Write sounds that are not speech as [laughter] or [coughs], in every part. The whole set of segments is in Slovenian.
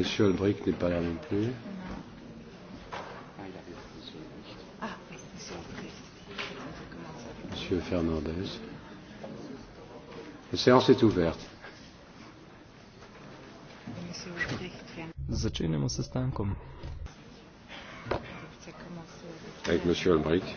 Monsieur Ulbricht n'est pas là non plus. Monsieur Fernandez. La séance est ouverte. Začenjamo sestankom. Avec monsieur Ulbricht.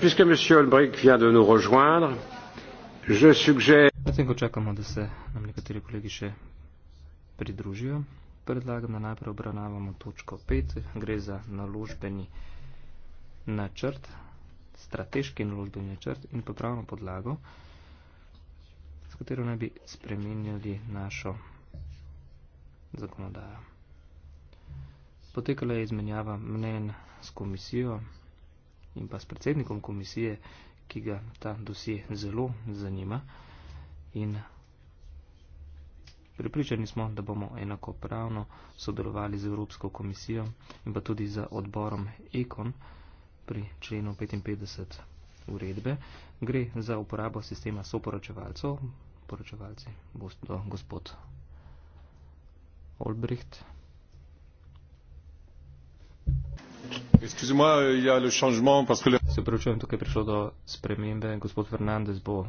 Puisque M. Olbrich vient de nous rejoindre, je suggère. Predlagam, da najprej obravnavamo točko 5, gre za naložbeni načrt, strateški naložbeni načrt in popravno podlago, s katero naj bi spremenjali našo zakonodajo. Potekala je izmenjava mnen s komisijo, in pa s predsednikom komisije, ki ga ta dosje zelo zanima. In pripričani smo, da bomo enakopravno sodelovali z Evropsko komisijo in pa tudi z odborom Ekon pri členu 55 uredbe. Gre za uporabo sistema soporočevalcev. Poročevalci bo gospod Olbricht. Euh, se pravčujem, tukaj je prišlo do spremembe. Gospod Fernandez bo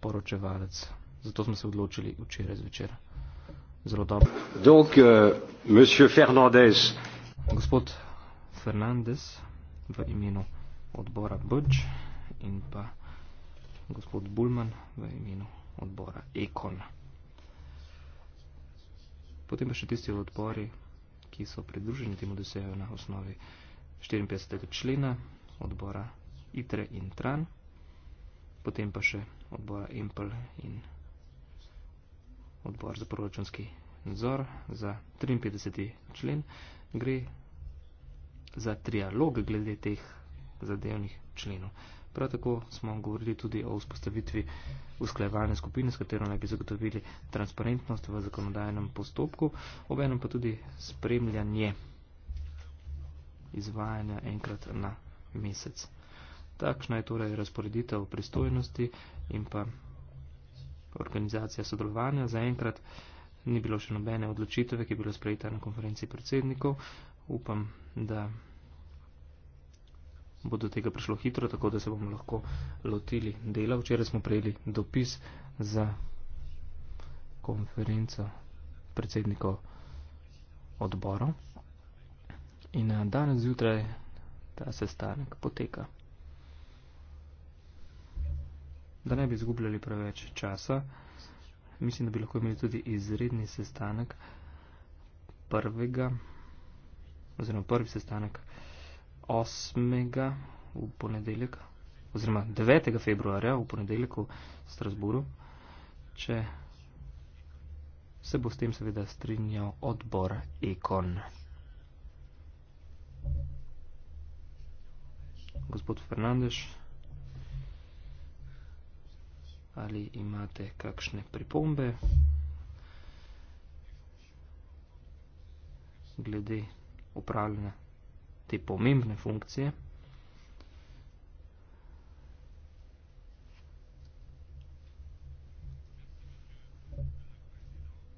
poročevalec. Zato smo se odločili včeraj zvečer. Zelo dobro. Donc, euh, Fernandez. Gospod Fernandez v imenu odbora Bč in pa gospod Bulman v imenu odbora Ekon. Potem pa še tisti odbori, ki so pridruženi temu, da se na osnovi. 54. člena odbora ITRE in TRAN, potem pa še odbora IMPL in odbor za proračunski nadzor za 53. člen. Gre za trialog glede teh zadevnih členov. Prav tako smo govorili tudi o vzpostavitvi usklajevalne skupine, s katero naj bi zagotovili transparentnost v zakonodajnem postopku, obenem pa tudi spremljanje izvajanja enkrat na mesec. Takšna je torej razporeditev pristojnosti in pa organizacija sodelovanja. Zaenkrat ni bilo še nobene odločitve, ki je bila sprejeta na konferenci predsednikov. Upam, da bo do tega prišlo hitro, tako da se bomo lahko lotili dela. Včeraj smo prejeli dopis za konferenco predsednikov odborov. In eh, danes zjutraj ta sestanek poteka. Da ne bi izgubljali preveč časa, mislim, da bi lahko imeli tudi izredni sestanek prvega, oziroma prvi sestanek osmega v ponedeljek, oziroma 9. februarja v ponedeljek v Strasburu, če se bo s tem seveda strinjal odbor ekon. gospod Fernandeš, ali imate kakšne pripombe glede upravljanja te pomembne funkcije?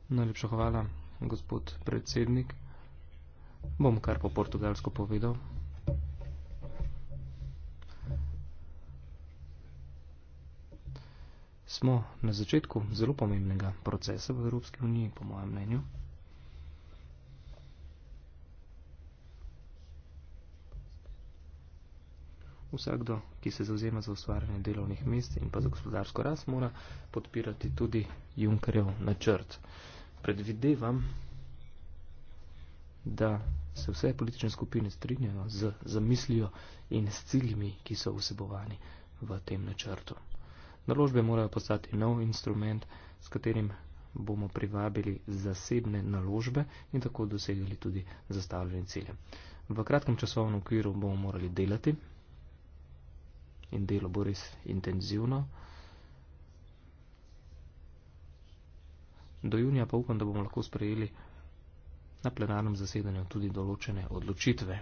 Najlepša hvala, gospod predsednik. Bom kar po portugalsko povedal. smo na začetku zelo pomembnega procesa v Evropski uniji, po mojem mnenju. Vsakdo, ki se zauzema za ustvarjanje delovnih mest in pa za gospodarsko rast, mora podpirati tudi Junkerjev načrt. Predvidevam, da se vse politične skupine strinjajo z zamislijo in s ciljimi, ki so vsebovani v tem načrtu. Naložbe morajo postati nov instrument, s katerim bomo privabili zasebne naložbe in tako dosegali tudi zastavljene cilje. V kratkem časovnem okviru bomo morali delati in delo bo res intenzivno. Do junija pa upam, da bomo lahko sprejeli na plenarnem zasedanju tudi določene odločitve.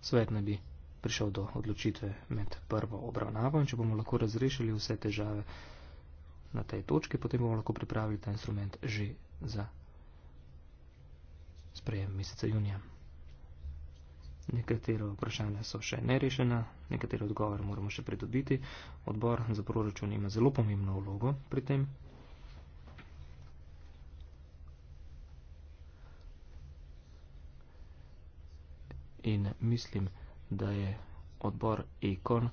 Svet ne bi prišel do odločitve med prvo obravnavo in če bomo lahko razrešili vse težave na tej točki, potem bomo lahko pripravili ta instrument že za sprejem meseca junija. Nekatero vprašanje so še nerešena, nekatero odgovore moramo še pridobiti. Odbor za proračun ima zelo pomembno vlogo pri tem. In mislim, da da je odbor Ekon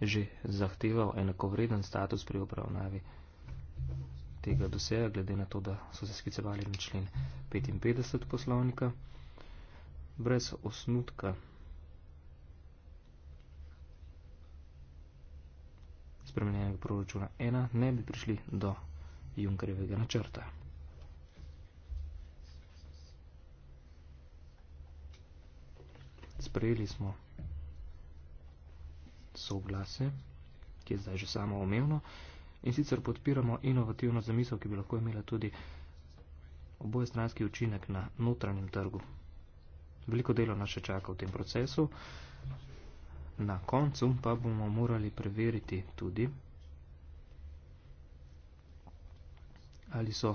že zahteval enakovreden status pri upravnavi tega doseja, glede na to, da so se skicevali na člen 55 poslovnika. Brez osnutka spremenjenega proračuna 1 ne bi prišli do Junkerjevega načrta. Sprejeli smo soglase, ki je zdaj že samo omevno, in sicer podpiramo inovativno zamisel, ki bi lahko imela tudi oboje stranski učinek na notranjem trgu. Veliko delo nas še čaka v tem procesu. Na koncu pa bomo morali preveriti tudi, ali so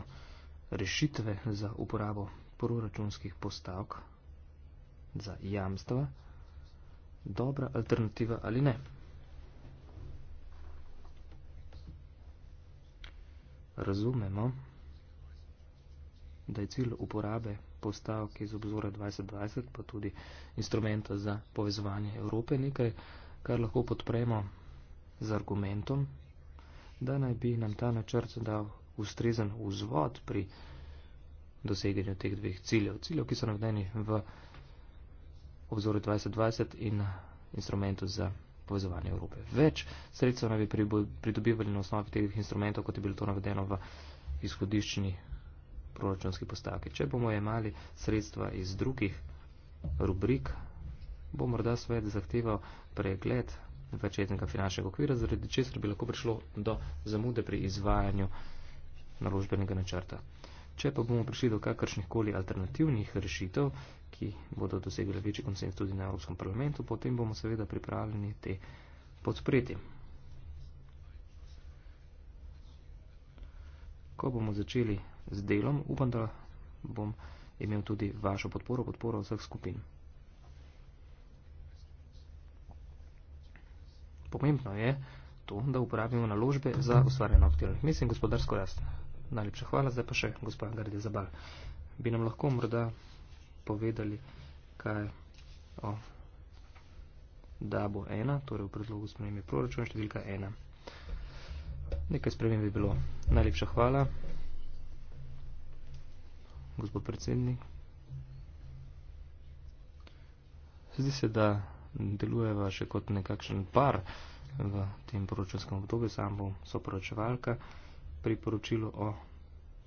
rešitve za uporabo proračunskih postavk za jamstva dobra alternativa ali ne. razumemo, da je cilj uporabe postavk iz obzora 2020, pa tudi instrumenta za povezovanje Evrope, nekaj, kar lahko podpremo z argumentom, da naj bi nam ta načrt dal ustrezen vzvod pri doseganju teh dveh ciljev. Ciljev, ki so navedeni v obzoru 2020 in instrumentu za povezovanje Evrope. Več sredstev naj bi pridobivali na osnovi teh instrumentov, kot je bilo to navedeno v izhodiščni proračunski postavki. Če bomo jemali sredstva iz drugih rubrik, bo morda svet zahteval pregled večetnega finančnega okvira, zaradi česar bi lahko prišlo do zamude pri izvajanju naložbenega načrta. Če pa bomo prišli do kakršnih koli alternativnih rešitev, ki bodo dosegli večji konsens tudi na Evropskem parlamentu, potem bomo seveda pripravljeni te podpreti. Ko bomo začeli z delom, upam, da bom imel tudi vašo podporo, podporo vseh skupin. Pomembno je to, da uporabimo naložbe za ustvarjanje aktivnih mest in gospodarsko rast. Najlepša hvala. Zdaj pa še gospod Gardi Zabal. Bi nam lahko morda povedali, kaj o DABO 1, torej v predlogu spremembe proračuna številka 1. Nekaj sprememb je bilo. Najlepša hvala. Gospod predsednik. Zdi se, da delujeva še kot nekakšen par v tem poročanskem obdobju, sam bom soporočevalka pri poročilu o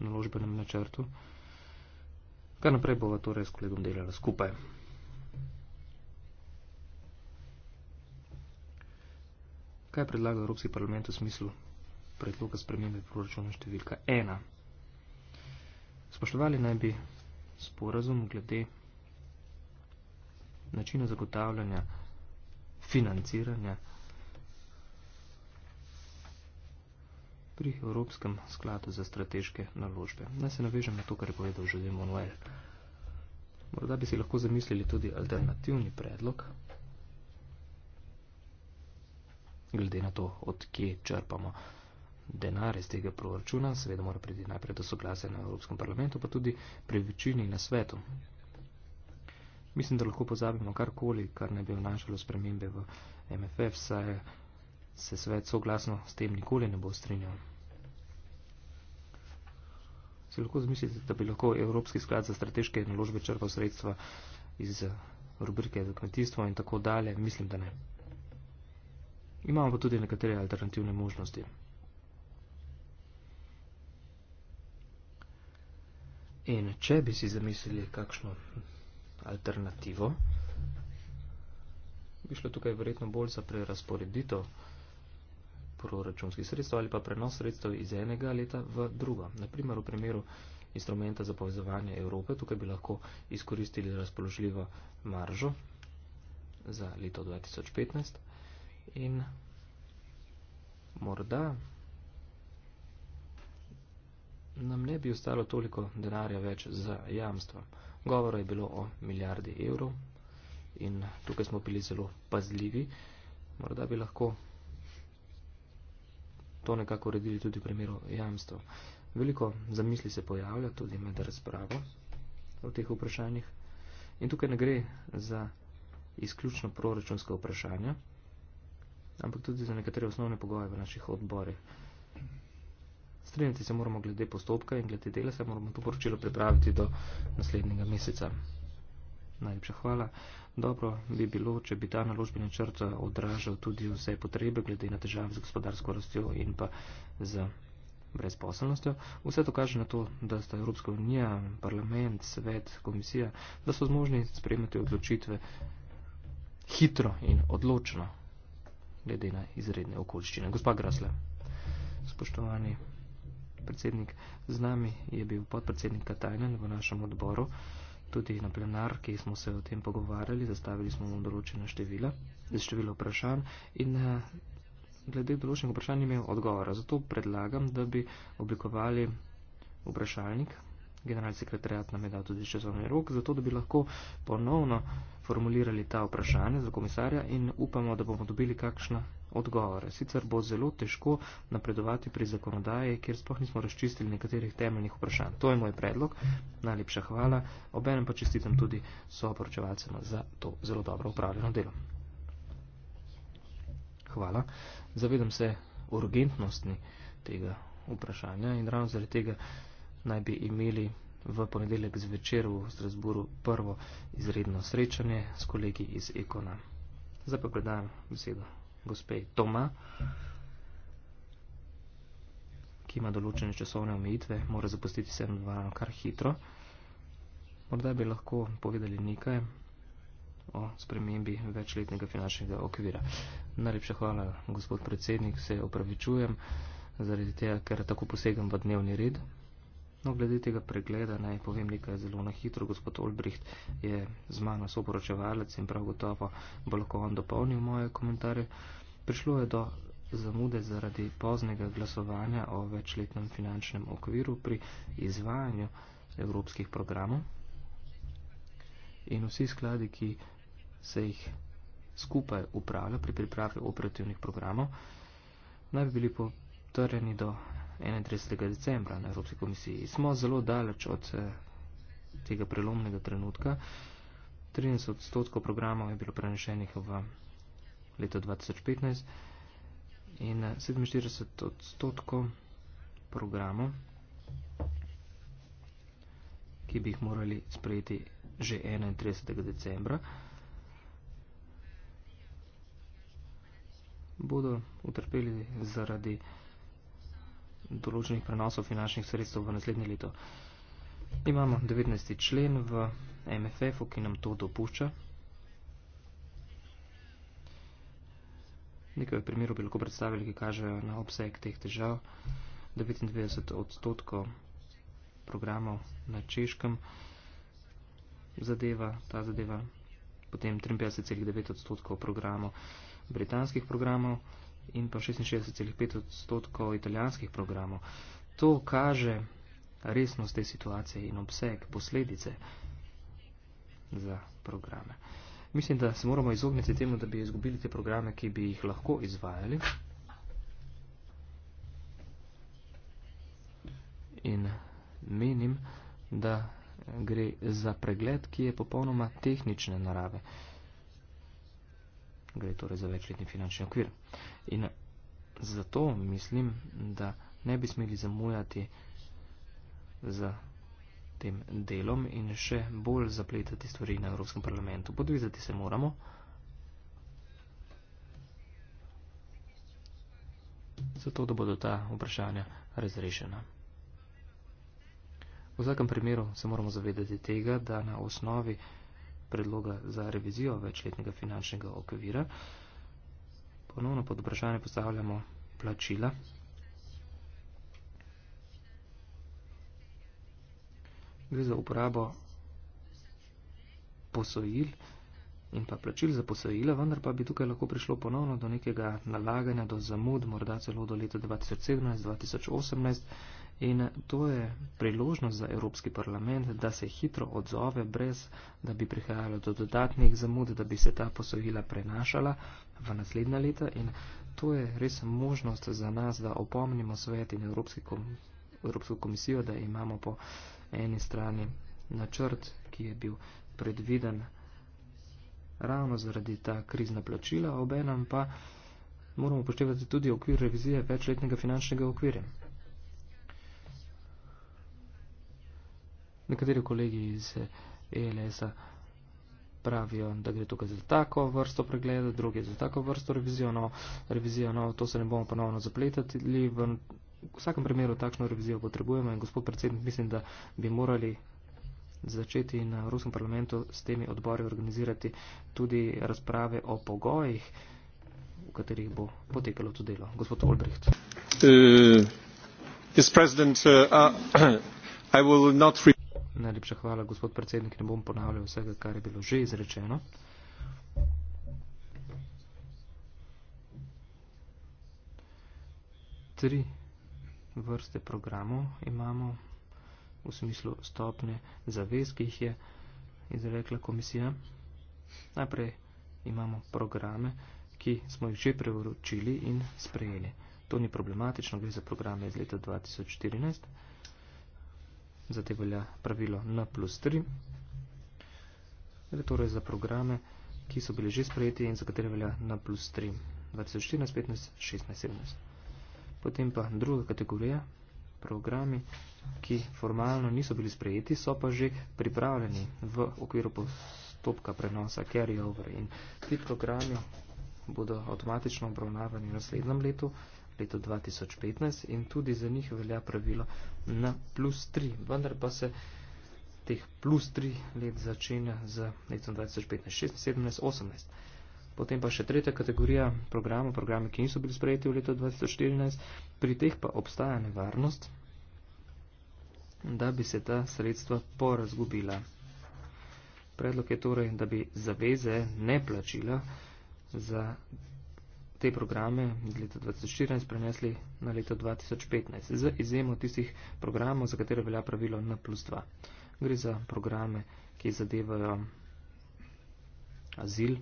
naložbenem načrtu. Kar naprej bova torej s kolegom delala skupaj. Kaj predlaga Evropski parlament v smislu predloga spremembe proračuna številka 1? Spoštovali naj bi sporazum glede načina zagotavljanja financiranja pri Evropskem skladu za strateške naložbe. Naj se navežem na to, kar je povedal Žodin Manuel. Morda bi si lahko zamislili tudi alternativni predlog, glede na to, od kje črpamo denar iz tega proračuna, seveda mora priti najprej do soglasja na Evropskem parlamentu, pa tudi pri večini na svetu. Mislim, da lahko pozabimo karkoli, kar ne bi vnašalo spremembe v MFF, saj se svet soglasno s tem nikoli ne bo strinjal. Se lahko zamislite, da bi lahko Evropski sklad za strateške naložbe črpal sredstva iz eh, rubrike za kmetijstvo in tako dalje? Mislim, da ne. Imamo pa tudi nekatere alternativne možnosti. In če bi si zamislili kakšno alternativo, bi šlo tukaj verjetno bolj za prerasporeditev proračunskih sredstev ali pa prenos sredstev iz enega leta v drugo. Naprimer, v primeru instrumenta za povezovanje Evrope, tukaj bi lahko izkoristili razpoložljivo maržo za leto 2015 in morda nam ne bi ostalo toliko denarja več za jamstvo. Govora je bilo o milijardi evrov in tukaj smo bili zelo pazljivi. Morda bi lahko to nekako uredili tudi v primeru jamstva. Veliko zamisli se pojavlja tudi med razpravo o teh vprašanjih in tukaj ne gre za izključno proračunske vprašanja, ampak tudi za nekatere osnovne pogoje v naših odborih. Strinjati se moramo glede postopka in glede dela, se moramo to poročilo pripraviti do naslednjega meseca. Najlepša hvala. Dobro bi bilo, če bi ta naložbeni črt odražal tudi vse potrebe glede na težave z gospodarsko rastjo in pa z brezposelnostjo. Vse to kaže na to, da sta Evropska unija, parlament, svet, komisija, da so zmožni sprejemati odločitve hitro in odločno glede na izredne okoliščine. Gospa Grasle, spoštovani predsednik, z nami je bil podpredsednik Katajnen v našem odboru tudi na plenarki smo se o tem pogovarjali, zastavili smo mu določena števila, število vprašanj in eh, glede določenih vprašanj imel odgovora. Zato predlagam, da bi oblikovali vprašalnik, generalni sekretariat nam je dal tudi časovni rok, zato da bi lahko ponovno formulirali ta vprašanja za komisarja in upamo, da bomo dobili kakšna odgovore. Sicer bo zelo težko napredovati pri zakonodaji, kjer sploh nismo razčistili nekaterih temeljnih vprašanj. To je moj predlog. Najlepša hvala. Obenem pa čestitam tudi soporočevalcem za to zelo dobro upravljeno delo. Hvala. Zavedam se urgentnosti tega vprašanja in ravno zaradi tega naj bi imeli v ponedeljek zvečer v Strasburu prvo izredno srečanje s kolegi iz Ekona. Zdaj pa predajam besedo gospe Toma, ki ima določene časovne omejitve, mora zapustiti sem dvorano kar hitro. Morda bi lahko povedali nekaj o spremembi večletnega finančnega okvira. Najlepša hvala, gospod predsednik, se opravičujem zaradi tega, ker tako posegam v dnevni red. No, glede tega pregleda naj povem nekaj zelo na hitro. Gospod Olbricht je z mano soporočevalec in prav gotovo bo lahko vam dopolnil moje komentarje. Prišlo je do zamude zaradi poznega glasovanja o večletnem finančnem okviru pri izvajanju evropskih programov in vsi skladi, ki se jih skupaj upravlja pri pripravi operativnih programov, naj bi bili potrjeni do 31. decembra na Evropski komisiji. Smo zelo daleč od eh, tega prelomnega trenutka. 13 odstotkov programov je bilo prenešenih v leto 2015 in 47 eh, odstotkov programov, ki bi jih morali sprejeti že 31. decembra, bodo utrpeli zaradi določenih prenosov finančnih sredstev v naslednje leto. Imamo 19. člen v MFF-u, ki nam to dopušča. Nekaj primerov bi lahko predstavili, ki kažejo na obseg teh težav. 99 odstotkov programov na češkem zadeva, ta zadeva, potem 53,9 odstotkov programov britanskih programov in pa 66,5 odstotkov italijanskih programov. To kaže resnost te situacije in obseg posledice za programe. Mislim, da se moramo izogniti temu, da bi izgubili te programe, ki bi jih lahko izvajali. In menim, da gre za pregled, ki je popolnoma tehnične narave. Gre torej za večletni finančni okvir. In zato mislim, da ne bi smeli zamujati z tem delom in še bolj zapletati stvari na Evropskem parlamentu. Podvizati se moramo. Zato, da bodo ta vprašanja razrešena. V vsakem primeru se moramo zavedati tega, da na osnovi predloga za revizijo večletnega finančnega okvira ponovno pod vprašanje postavljamo plačila. Gre za uporabo posojil in pa plačil za posojila, vendar pa bi tukaj lahko prišlo ponovno do nekega nalaganja, do zamud, morda celo do leta 2017-2018, In to je priložnost za Evropski parlament, da se hitro odzove, brez da bi prihajalo do dodatnih zamud, da bi se ta posojila prenašala v naslednja leta. In to je res možnost za nas, da opomnimo svet in kom, Evropsko komisijo, da imamo po eni strani načrt, ki je bil predviden ravno zaradi ta krizna plačila, obenem pa moramo upoštevati tudi okvir revizije večletnega finančnega okvirja. Nekateri kolegi iz ELS-a pravijo, da gre tukaj za tako vrsto pregleda, drugi za tako vrsto revizijo, no, revizijo, no, to se ne bomo ponovno zapletati. V vsakem primeru takšno revizijo potrebujemo in gospod predsednik, mislim, da bi morali začeti na ruskem parlamentu s temi odbori organizirati tudi razprave o pogojih, v katerih bo potekalo to delo. Gospod Olbricht. Eh, eh, uh, [coughs] Najlepša hvala, gospod predsednik, ne bom ponavljal vsega, kar je bilo že izrečeno. Tri vrste programov imamo v smislu stopne zavez, ki jih je izrekla komisija. Najprej imamo programe, ki smo jih že preoročili in sprejeli. To ni problematično, gre za programe iz leta 2014 za te velja pravilo N plus 3. Gre torej za programe, ki so bili že sprejeti in za katere velja N plus 3. 2014, 15, 16, 17. Potem pa druga kategorija, programi, ki formalno niso bili sprejeti, so pa že pripravljeni v okviru postopka prenosa carry over in ti programi bodo avtomatično obravnavani v naslednjem letu, leto 2015 in tudi za njih velja pravilo na plus 3. Vendar pa se teh plus 3 let začenja z letom 2015, 16, 17, 18. Potem pa še tretja kategorija programov, programe, ki niso bili sprejeti v letu 2014, pri teh pa obstaja nevarnost, da bi se ta sredstva porazgubila. Predlog je torej, da bi zaveze ne plačila za te programe iz leta 2014 prenesli na leto 2015, z izjemo tistih programov, za katere velja pravilo N plus 2. Gre za programe, ki zadevajo azil,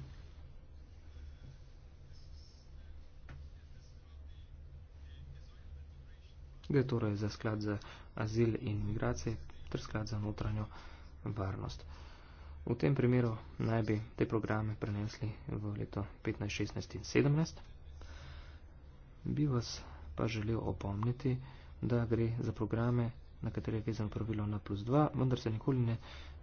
gre torej za sklad za azil in migracije ter sklad za notranjo varnost. V tem primeru naj bi te programe prenesli v leto 15, 16 in 17. Bi vas pa želel opomniti, da gre za programe, na katere je vezano pravilo na plus 2, vendar se nikoli ne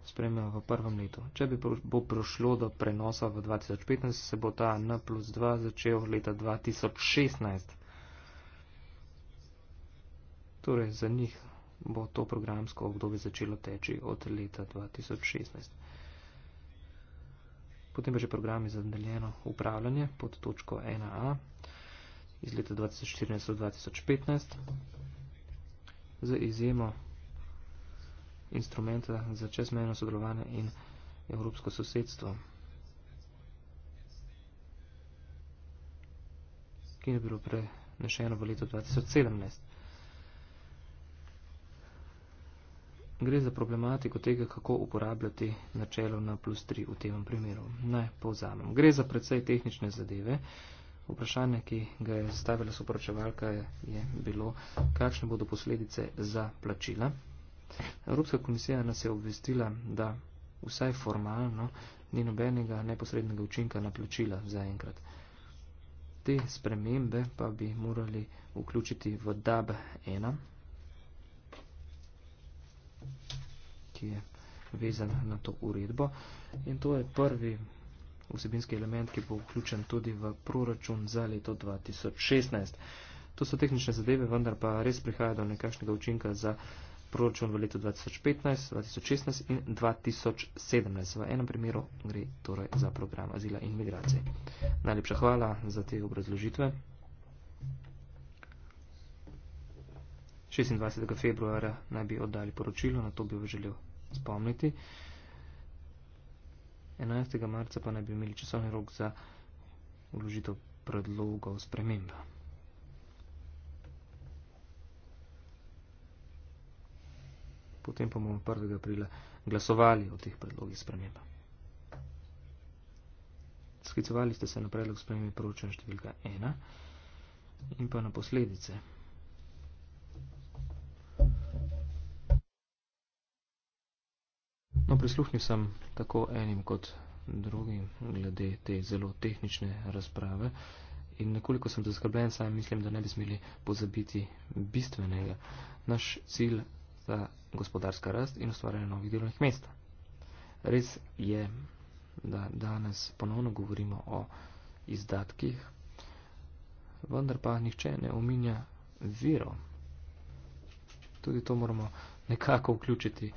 spremljajo v prvem letu. Če bi bo prišlo do prenosa v 2015, se bo ta na plus 2 začel leta 2016. Torej, za njih bo to programsko obdobje začelo teči od leta 2016. Potem pa že programi za nadaljeno upravljanje pod točko 1a iz leta 2014-2015 za izjemo instrumenta za čezmejno sodelovanje in evropsko sosedstvo, ki je bilo prenešeno v leto 2017. Gre za problematiko tega, kako uporabljati načelo na plus 3 v tem primeru. Naj povzamem. Gre za predvsej tehnične zadeve. Vprašanje, ki ga je zastavila soporočevalka, je bilo, kakšne bodo posledice za plačila. Evropska komisija nas je obvestila, da vsaj formalno ni nobenega neposrednega učinka na plačila zaenkrat. Te spremembe pa bi morali vključiti v DAB 1, ki je vezana na to uredbo. In to je prvi vsebinski element, ki bo vključen tudi v proračun za leto 2016. To so tehnične zadeve, vendar pa res prihaja do nekašnega učinka za proračun v letu 2015, 2016 in 2017. V enem primeru gre torej za program azila in migracije. Najlepša hvala za te obrazložitve. 26. februarja naj bi oddali poročilo, na to bi želel spomniti. 11. marca pa naj bi imeli časovni rok za uložitev predlogov sprememba. Potem pa bomo 1. aprila glasovali o teh predlogih sprememba. Sklicovali ste se na predlog spremembe proračuna številka 1 in pa na posledice. No, prisluhnil sem tako enim kot drugim glede te zelo tehnične razprave in nekoliko sem zaskrbljen, saj mislim, da ne bi smeli pozabiti bistvenega. Naš cilj sta gospodarska rast in ustvarjanje novih delovnih mest. Res je, da danes ponovno govorimo o izdatkih, vendar pa nihče ne ominja viro. Tudi to moramo nekako vključiti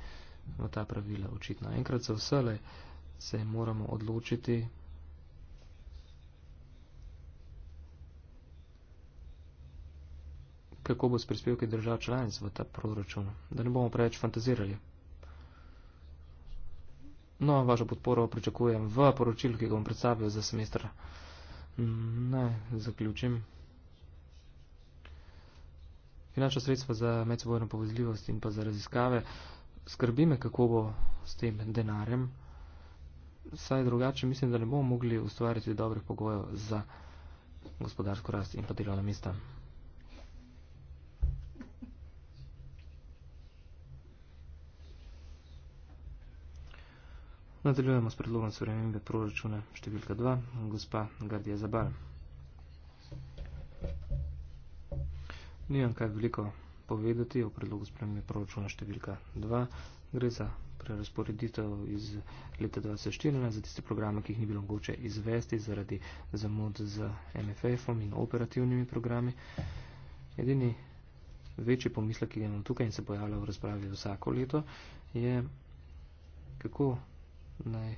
v no, ta pravila. Očitno enkrat za vse se moramo odločiti. kako bo s prispevki držav članic v ta proračun, da ne bomo preveč fantazirali. No, vašo podporo pričakujem v poročilu, ki ga bom predstavil za semester. Ne, zaključim. Finančna sredstva za medsebojno povezljivost in pa za raziskave skrbi me, kako bo s tem denarjem. Saj drugače mislim, da ne bomo mogli ustvariti dobrih pogojev za gospodarsko rast in pa delovna mesta. Nadaljujemo s predlogom spremembe proračuna številka 2, gospa Gardija Zabal. Nijem kaj veliko povedati o predlogu spremembe proračuna številka 2. Gre za prerasporeditev iz leta 2014 za tiste programe, ki jih ni bilo mogoče izvesti zaradi zamud z MFF-om in operativnimi programi. Edini večji pomislek, ki ga imamo tukaj in se pojavlja v razpravi vsako leto, je, kako naj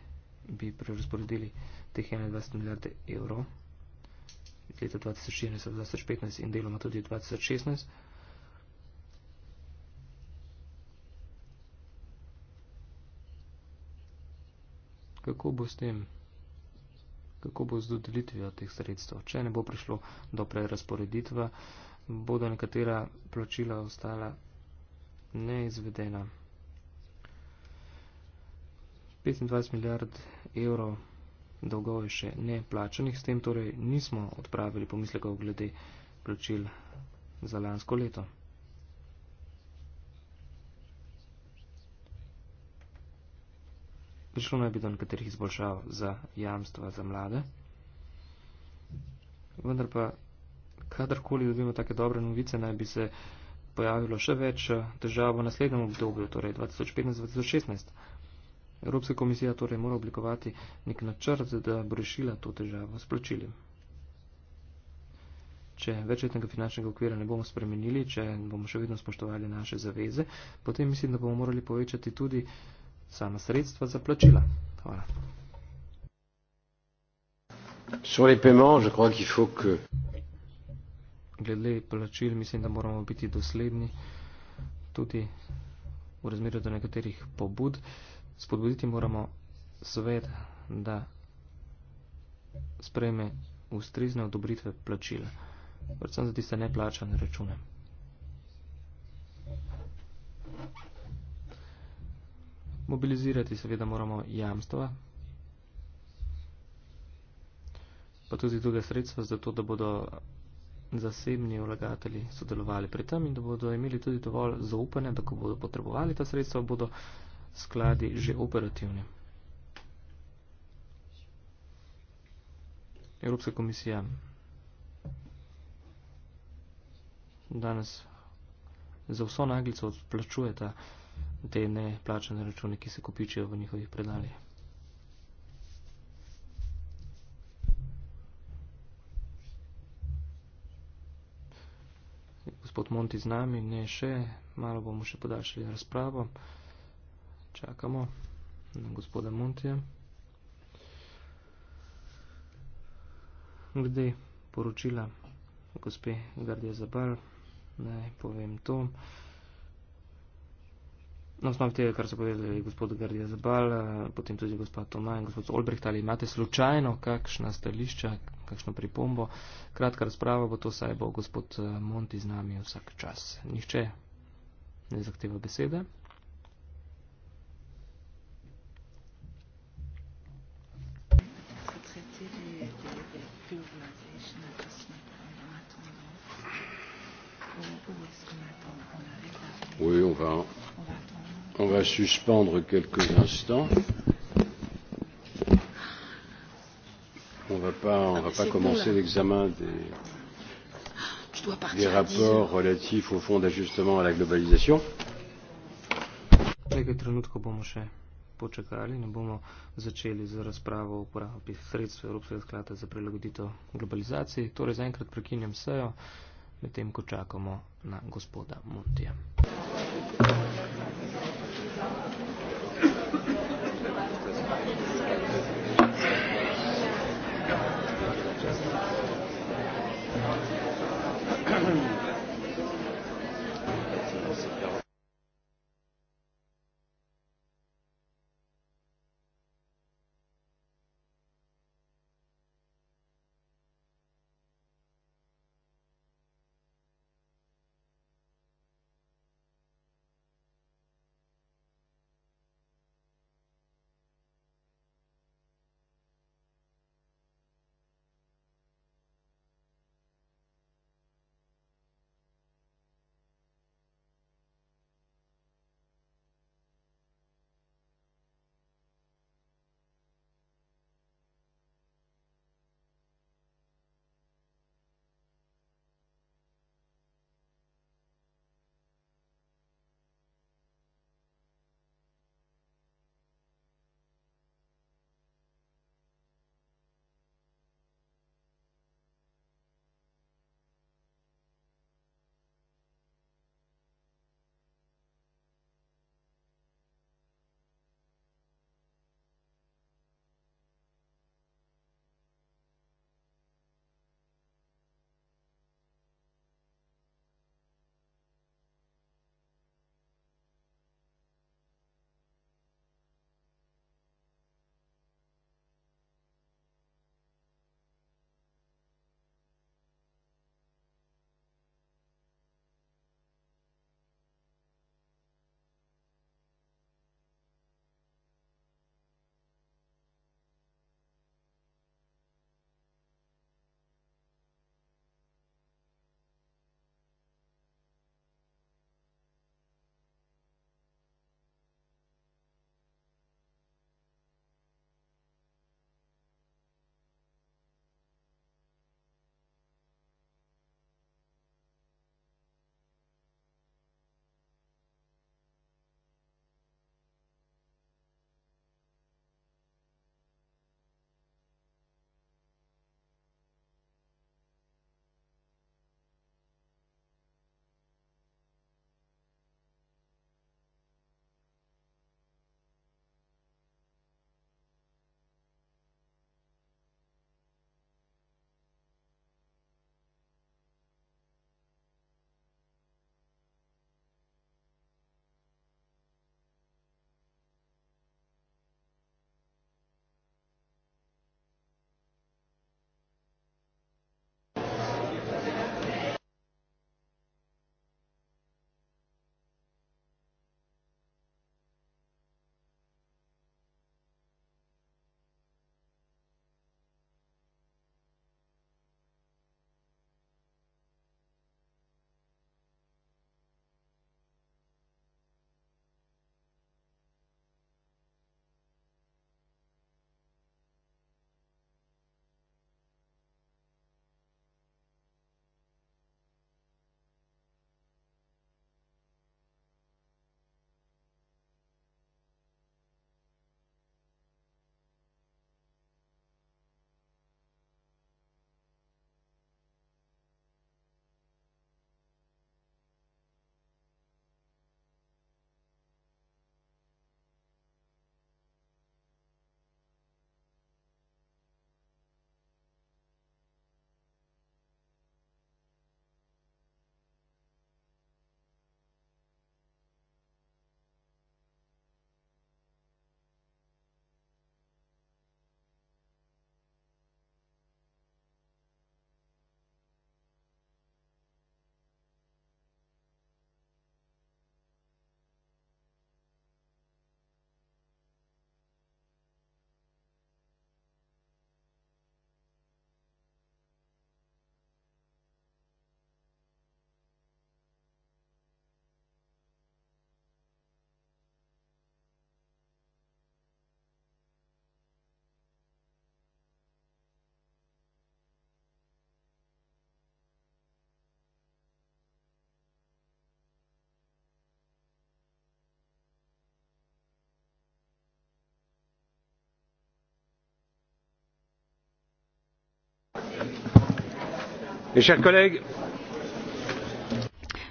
bi prerasporedili teh 21 milijarde evrov iz leta 2014, 2015 in deloma tudi 2016 kako bo s tem, kako bo z dodelitvijo teh sredstev. Če ne bo prišlo do prerasporeditve, bodo nekatera plačila ostala neizvedena. 25 milijard evrov dolgov je še neplačanih, s tem torej nismo odpravili pomislekov glede plačil za lansko leto. Prišlo naj bi do nekaterih izboljšav za jamstva za mlade. Vendar pa, kadarkoli dobimo take dobre novice, naj bi se pojavilo še več eh, težav v naslednjem obdobju, torej 2015-2016. Evropska komisija torej mora oblikovati nek načrt, da bo rešila to težavo s plačili. Če večletnega finančnega okvira ne bomo spremenili, če bomo še vedno spoštovali naše zaveze, potem mislim, da bomo morali povečati tudi sama sredstva za plačila. Hvala. Glede plačil mislim, da moramo biti dosledni tudi v razmerju do nekaterih pobud. Spodbuditi moramo svet, da sprejme ustrezne odobritve plačila, predvsem za tiste neplačane račune. mobilizirati seveda moramo jamstva, pa tudi druga sredstva za to, da bodo zasebni vlagatelji sodelovali pri tem in da bodo imeli tudi dovolj zaupanja, da ko bodo potrebovali ta sredstva, bodo skladi že operativni. Evropska komisija danes za vso naglico odplačuje ta sredstva te neplačene račune, ki se kopičijo v njihovih predalih. Gospod Monti z nami, ne še, malo bomo še podaljšali razpravo. Čakamo na gospoda Montija. Glede poročila gospe Gardija Zabal, naj povem to. Na osnovi tega, kar so povedali gospod Gardija Zabal, eh, potem tudi gospod Toma in gospod Olbrecht, ali imate slučajno kakšna stališča, kakšno pripombo, kratka razprava bo to, saj bo gospod eh, Monti z nami vsak čas. Nihče ne zahteva besede. Oui, on va on va suspendre quelques instants. On ne va pas ah, commencer l'examen des, des rapports relatifs au fonds d'ajustement à la globalisation. Nekaj trenutkov bomo še počakali in bomo začeli z razpravo o uporabi sredstv Evropskega sklada za prilagoditev globalizaciji. Torej, zaenkrat prekinjam sejo, medtem ko čakamo na gospoda Montija. Hvala.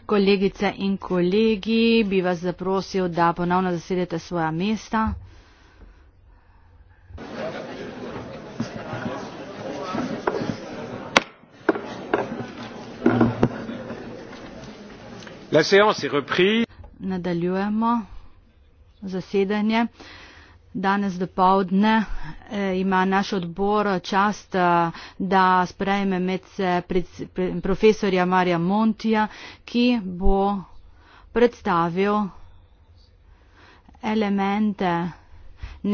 kolegice in kolegi bi vas zaprosil da ponovno zasedete svoja mesta nadaljujemo zasedanje seja je ponovno začeta Danes do povdne eh, ima naš odbor čast, eh, da sprejme med profesorja Marja Montija, ki bo predstavil elemente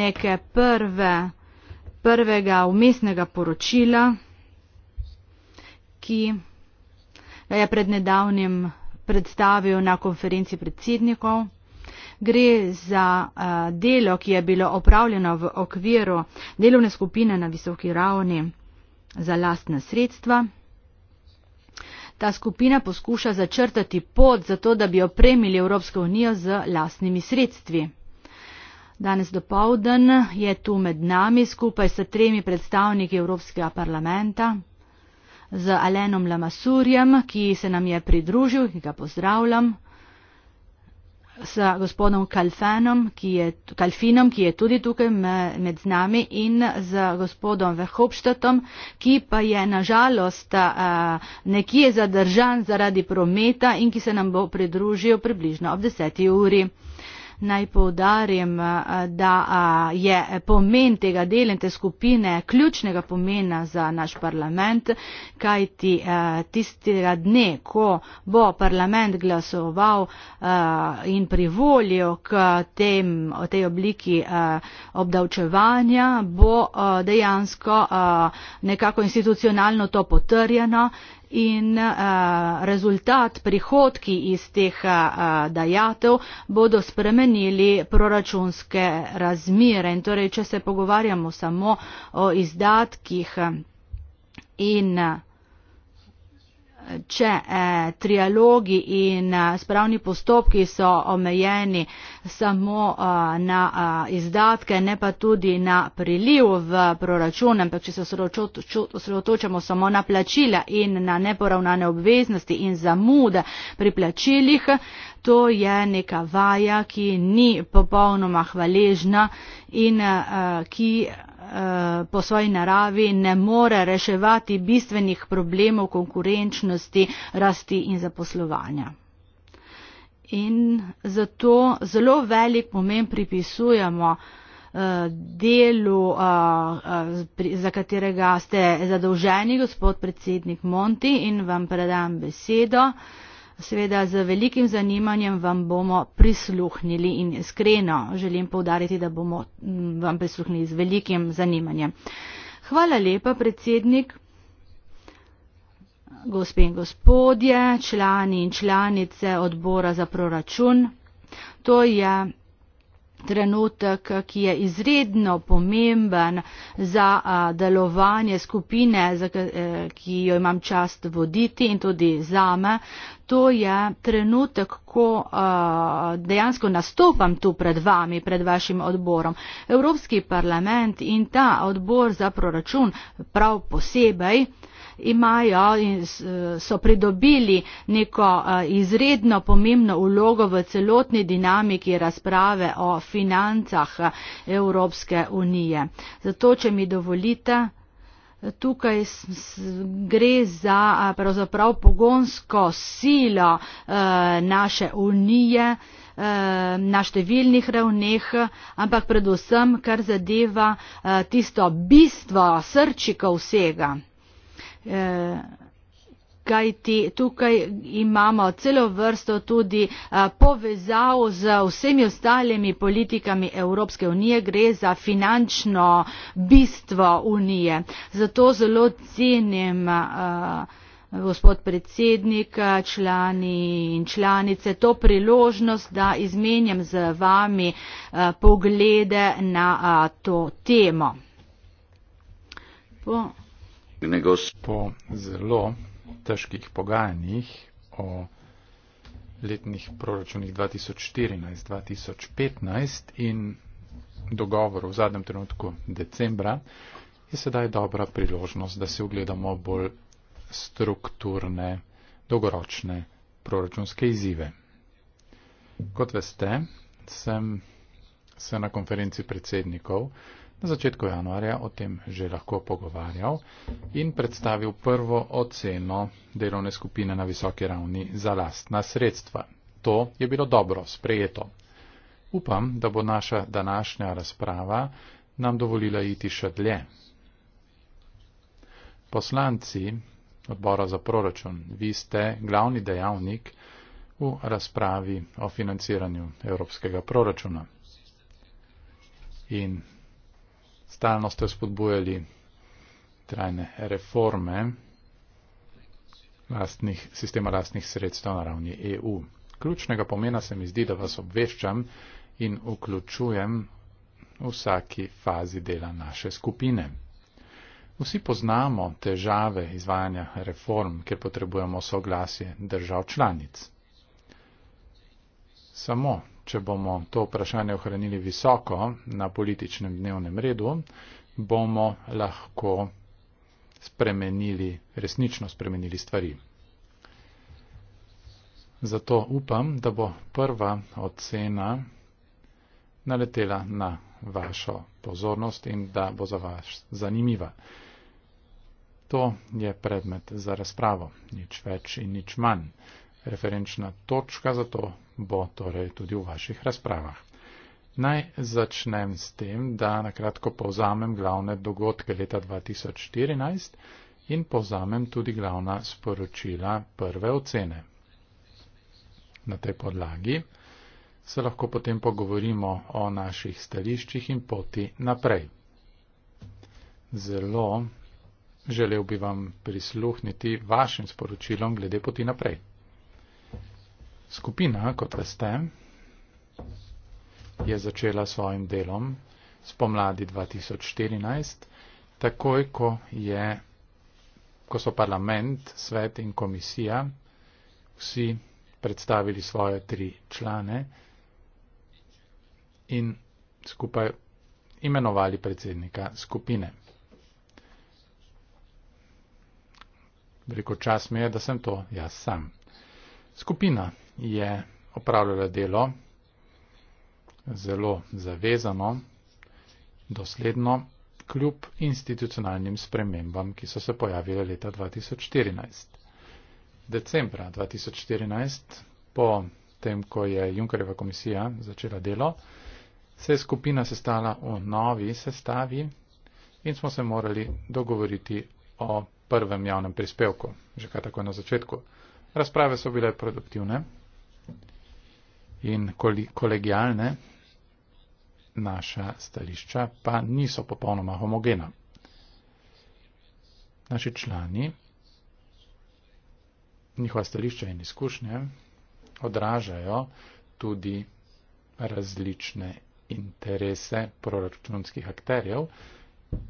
neke prve, prvega umestnega poročila, ki ga je pred nedavnim predstavil na konferenci predsednikov gre za eh, delo, ki je bilo opravljeno v okviru delovne skupine na visoki ravni za lastna sredstva. Ta skupina poskuša začrtati pot za to, da bi opremili Evropsko unijo z lastnimi sredstvi. Danes do povdan je tu med nami skupaj s tremi predstavniki Evropskega parlamenta, z Alenom Lamasurjem, ki se nam je pridružil in ga pozdravljam z gospodom Kalfanom, ki je, Kalfinom, ki je tudi tukaj med nami in z gospodom Vehopštatom, ki pa je nažalost eh, nekje zadržan zaradi prometa in ki se nam bo pridružil približno ob deseti uri naj povdarjem, eh, da eh, je pomen tega dela in te skupine ključnega pomena za naš parlament, kajti eh, tistega dne, ko bo parlament glasoval in privolil k tem, tej obliki obdavčevanja, bo dejansko nekako institucionalno to potrjeno in eh, rezultat, prihodki iz teh eh, dajatev bodo spremenili proračunske razmire. In torej, če se pogovarjamo samo o izdatkih eh, in Če eh, trialogi in eh, spravni postopki so omejeni samo eh, na eh, izdatke, ne pa tudi na priliv v proračun, ampak če se osredotočamo samo na plačila in na neporavnane obveznosti in zamude pri plačilih, to je neka vaja, ki ni popolnoma hvaležna in eh, ki. Eh, Eh, po svoji naravi ne more reševati bistvenih problemov konkurenčnosti, rasti in zaposlovanja. In zato zelo velik pomen pripisujemo eh, delu, eh, za katerega ste zadolženi, gospod predsednik Monti, in vam predam besedo. Seveda z velikim zanimanjem vam bomo prisluhnili in iskreno želim povdariti, da bomo mm, vam prisluhnili z velikim zanimanjem. Hvala lepa, predsednik, gospe in gospodje, člani in članice odbora za proračun. To je trenutek, ki je izredno pomemben za delovanje skupine, e, ki jo imam čast voditi in tudi zame. To je trenutek, ko dejansko nastopam tu pred vami, pred vašim odborom. Evropski parlament in ta odbor za proračun prav posebej imajo in eh, so pridobili neko eh, izredno pomembno ulogo v celotni dinamiki razprave o financah eh, Evropske unije. Zato, če mi dovolite, Tukaj gre za pravzaprav pogonsko silo naše unije na številnih ravneh, ampak predvsem, kar zadeva tisto bistvo srčika vsega. Eh, kajti tukaj imamo celo vrsto tudi eh, povezav z vsemi ostalimi politikami Evropske unije, gre za finančno bistvo unije. Zato zelo cenim eh, gospod predsednik, člani in članice, to priložnost, da izmenjam z vami poglede na to temo. Po Po zelo težkih pogajanjih o letnih proračunih 2014-2015 in dogovoru v zadnjem trenutku decembra je sedaj dobra priložnost, da se ogledamo bolj strukturne, dolgoročne proračunske izzive. Kot veste, sem se na konferenci predsednikov na začetku januarja o tem že lahko pogovarjal in predstavil prvo oceno delovne skupine na visoki ravni za lastna sredstva. To je bilo dobro sprejeto. Upam, da bo naša današnja razprava nam dovolila iti še dlje. Poslanci odbora za proračun, vi ste glavni dejavnik v razpravi o financiranju evropskega proračuna. In stalno ste spodbujali trajne reforme lastnih, sistema lastnih sredstev na ravni EU. Ključnega pomena se mi zdi, da vas obveščam in vključujem v vsaki fazi dela naše skupine. Vsi poznamo težave izvajanja reform, ker potrebujemo soglasje držav članic. Samo če bomo to vprašanje ohranili visoko na političnem dnevnem redu, bomo lahko spremenili, resnično spremenili stvari. Zato upam, da bo prva ocena naletela na vašo pozornost in da bo za vas zanimiva. To je predmet za razpravo, nič več in nič manj. Referenčna točka za to bo torej tudi v vaših razpravah. Naj začnem s tem, da na kratko povzamem glavne dogodke leta 2014 in povzamem tudi glavna sporočila prve ocene. Na tej podlagi se lahko potem pogovorimo o naših stališčih in poti naprej. Zelo želel bi vam prisluhniti vašim sporočilom glede poti naprej. Skupina, kot veste, je začela svojim delom spomladi 2014, takoj ko, je, ko so parlament, svet in komisija vsi predstavili svoje tri člane in skupaj imenovali predsednika skupine. Veliko čas mi je, da sem to jaz sam. Skupina je opravljala delo zelo zavezano, dosledno, kljub institucionalnim spremembam, ki so se pojavile leta 2014. Decembra 2014, po tem, ko je Junkareva komisija začela delo, se je skupina sestala v novi sestavi in smo se morali dogovoriti o prvem javnem prispevku, že kaj tako na začetku. Razprave so bile produktivne, in kolegijalne, naša stališča pa niso popolnoma homogena. Naši člani, njihova stališča in izkušnje odražajo tudi različne interese proračunskih akterjev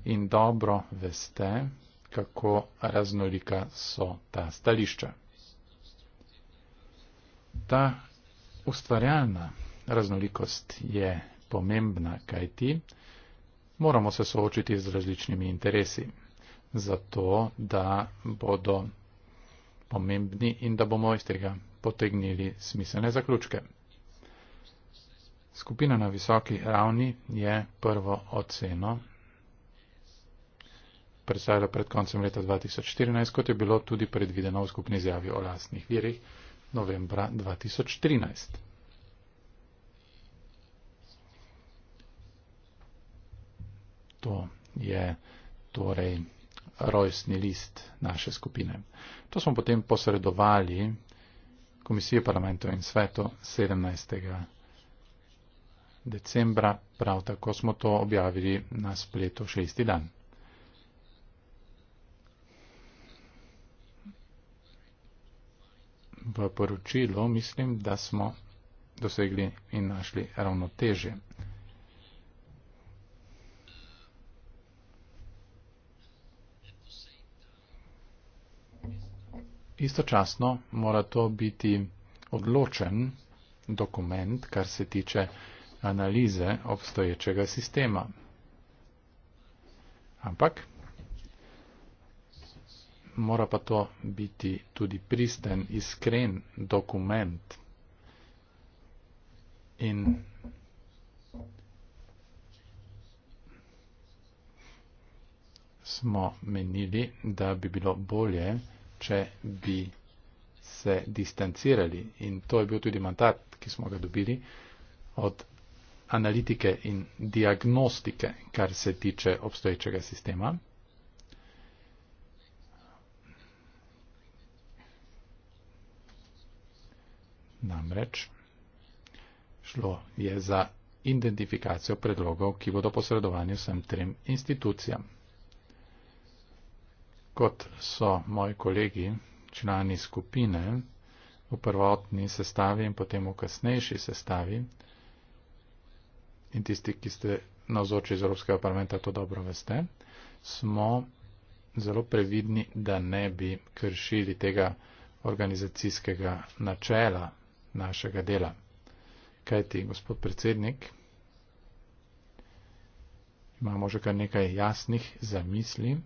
in dobro veste, kako raznolika so ta stališča. Ta ustvarjalna raznolikost je pomembna, kaj ti moramo se soočiti z različnimi interesi, zato da bodo pomembni in da bomo iz tega potegnili smiselne zaključke. Skupina na visoki ravni je prvo oceno predstavila pred koncem leta 2014, kot je bilo tudi predvideno v skupni izjavi o lastnih virih novembra 2013. To je torej rojstni list naše skupine. To smo potem posredovali Komisiji parlamentov in svetu 17. decembra, prav tako smo to objavili na spletu šesti dan. v poročilu, mislim, da smo dosegli in našli ravnotežje. Istočasno mora to biti odločen dokument, kar se tiče analize obstoječega sistema. Ampak mora pa to biti tudi pristen, iskren dokument. In smo menili, da bi bilo bolje, če bi se distancirali. In to je bil tudi mandat, ki smo ga dobili od analitike in diagnostike, kar se tiče obstoječega sistema. Namreč šlo je za identifikacijo predlogov, ki bodo posredovani vsem trem institucijam. Kot so moji kolegi, člani skupine, v prvotni sestavi in potem v kasnejši sestavi in tisti, ki ste nazoči iz Evropskega parlamenta, to dobro veste, smo zelo previdni, da ne bi kršili tega organizacijskega načela našega dela. Kaj ti, gospod predsednik? Imamo že kar nekaj jasnih zamisli,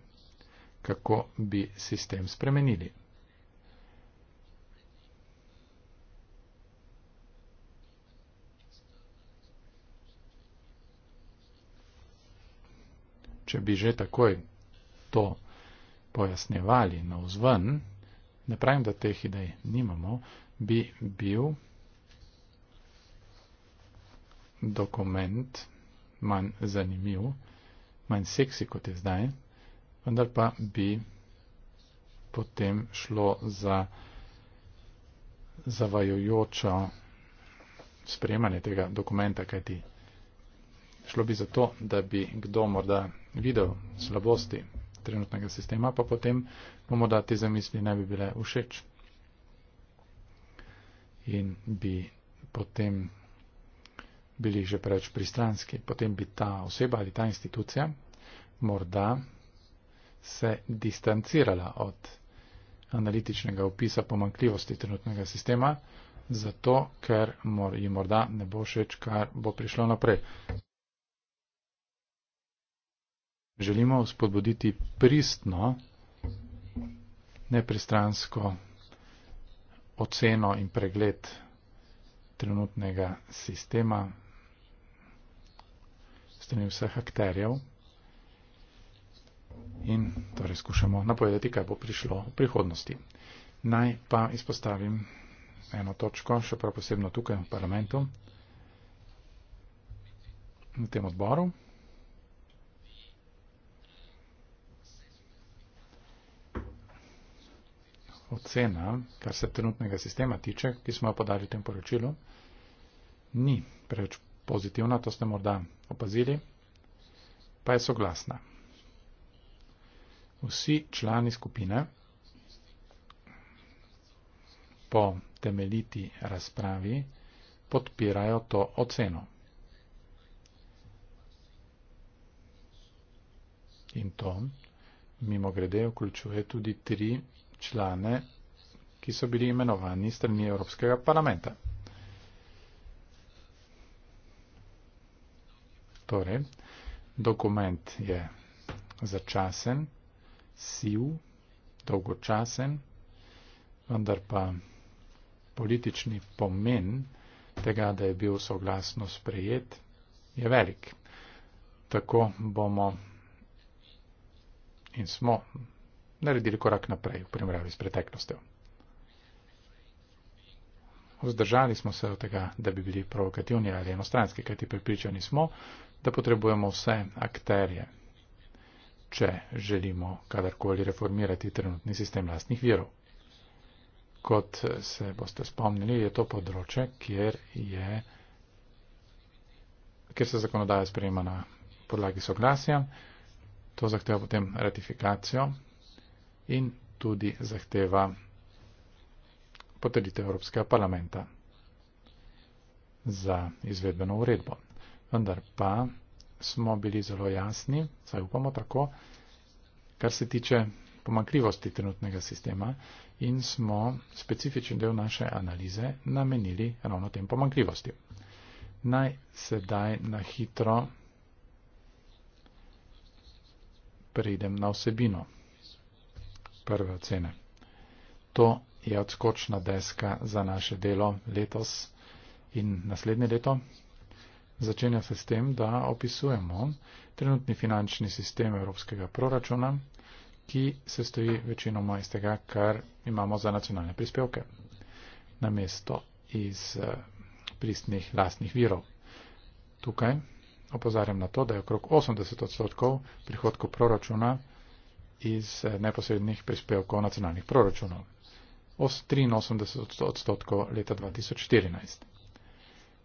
kako bi sistem spremenili. Če bi že takoj to pojasnevali na vzven, ne pravim, da teh idej nimamo, bi bil dokument manj zanimiv, manj seksi kot je zdaj, vendar pa bi potem šlo za zavajojočo spremanje tega dokumenta, kajti šlo bi za to, da bi kdo morda videl slabosti trenutnega sistema, pa potem bomo dati zamisli ne bi bile všeč in bi potem bili že preveč pristranski. Potem bi ta oseba ali ta institucija morda se distancirala od analitičnega opisa pomankljivosti trenutnega sistema, zato ker mor, ji morda ne bo všeč, kar bo prišlo naprej. Želimo spodbuditi pristno, nepristransko oceno in pregled trenutnega sistema strani vseh akterjev. In torej skušamo napovedati, kaj bo prišlo v prihodnosti. Naj pa izpostavim eno točko, še prav posebno tukaj v parlamentu, v tem odboru. ocena, kar se trenutnega sistema tiče, ki smo jo podali v tem poročilu, ni preveč pozitivna, to ste morda opazili, pa je soglasna. Vsi člani skupine po temeljiti razpravi podpirajo to oceno. In to, mimo grede, vključuje tudi tri člane, ki so bili imenovani strani Evropskega parlamenta. Torej, dokument je začasen, siv, dolgočasen, vendar pa politični pomen tega, da je bil soglasno sprejet, je velik. Tako bomo in smo naredili korak naprej v primerjavi s preteklostjo. Vzdržali smo se od tega, da bi bili provokativni ali enostranski, kajti pripričani smo, da potrebujemo vse akterje, če želimo kadarkoli reformirati trenutni sistem lastnih virov. Kot se boste spomnili, je to področje, kjer, je, kjer se zakonodaja sprejema na podlagi soglasja. To zahteva potem ratifikacijo in tudi zahteva potrditev Evropskega parlamenta za izvedbeno uredbo. Vendar pa smo bili zelo jasni, saj upamo tako, kar se tiče pomankljivosti trenutnega sistema in smo specifičen del naše analize namenili ravno tem pomankljivosti. Naj sedaj na hitro preidem na osebino prve ocene. To je odskočna deska za naše delo letos in naslednje leto. Začenja se s tem, da opisujemo trenutni finančni sistem evropskega proračuna, ki se stoji večinoma iz tega, kar imamo za nacionalne prispevke, namesto iz eh, pristnih lastnih virov. Tukaj opozarjam na to, da je okrog 80 odstotkov prihodkov proračuna iz eh, neposrednih prispevkov nacionalnih proračunov. 83 odstotkov leta 2014.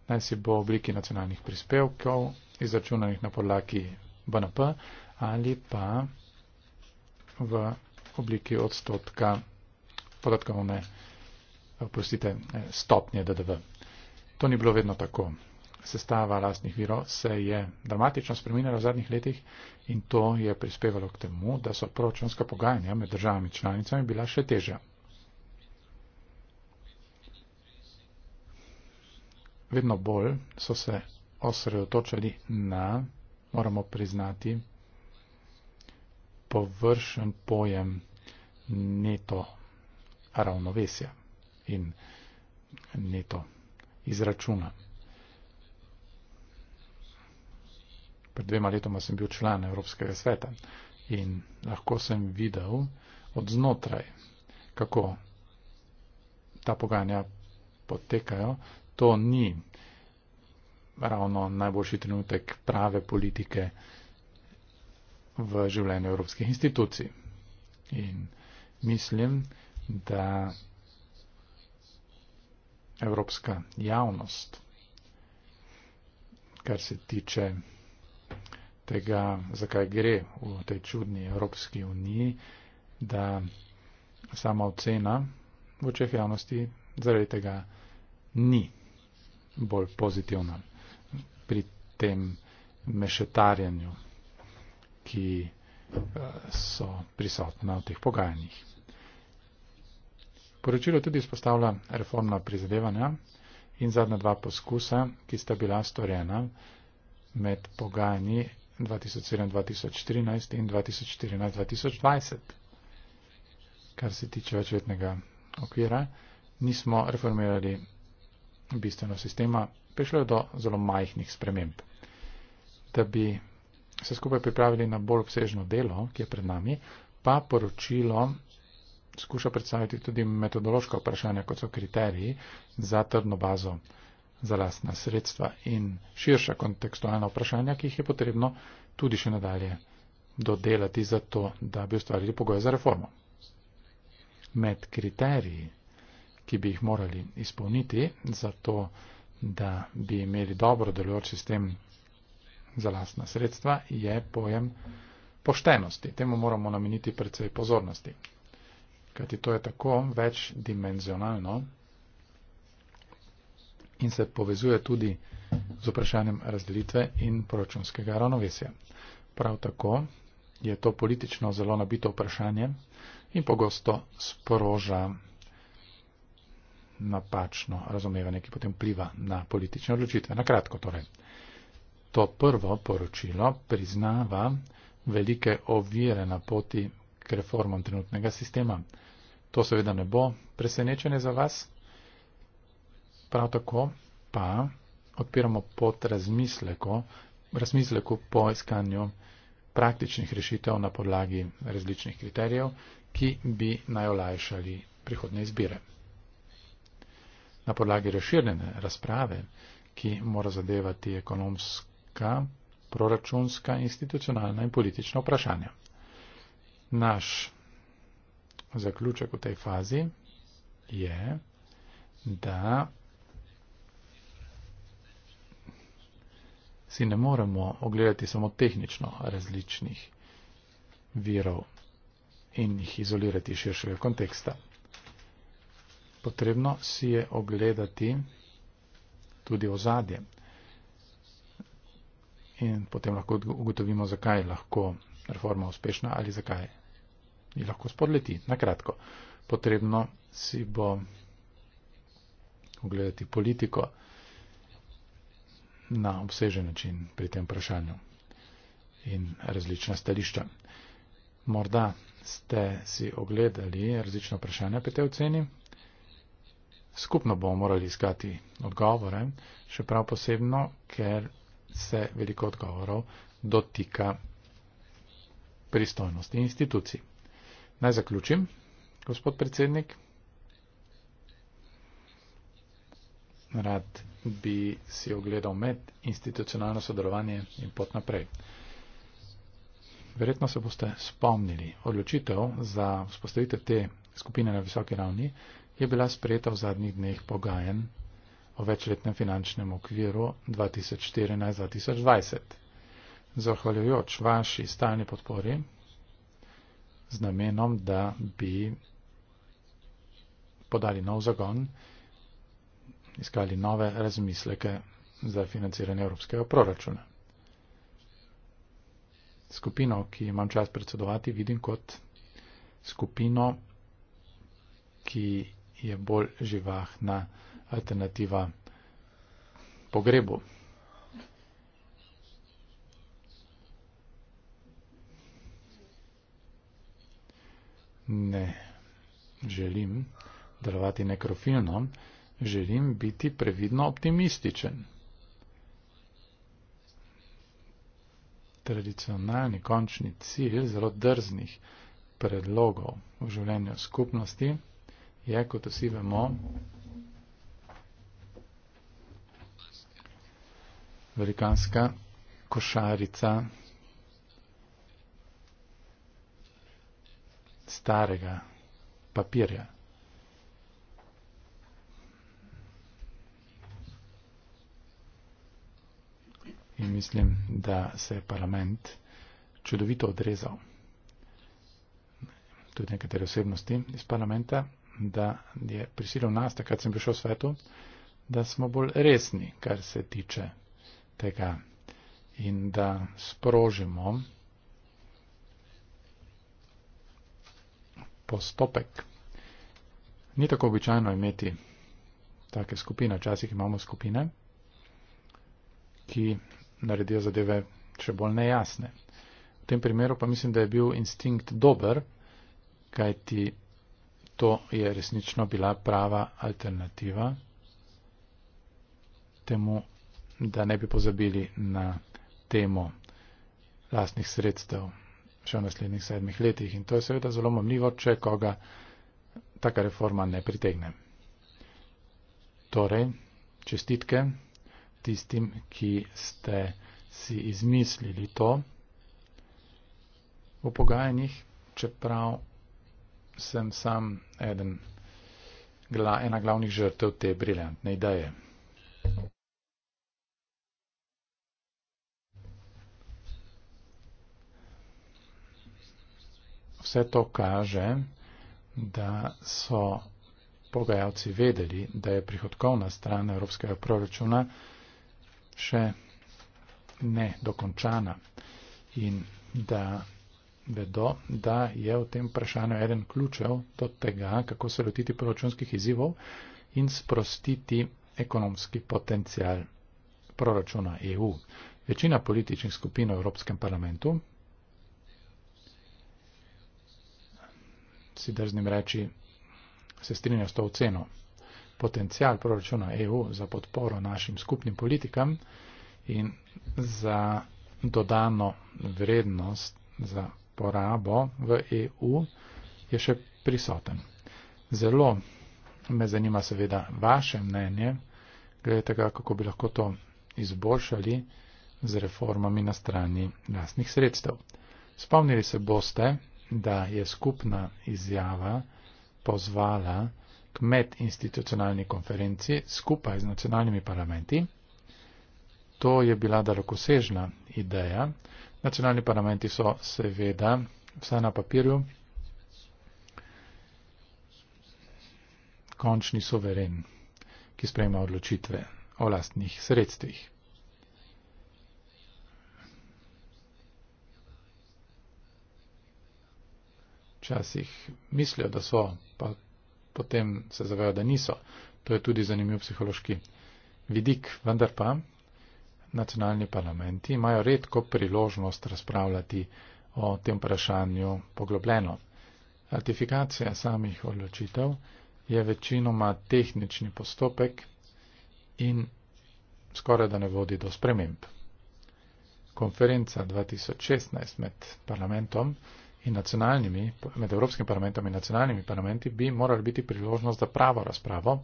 Naj si bo obliki nacionalnih prispevkov izračunanih na podlagi BNP ali pa v obliki odstotka podatkovne, eh, oprostite, eh, stopnje DDV. To ni bilo vedno tako sestava lastnih virov se je dramatično spremenila v zadnjih letih in to je prispevalo k temu, da so proračunska pogajanja med državami članicami bila še teža. Vedno bolj so se osredotočali na, moramo priznati, površen pojem neto ravnovesja in neto izračuna pred dvema letoma sem bil član Evropskega sveta in lahko sem videl od znotraj, kako ta pogajanja potekajo. To ni ravno najboljši trenutek prave politike v življenju evropskih institucij. In mislim, da evropska javnost, kar se tiče tega, zakaj gre v tej čudni Evropski uniji, da sama ocena v očeh javnosti zaradi tega ni bolj pozitivna pri tem mešetarjanju, ki eh, so prisotna v teh pogajanjih. Poročilo tudi izpostavlja reformna prizadevanja in zadnja dva poskusa, ki sta bila storjena med pogajanji 2007-2013 in 2014-2020. Kar se tiče večletnega okvira, nismo reformirali bistveno sistema, prišlo je do zelo majhnih sprememb. Da bi se skupaj pripravili na bolj obsežno delo, ki je pred nami, pa poročilo skuša predstaviti tudi metodološko vprašanje, kot so kriteriji za trdno bazo za lastna sredstva in širša kontekstualna vprašanja, ki jih je potrebno tudi še nadalje dodelati za to, da bi ustvarili pogoje za reformo. Med kriteriji, ki bi jih morali izpolniti za to, da bi imeli dobro delujoč sistem za lastna sredstva, je pojem poštenosti. Temu moramo nameniti predvsej pozornosti. Kajti to je tako večdimenzionalno, in se povezuje tudi z vprašanjem razdelitve in proračunskega ravnovesja. Prav tako je to politično zelo nabito vprašanje in pogosto sproža napačno razumevanje, ki potem pliva na politične odločitve. Na kratko torej. To prvo poročilo priznava velike ovire na poti k reformam trenutnega sistema. To seveda ne bo presenečenje za vas, Prav tako pa odpiramo pot razmisleku po iskanju praktičnih rešitev na podlagi različnih kriterijev, ki bi najolajšali prihodne izbire. Na podlagi razširjene razprave, ki mora zadevati ekonomska, proračunska, institucionalna in politična vprašanja. Naš zaključek v tej fazi je, da si ne moremo ogledati samo tehnično različnih virov in jih izolirati iz širšega konteksta. Potrebno si je ogledati tudi ozadje in potem lahko ugotovimo, zakaj je lahko reforma uspešna ali zakaj je lahko spodleti. Na kratko, potrebno si bo ogledati politiko, na obsežen način pri tem vprašanju in različna stališča. Morda ste si ogledali različna vprašanja pri tej oceni. Skupno bomo morali iskati odgovore, še prav posebno, ker se veliko odgovorov dotika pristojnosti institucij. Naj zaključim, gospod predsednik. rad bi si ogledal med institucionalno sodelovanje in pot naprej. Verjetno se boste spomnili, odločitev za vzpostavitev te skupine na visoki ravni je bila sprejeta v zadnjih dneh pogajen o večletnem finančnem okviru 2014-2020. Zahvaljujoč vaši stalni podpori z namenom, da bi podali nov zagon iskali nove razmisleke za financiranje evropskega proračuna. Skupino, ki imam čas predsedovati, vidim kot skupino, ki je bolj živahna alternativa pogrebu. Ne želim delovati nekrofilno, želim biti previdno optimističen. Tradicionalni končni cilj zelo drznih predlogov v življenju skupnosti je, kot vsi vemo, velikanska košarica starega papirja. in mislim, da se je parlament čudovito odrezal. Tudi nekatere osebnosti iz parlamenta, da je prisilil nas, takrat sem prišel v svetu, da smo bolj resni, kar se tiče tega in da sprožimo postopek. Ni tako običajno imeti take skupine, včasih imamo skupine, ki naredijo zadeve še bolj nejasne. V tem primeru pa mislim, da je bil instinkt dober, kajti to je resnično bila prava alternativa temu, da ne bi pozabili na temo lastnih sredstev še v naslednjih sedmih letih. In to je seveda zelo momljivo, če koga taka reforma ne pritegne. Torej, čestitke tistim, ki ste si izmislili to v pogajanjih, čeprav sem sam eden, ena glavnih žrtev te briljantne ideje. Vse to kaže, da so pogajalci vedeli, da je prihodkovna stran evropskega proračuna še ne dokončana in da vedo, da je v tem vprašanju eden ključev do tega, kako se lotiti proračunskih izzivov in sprostiti ekonomski potencial proračuna EU. Večina političnih skupin v Evropskem parlamentu si drznim reči, se strinja s to oceno potencijal proračuna EU za podporo našim skupnim politikam in za dodano vrednost za porabo v EU je še prisoten. Zelo me zanima seveda vaše mnenje, gledajte ga, kako bi lahko to izboljšali z reformami na strani lastnih sredstev. Spomnili se boste, da je skupna izjava pozvala med institucionalni konferenci skupaj z nacionalnimi parlamenti. To je bila dalekosežna ideja. Nacionalni parlamenti so seveda vsaj na papirju končni soveren, ki sprejema odločitve o lastnih sredstvih. Včasih mislijo, da so pa potem se zavejo, da niso. To je tudi zanimiv psihološki vidik, vendar pa nacionalni parlamenti imajo redko priložnost razpravljati o tem vprašanju poglobljeno. Ratifikacija samih odločitev je večinoma tehnični postopek in skoraj da ne vodi do sprememb. Konferenca 2016 med parlamentom in nacionalnimi, med Evropskim parlamentom in nacionalnimi parlamenti bi morali biti priložnost za pravo razpravo.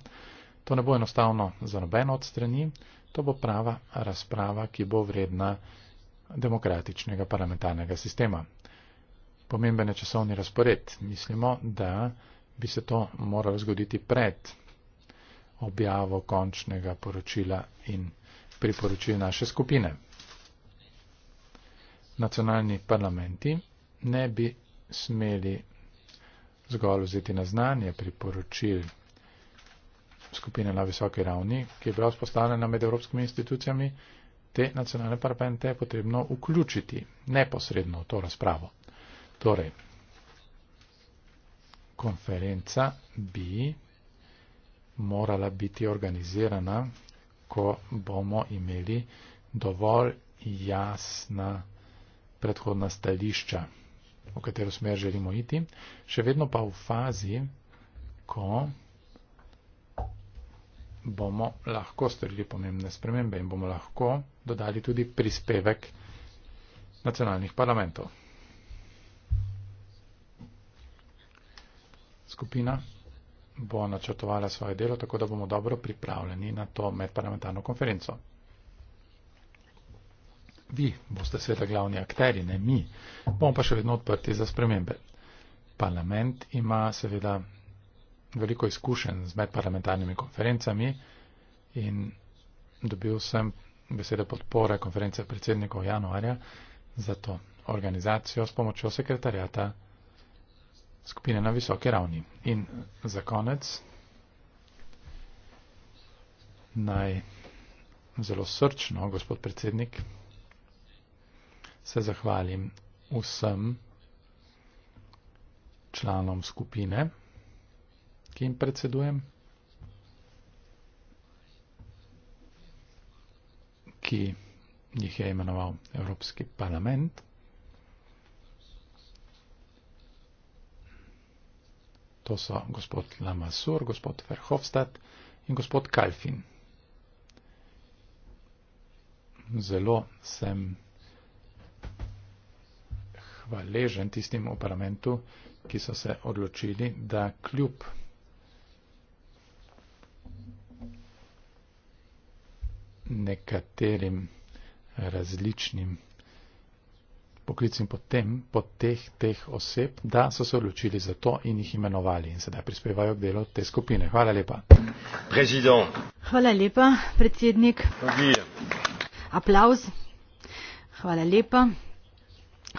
To ne bo enostavno za nobeno od strani, to bo prava razprava, ki bo vredna demokratičnega parlamentarnega sistema. Pomemben je časovni razpored. Mislimo, da bi se to moralo zgoditi pred objavo končnega poročila in priporočil naše skupine. Nacionalni parlamenti ne bi smeli zgolj vzeti na znanje priporočil skupine na visoki ravni, ki je bila vzpostavljena med evropskimi institucijami, te nacionalne parlamente je potrebno vključiti neposredno v to razpravo. Torej, konferenca bi morala biti organizirana, ko bomo imeli dovolj jasna predhodna stališča v katero smer želimo iti, še vedno pa v fazi, ko bomo lahko storili pomembne spremembe in bomo lahko dodali tudi prispevek nacionalnih parlamentov. Skupina bo načrtovala svoje delo, tako da bomo dobro pripravljeni na to medparlamentarno konferenco vi boste sveda glavni akteri, ne mi. Bomo pa še vedno odprti za spremembe. Parlament ima seveda veliko izkušenj z medparlamentarnimi konferencami in dobil sem besede podpore konference predsednikov januarja za to organizacijo s pomočjo sekretarjata skupine na visoki ravni. In za konec naj zelo srčno, gospod predsednik, se zahvalim vsem članom skupine, ki jim predsedujem, ki jih je imenoval Evropski parlament. To so gospod Lamasur, gospod Verhofstadt in gospod Kalfin. Zelo sem hvaležen tistim v parlamentu, ki so se odločili, da kljub nekaterim različnim poklicim potem, po teh, teh oseb, da so se odločili za to in jih imenovali in sedaj prispevajo k delu te skupine. Hvala lepa. Prezident. Hvala lepa, predsednik. Hvala. Aplauz. Hvala lepa.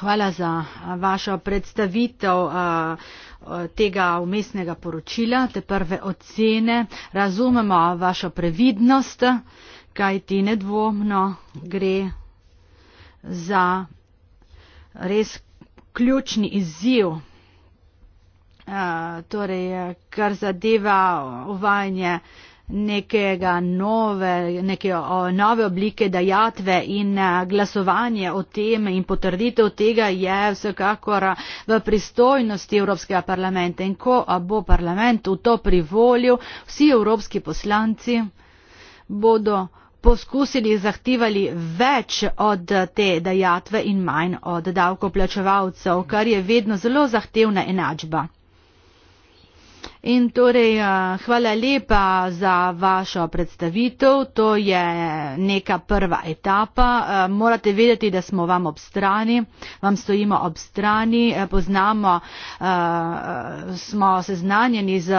Hvala za vašo predstavitev tega umestnega poročila, te prve ocene. Razumemo vašo previdnost, kaj ti nedvomno gre za res ključni izziv, torej, kar zadeva uvajanje nekega nove, neke o, nove oblike dajatve in eh, glasovanje o tem in potrditev tega je vsekakor eh, v pristojnosti Evropskega parlamenta. In ko bo parlament v to privolil, vsi evropski poslanci bodo poskusili zahtevali več od te dajatve in manj od davkoplačevalcev, kar je vedno zelo zahtevna enačba. In torej, eh, hvala lepa za vašo predstavitev. To je neka prva etapa. Eh, morate vedeti, da smo vam ob strani, vam stojimo ob strani, eh, poznamo, smo seznanjeni z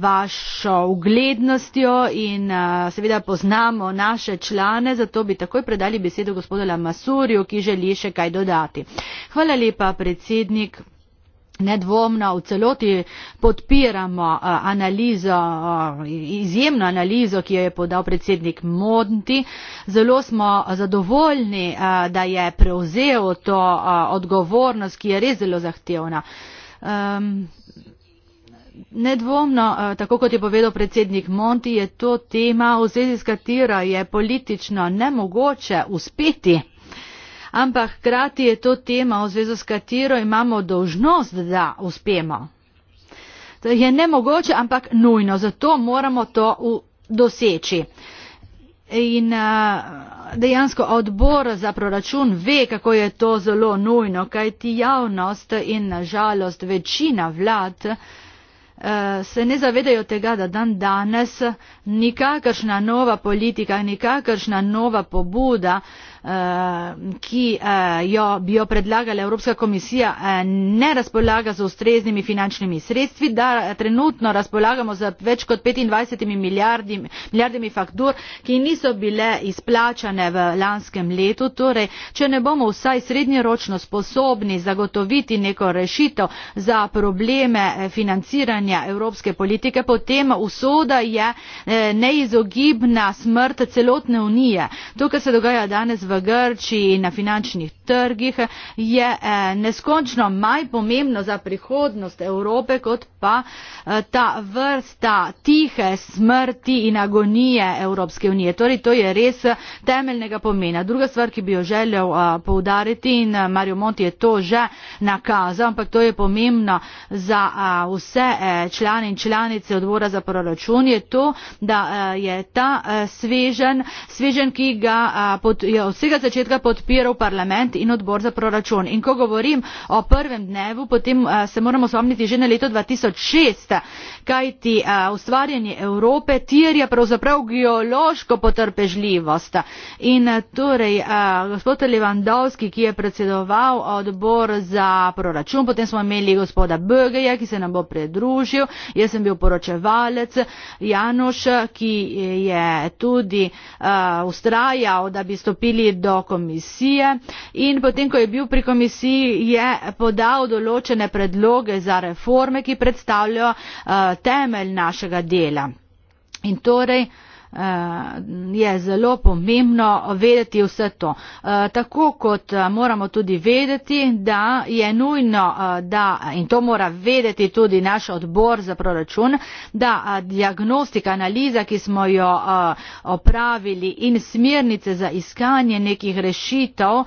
vašo uglednostjo in seveda poznamo naše člane, zato bi takoj predali besedo gospodu Lamasurju, ki želi še kaj dodati. Hvala lepa, predsednik. Nedvomno v celoti podpiramo eh, analizo, eh, izjemno analizo, ki jo je podal predsednik Modnti. Zelo smo zadovoljni, eh, da je prevzel to odgovornost, ki je res zelo zahtevna. Ehm, nedvomno, tako kot je povedal predsednik Monti, je to tema, v zvezi s katero je politično nemogoče uspeti ampak hkrati je to tema, v zvezi s katero imamo dožnost, da uspemo. To je nemogoče, ampak nujno, zato moramo to v, doseči. In eh, dejansko odbor za proračun ve, kako je to zelo nujno, kajti javnost in nažalost večina vlad eh, se ne zavedajo tega, da dan danes nikakršna nova politika, nikakršna nova pobuda ki eh, jo bi jo predlagala evropska komisija eh, ne razpolaga z ustreznimi finančnimi sredstvi da eh, trenutno razpolagamo z več kot petindvajset milijardami faktur ki niso bile izplačane v lanskem letu torej če ne bomo vsaj srednjeročno sposobni zagotoviti neko rešitev za probleme financiranja evropske politike potem usoda je neizogibna smrt celotne unije to kar se dogaja danes v Grčiji in na finančnih trgih je eh, neskončno manj pomembno za prihodnost Evrope kot pa eh, ta vrsta tihe smrti in agonije Evropske unije. Torej, to je res eh, temeljnega pomena. Druga stvar, ki bi jo želel poudariti in Mario Monti je to že nakazal, ampak to je pomembno za vse člane in članice odbora za proračun, je to, da je ta svežen, svežen, ki ga pot, je od vsega začetka podpiral parlament in odbor za proračun. In ko govorim o prvem dnevu, potem eh, se moramo spomniti že na leto dva tisoč šest kajti ustvarjanje evrope terja pravzaprav geološko potrpežljivost in torej gospod lewandowski ki je predsedoval odbor za proračun potem smo imeli gospoda bögeja ki se nam bo pridružil jaz sem bil poročevalec janoš ki je tudi uh, ustrajal da bi stopili do komisije in potem ko je bil pri komisiji je podal določene predloge za reforme ki predstavljajo uh, temelj našega dela. Eh, je zelo pomembno vedeti vse to. Eh, tako kot eh, moramo tudi vedeti, da je nujno, da, in to mora vedeti tudi naš odbor za proračun, da diagnostika, analiza, ki smo jo opravili in smernice za iskanje nekih rešitev,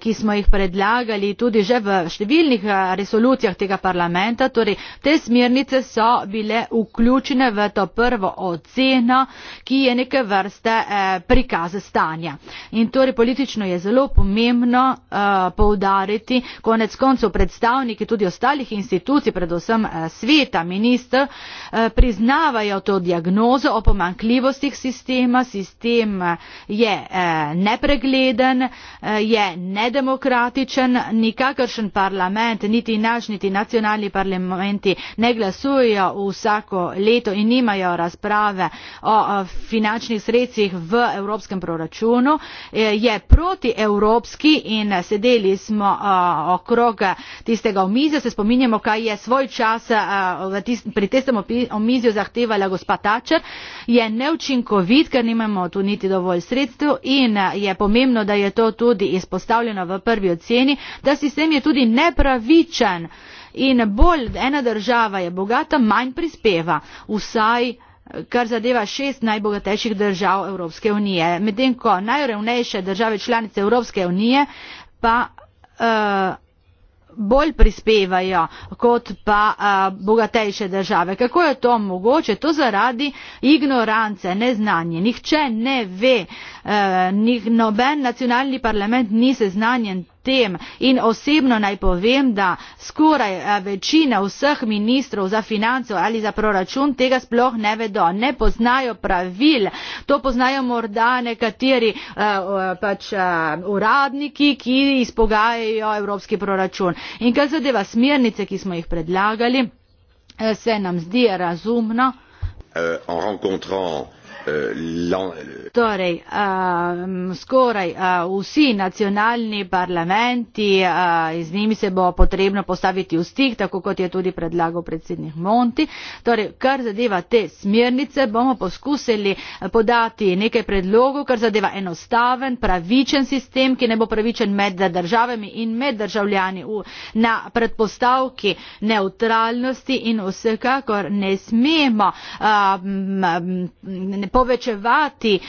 ki smo jih predlagali tudi že v številnih resolucijah tega parlamenta, torej te smernice so bile vključene v to prvo oceno, ki je neke vrste eh, prikaz stanja. In torej politično je zelo pomembno eh, poudariti, konec koncev predstavniki tudi ostalih institucij, predvsem eh, sveta, ministr, eh, priznavajo to diagnozo o pomankljivostih sistema, sistem eh, je eh, nepregleden, eh, je nedemokratičen, nikakršen parlament, niti naš, niti nacionalni parlamenti ne glasujejo vsako leto in nimajo razprave o eh, Eh, finančnih sredstvih v evropskem proračunu eh, je protievropski in sedeli smo eh, okrog tistega omizja, se spominjamo, kaj je svoj čas pri tistem omizju zahtevala gospa Tačer, je neučinkovit, ker nimamo tu niti dovolj sredstev in je pomembno, da je to tudi izpostavljeno v prvi oceni, da sistem je tudi nepravičen. In bolj ena država je bogata, manj prispeva, vsaj kar zadeva šest najbogatejših držav Evropske unije. Medtem ko najrevnejše države članice Evropske unije pa uh, bolj prispevajo kot pa a, eh, bogatejše države. Kako je to mogoče? To zaradi ignorance, neznanje. Nihče ne ve, a, eh, nih, noben nacionalni parlament ni seznanjen tem in osebno naj povem, da skoraj eh, večina vseh ministrov za financo ali za proračun tega sploh ne vedo, ne poznajo pravil. To poznajo morda nekateri eh, pač eh, uradniki, ki izpogajajo evropski proračun. In kar zadeva smernice, ki smo jih predlagali, se nam zdi razumno. Uh, Eh, eh, torej, um, skoraj uh, vsi nacionalni parlamenti, uh, z njimi se bo potrebno postaviti v stik, tako kot je tudi predlagal predsednik Monti. Torej, kar zadeva te smernice, bomo poskusili podati nekaj predlogov, kar zadeva enostaven, pravičen sistem, ki ne bo pravičen med državami in med državljani v, na predpostavki neutralnosti in vsekakor ne smemo. Uh, m, m, povečevati eh,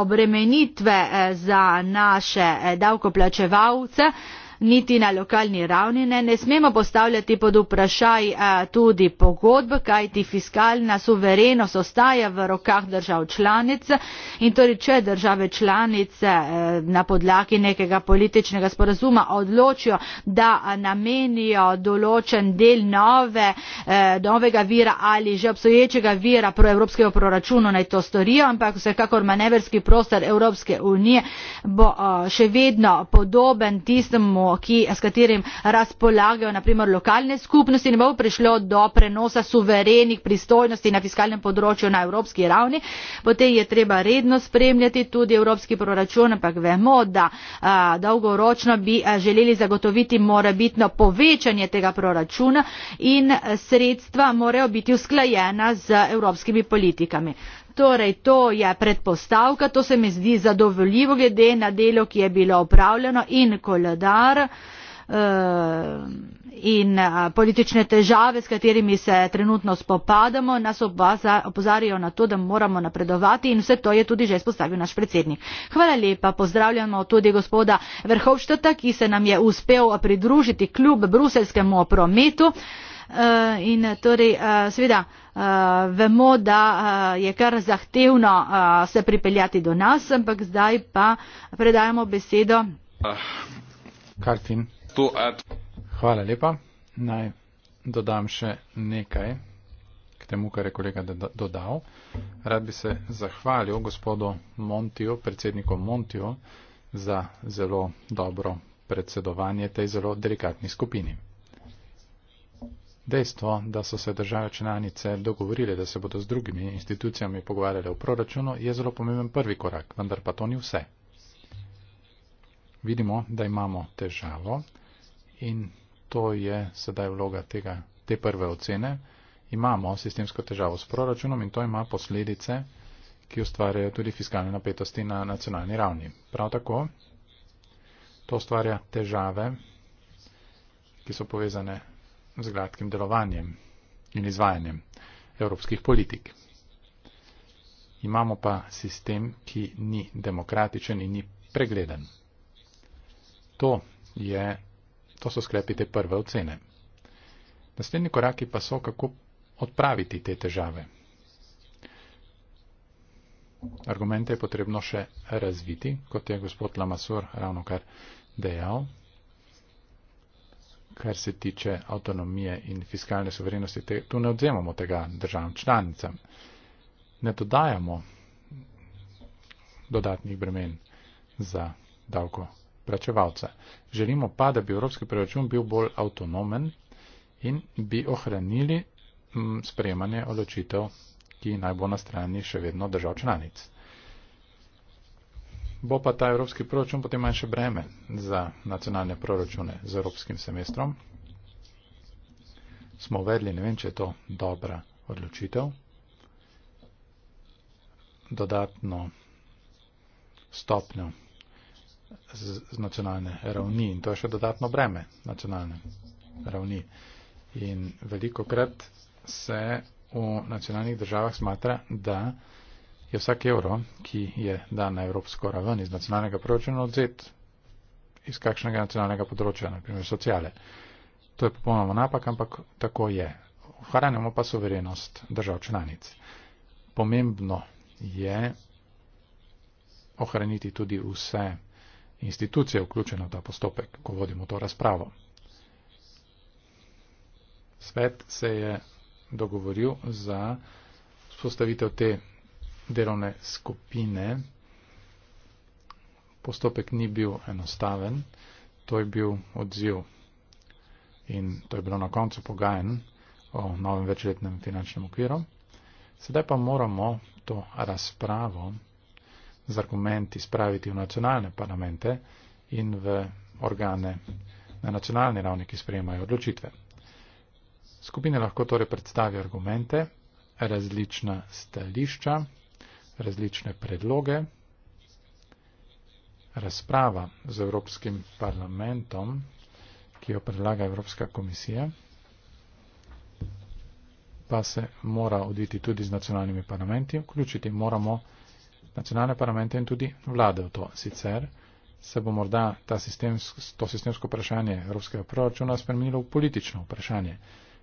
obremenitve eh, za naše eh, davkoplačevalce niti na lokalni ravni ne, ne smemo postavljati pod vprašaj a, tudi pogodb, kajti fiskalna suverenost ostaja v rokah držav članic in torej, če države članice a, e, na podlagi nekega političnega sporazuma odločijo, da namenijo določen del nove, a, e, novega vira ali že obstoječega vira proevropskega proračuna, naj to storijo, ampak vsekakor manevrski prostor Evropske unije bo a, e, še vedno podoben tistemu, ki, s katerim razpolagajo naprimer lokalne skupnosti, ne bo prišlo do prenosa suverenih pristojnosti na fiskalnem področju na evropski ravni. Potem je treba redno spremljati tudi evropski proračun, ampak vemo, da a, dolgoročno bi a, želeli zagotoviti morabitno povečanje tega proračuna in sredstva morajo biti usklajena z evropskimi politikami. Torej, to je predpostavka, to se mi zdi zadovoljivo glede na delo, ki je bilo opravljeno in koledar eh, in eh, politične težave, s katerimi se trenutno spopadamo, nas opozarjajo na to, da moramo napredovati in vse to je tudi že izpostavil naš predsednik. Hvala lepa, pozdravljamo tudi gospoda Verhovštata, ki se nam je uspel pridružiti kljub bruselskemu prometu. Eh, in torej eh, seveda eh, vemo, da je kar zahtevno se pripeljati do nas, ampak zdaj pa predajamo besedo. Kartin. Hvala lepa. Naj dodam še nekaj k temu, kar je kolega dodal. Rad bi se zahvalil gospodu Montiju, predsedniku Montiju, za zelo dobro predsedovanje tej zelo delikatni skupini. Dejstvo, da so se države članice dogovorile, da se bodo z drugimi institucijami pogovarjale o proračunu, je zelo pomemben prvi korak, vendar pa to ni vse. Vidimo, da imamo težavo in to je sedaj vloga tega, te prve ocene. Imamo sistemsko težavo s proračunom in to ima posledice, ki ustvarjajo tudi fiskalne napetosti na nacionalni ravni. Prav tako to ustvarja težave, ki so povezane z gladkim delovanjem in izvajanjem evropskih politik. Imamo pa sistem, ki ni demokratičen in ni pregleden. To, je, to so sklepite prve ocene. Naslednji koraki pa so, kako odpraviti te težave. Argumente je potrebno še razviti, kot je gospod Lamasur ravno kar dejal, kar se tiče avtonomije in fiskalne soverenosti. Te, tu ne odzemamo tega državam članicam, ne dodajamo dodatnih bremen za davkoplačevalce. Želimo pa, da bi evropski proračun bil bolj avtonomen in bi ohranili mm, sprejemanje odločitev, ki naj bo na strani še vedno držav članic bo pa ta evropski proračun potem manjše breme za nacionalne proračune z evropskim semestrom. Smo uvedli, ne vem, če je to dobra odločitev, dodatno stopnjo z, z nacionalne ravni in to je še dodatno breme nacionalne ravni. In veliko krat se v nacionalnih državah smatra, da je vsak evro, ki je dan na evropsko raven iz nacionalnega proračuna, odzet iz kakšnega nacionalnega področja, naprimer sociale. To je popolnoma napak, ampak tako je. Ohranjamo pa soverenost držav članic. Pomembno je ohraniti tudi vse institucije vključene v ta postopek, ko vodimo to razpravo. Svet se je dogovoril za vzpostavitev te delovne skupine. Postopek ni bil enostaven, to je bil odziv in to je bilo na koncu pogajen o novem večletnem finančnem okviru. Sedaj pa moramo to razpravo z argumenti spraviti v nacionalne parlamente in v organe na nacionalni ravni, ki sprejemajo odločitve. Skupine lahko torej predstavijo argumente, različna stališča, različne predloge. Razprava z Evropskim parlamentom, ki jo predlaga Evropska komisija, pa se mora oditi tudi z nacionalnimi parlamenti, vključiti moramo nacionalne parlamente in tudi vlade v to. Sicer se bo morda ta sistemsk, to sistemsko vprašanje Evropskega proračuna spremenilo v politično vprašanje.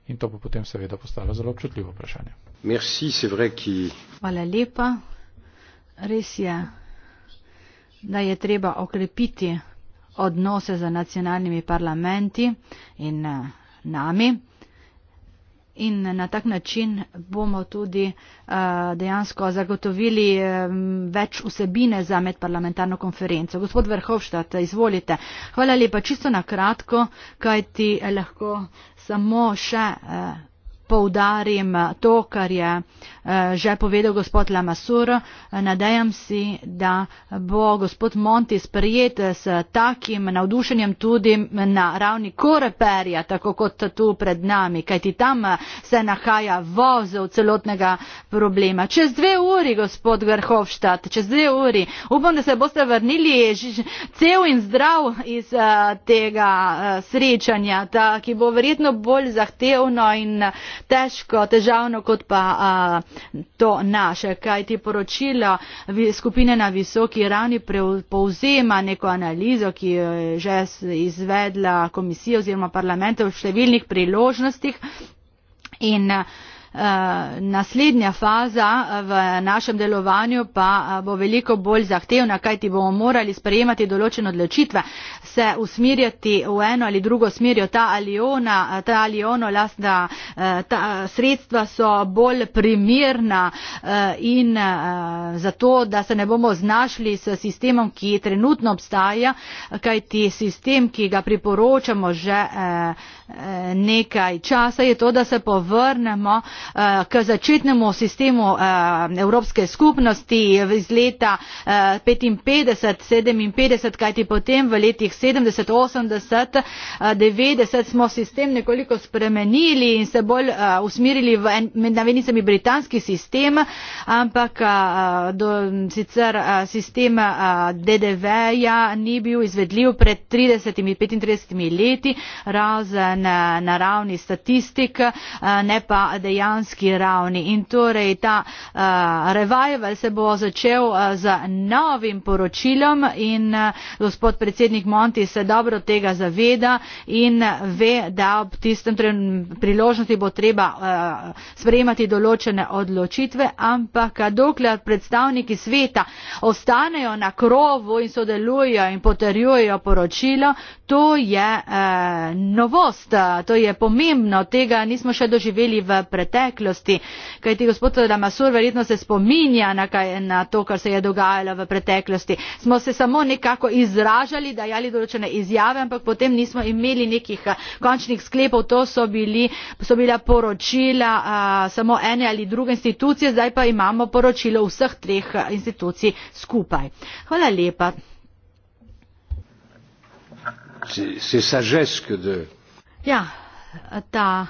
In to bo potem seveda postalo zelo občutljivo vprašanje. Merci, vrai, ki... Hvala lepa res je, da je treba okrepiti odnose z nacionalnimi parlamenti in eh, nami. In na tak način bomo tudi eh, dejansko zagotovili eh, več vsebine za medparlamentarno konferenco. Gospod Verhovštat, izvolite. Hvala lepa čisto na kratko, kaj ti lahko samo še poudarim to, kar je eh, že povedal gospod Lamasur. Nadejam si, da bo gospod Monti sprejet s takim navdušenjem tudi na ravni koreperja, tako kot tu pred nami, kajti tam eh, se nahaja vozel celotnega problema. Čez dve uri, gospod Verhofstadt, čez dve uri. Upam, da se boste vrnili cel in zdrav iz eh, tega srečanja, ta, ki bo verjetno bolj zahtevno in težko težavno kot pa a, to naše, kajti poročilo skupine na visoki ravni povzema neko analizo, ki jo je že izvedla komisija oziroma parlament v številnih priložnostih in a, Eh, naslednja faza eh, v našem delovanju pa eh, bo veliko bolj zahtevna, kajti bomo morali sprejemati določene odločitve, se usmirjati v eno ali drugo smer, ta ali ona, ta ali ono, lastna ta sredstva so bolj primirna in zato, da se ne bomo znašli s sistemom, ki trenutno obstaja, kajti sistem, ki ga priporočamo že Eh, nekaj časa je to, da se povrnemo eh, k začetnemu sistemu eh, Evropske skupnosti iz leta 55-57, kajti potem v letih 70-80-90 smo sistem nekoliko spremenili in se bolj usmirili v med navednicami britanski sistem, ampak do, sicer sistem DDV-ja ni bil izvedljiv pred 30-35 leti, razen zgolj na, na ravni statistik, eh, ne pa dejanski ravni. In torej ta uh, revival se bo začel eh, z novim poročilom in gospod predsednik Monti se dobro tega zaveda in ve, da ob tistem priložnosti bo treba uh, sprejemati določene odločitve, ampak dokler predstavniki sveta ostanejo na krovu in sodelujo in potrjujejo poročilo, to je uh, novost mesta to je pomembno tega nismo še doživeli v preteklosti kajti gospod lamassoure verjetno se spominja na to kar se je dogajalo v preteklosti smo se samo nekako izražali dajali določene izjave ampak potem nismo imeli nekih eh, končnih sklepov to so bili so bila poročila a, eh, samo ene ali druge institucije zdaj pa imamo poročilo vseh treh eh, institucij skupaj hvala lepa C'est sagesse que de Ja, ta,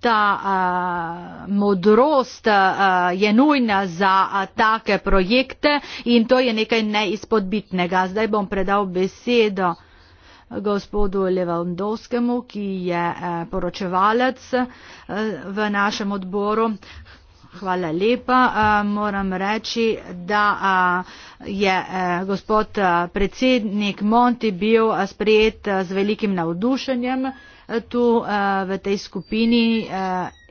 ta uh, modrost uh, je nujna za uh, take projekte in to je nekaj neizpodbitnega. Zdaj bom predal besedo gospodu Levandovskemu, ki je uh, poročevalec uh, v našem odboru. Hvala lepa. Moram reči, da je gospod predsednik Monti bil sprejet z velikim navdušenjem tu v tej skupini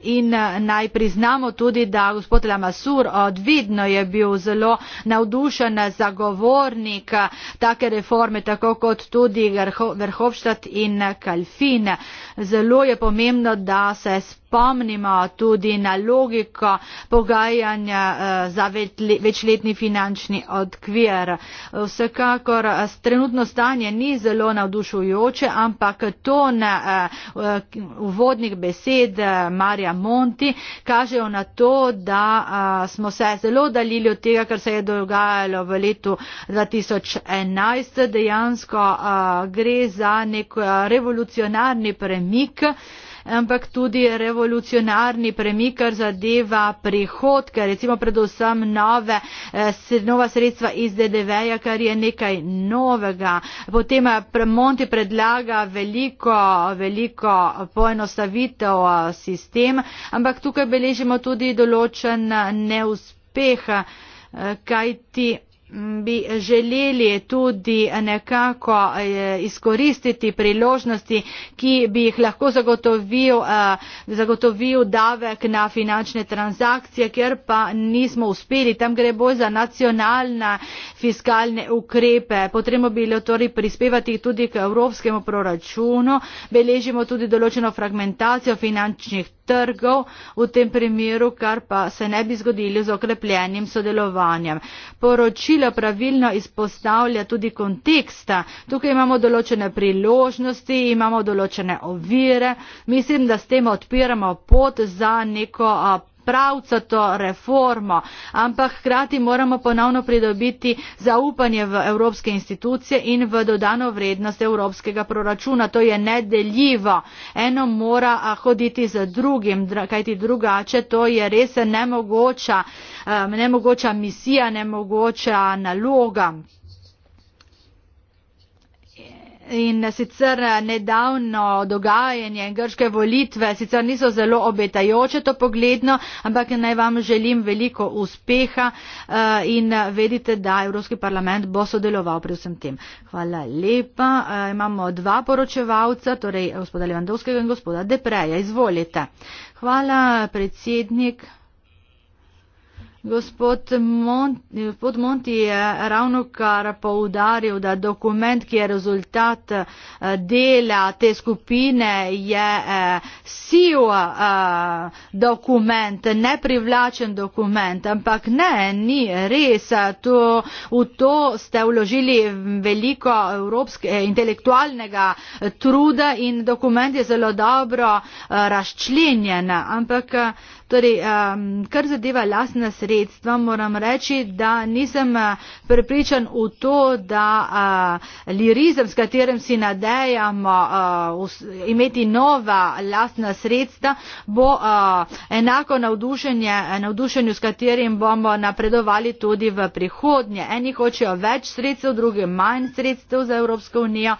in eh, naj priznamo tudi da gospod lamassoure od vedno je bil zelo navdušen zagovornik eh, take reforme tako kot tudi verhofstadt in eh, kalfin zelo je pomembno da se spomnimo tudi na logiko pogajanja za večletni finančni odkvir vsekakor trenutno stanje ni zelo navdušujoče ampak ton uvodnih besed marja monti kažejo na to, da a, smo se zelo oddaljili od tega, kar se je dogajalo v letu 2011. Dejansko a, gre za nek revolucionarni premik. A, ampak tudi revolucionarni premik, kar zadeva prihodke, recimo predvsem nove, eh, nova sredstva iz DDV-ja, kar je nekaj novega. Potem eh, Monti predlaga veliko, veliko poenostavitev eh, sistem, ampak tukaj beležimo tudi določen neuspeh, kajti bi želeli tudi nekako eh, izkoristiti priložnosti, ki bi jih lahko zagotovil, eh, zagotovil davek na finančne transakcije, ker pa nismo uspeli. Tam gre bolj za nacionalne fiskalne ukrepe. Potrebno bi bilo torej prispevati tudi k evropskemu proračunu. Beležimo tudi določeno fragmentacijo finančnih trgov v tem primeru, kar pa se ne bi zgodilo z okrepljenim sodelovanjem. Poročilo poročilo pravilno izpostavlja tudi konteksta. Tukaj imamo določene priložnosti, imamo določene ovire. Mislim, da s tem odpiramo pot za neko a, pravcato reformo, ampak hkrati moramo ponovno pridobiti zaupanje v evropske institucije in v dodano vrednost evropskega proračuna. To je nedeljivo. Eno mora hoditi z drugim, kajti drugače to je res nemogoča, eh, nemogoča misija, nemogoča naloga in sicer eh, nedavno dogajanje grške volitve sicer niso zelo obetajoče to pogledno, ampak naj vam želim veliko uspeha eh, in eh, vedite, da Evropski parlament bo sodeloval pri vsem tem. Hvala lepa. Imamo dva poročevalca, torej gospoda Levandovskega in gospoda Depreja. Izvolite. Hvala, predsednik. Gospod, Mon, gospod Monti je ravno kar poudaril, da dokument, ki je rezultat eh, dela te skupine, je eh, siv eh, dokument, neprivlačen dokument. Ampak ne, ni res. To, v to ste vložili veliko evropske, intelektualnega truda in dokument je zelo dobro razčlenjen. Ampak, torej, kar zadeva lasna sredstva, dedstva moram reči, da nisem eh, prepričan v to, da eh, lirizem, s katerim si nadejamo eh, imeti nova lastna sredstva, bo enako navdušenju, s katerim bomo napredovali tudi v prihodnje. Eni hočejo več sredstev, drugi manj sredstev za Evropsko unijo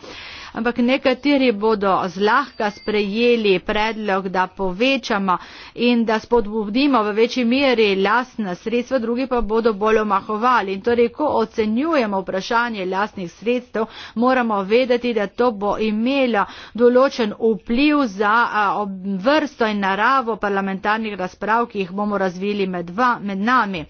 ampak nekateri bodo zlahka sprejeli predlog, da povečamo in da spodbudimo v večji meri lasna sredstva, drugi pa bodo bolj omahovali. In torej, ko ocenjujemo vprašanje lasnih sredstev, moramo vedeti, da to bo imelo določen vpliv za vrsto in naravo parlamentarnih razprav, ki jih bomo razvili med, dva, med nami.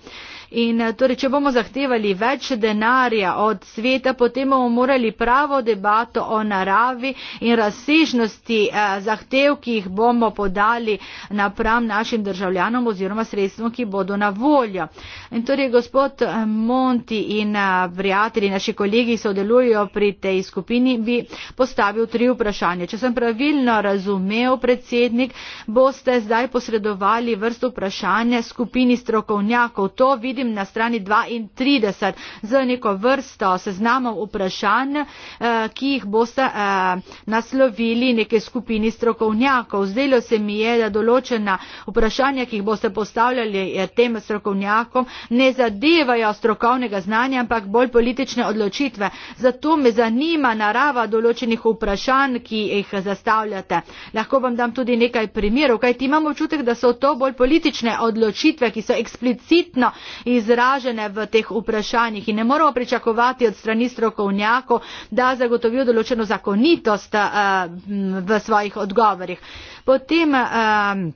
In eh, torej, če bomo zahtevali več denarja od sveta, potem bomo morali pravo debato o naravi in razsežnosti eh, zahtev, ki jih bomo podali napram našim državljanom oziroma sredstvom, ki bodo na voljo. In torej, gospod eh, Monti in prijatelji, naši kolegi sodelujo pri tej skupini, bi postavil tri vprašanja. Če sem pravilno razumel, predsednik, boste zdaj posredovali vrsto vprašanja skupini strokovnjakov. To vidim vidim na strani 32 z neko vrsto seznamov vprašanj, eh, ki jih boste eh, naslovili neke skupini strokovnjakov. Zdelo se mi je, da določena vprašanja, ki jih boste postavljali eh, tem strokovnjakom, ne zadevajo strokovnega znanja, ampak bolj politične odločitve. Zato me zanima narava določenih vprašanj, ki jih zastavljate. Lahko vam dam tudi nekaj primerov, kajti imam občutek, da so to bolj politične odločitve, ki so eksplicitno izražene v teh vprašanjih in ne moremo pričakovati od strani strokovnjakov, da zagotovijo določeno zakonitost eh, v svojih odgovorih. Potem, um,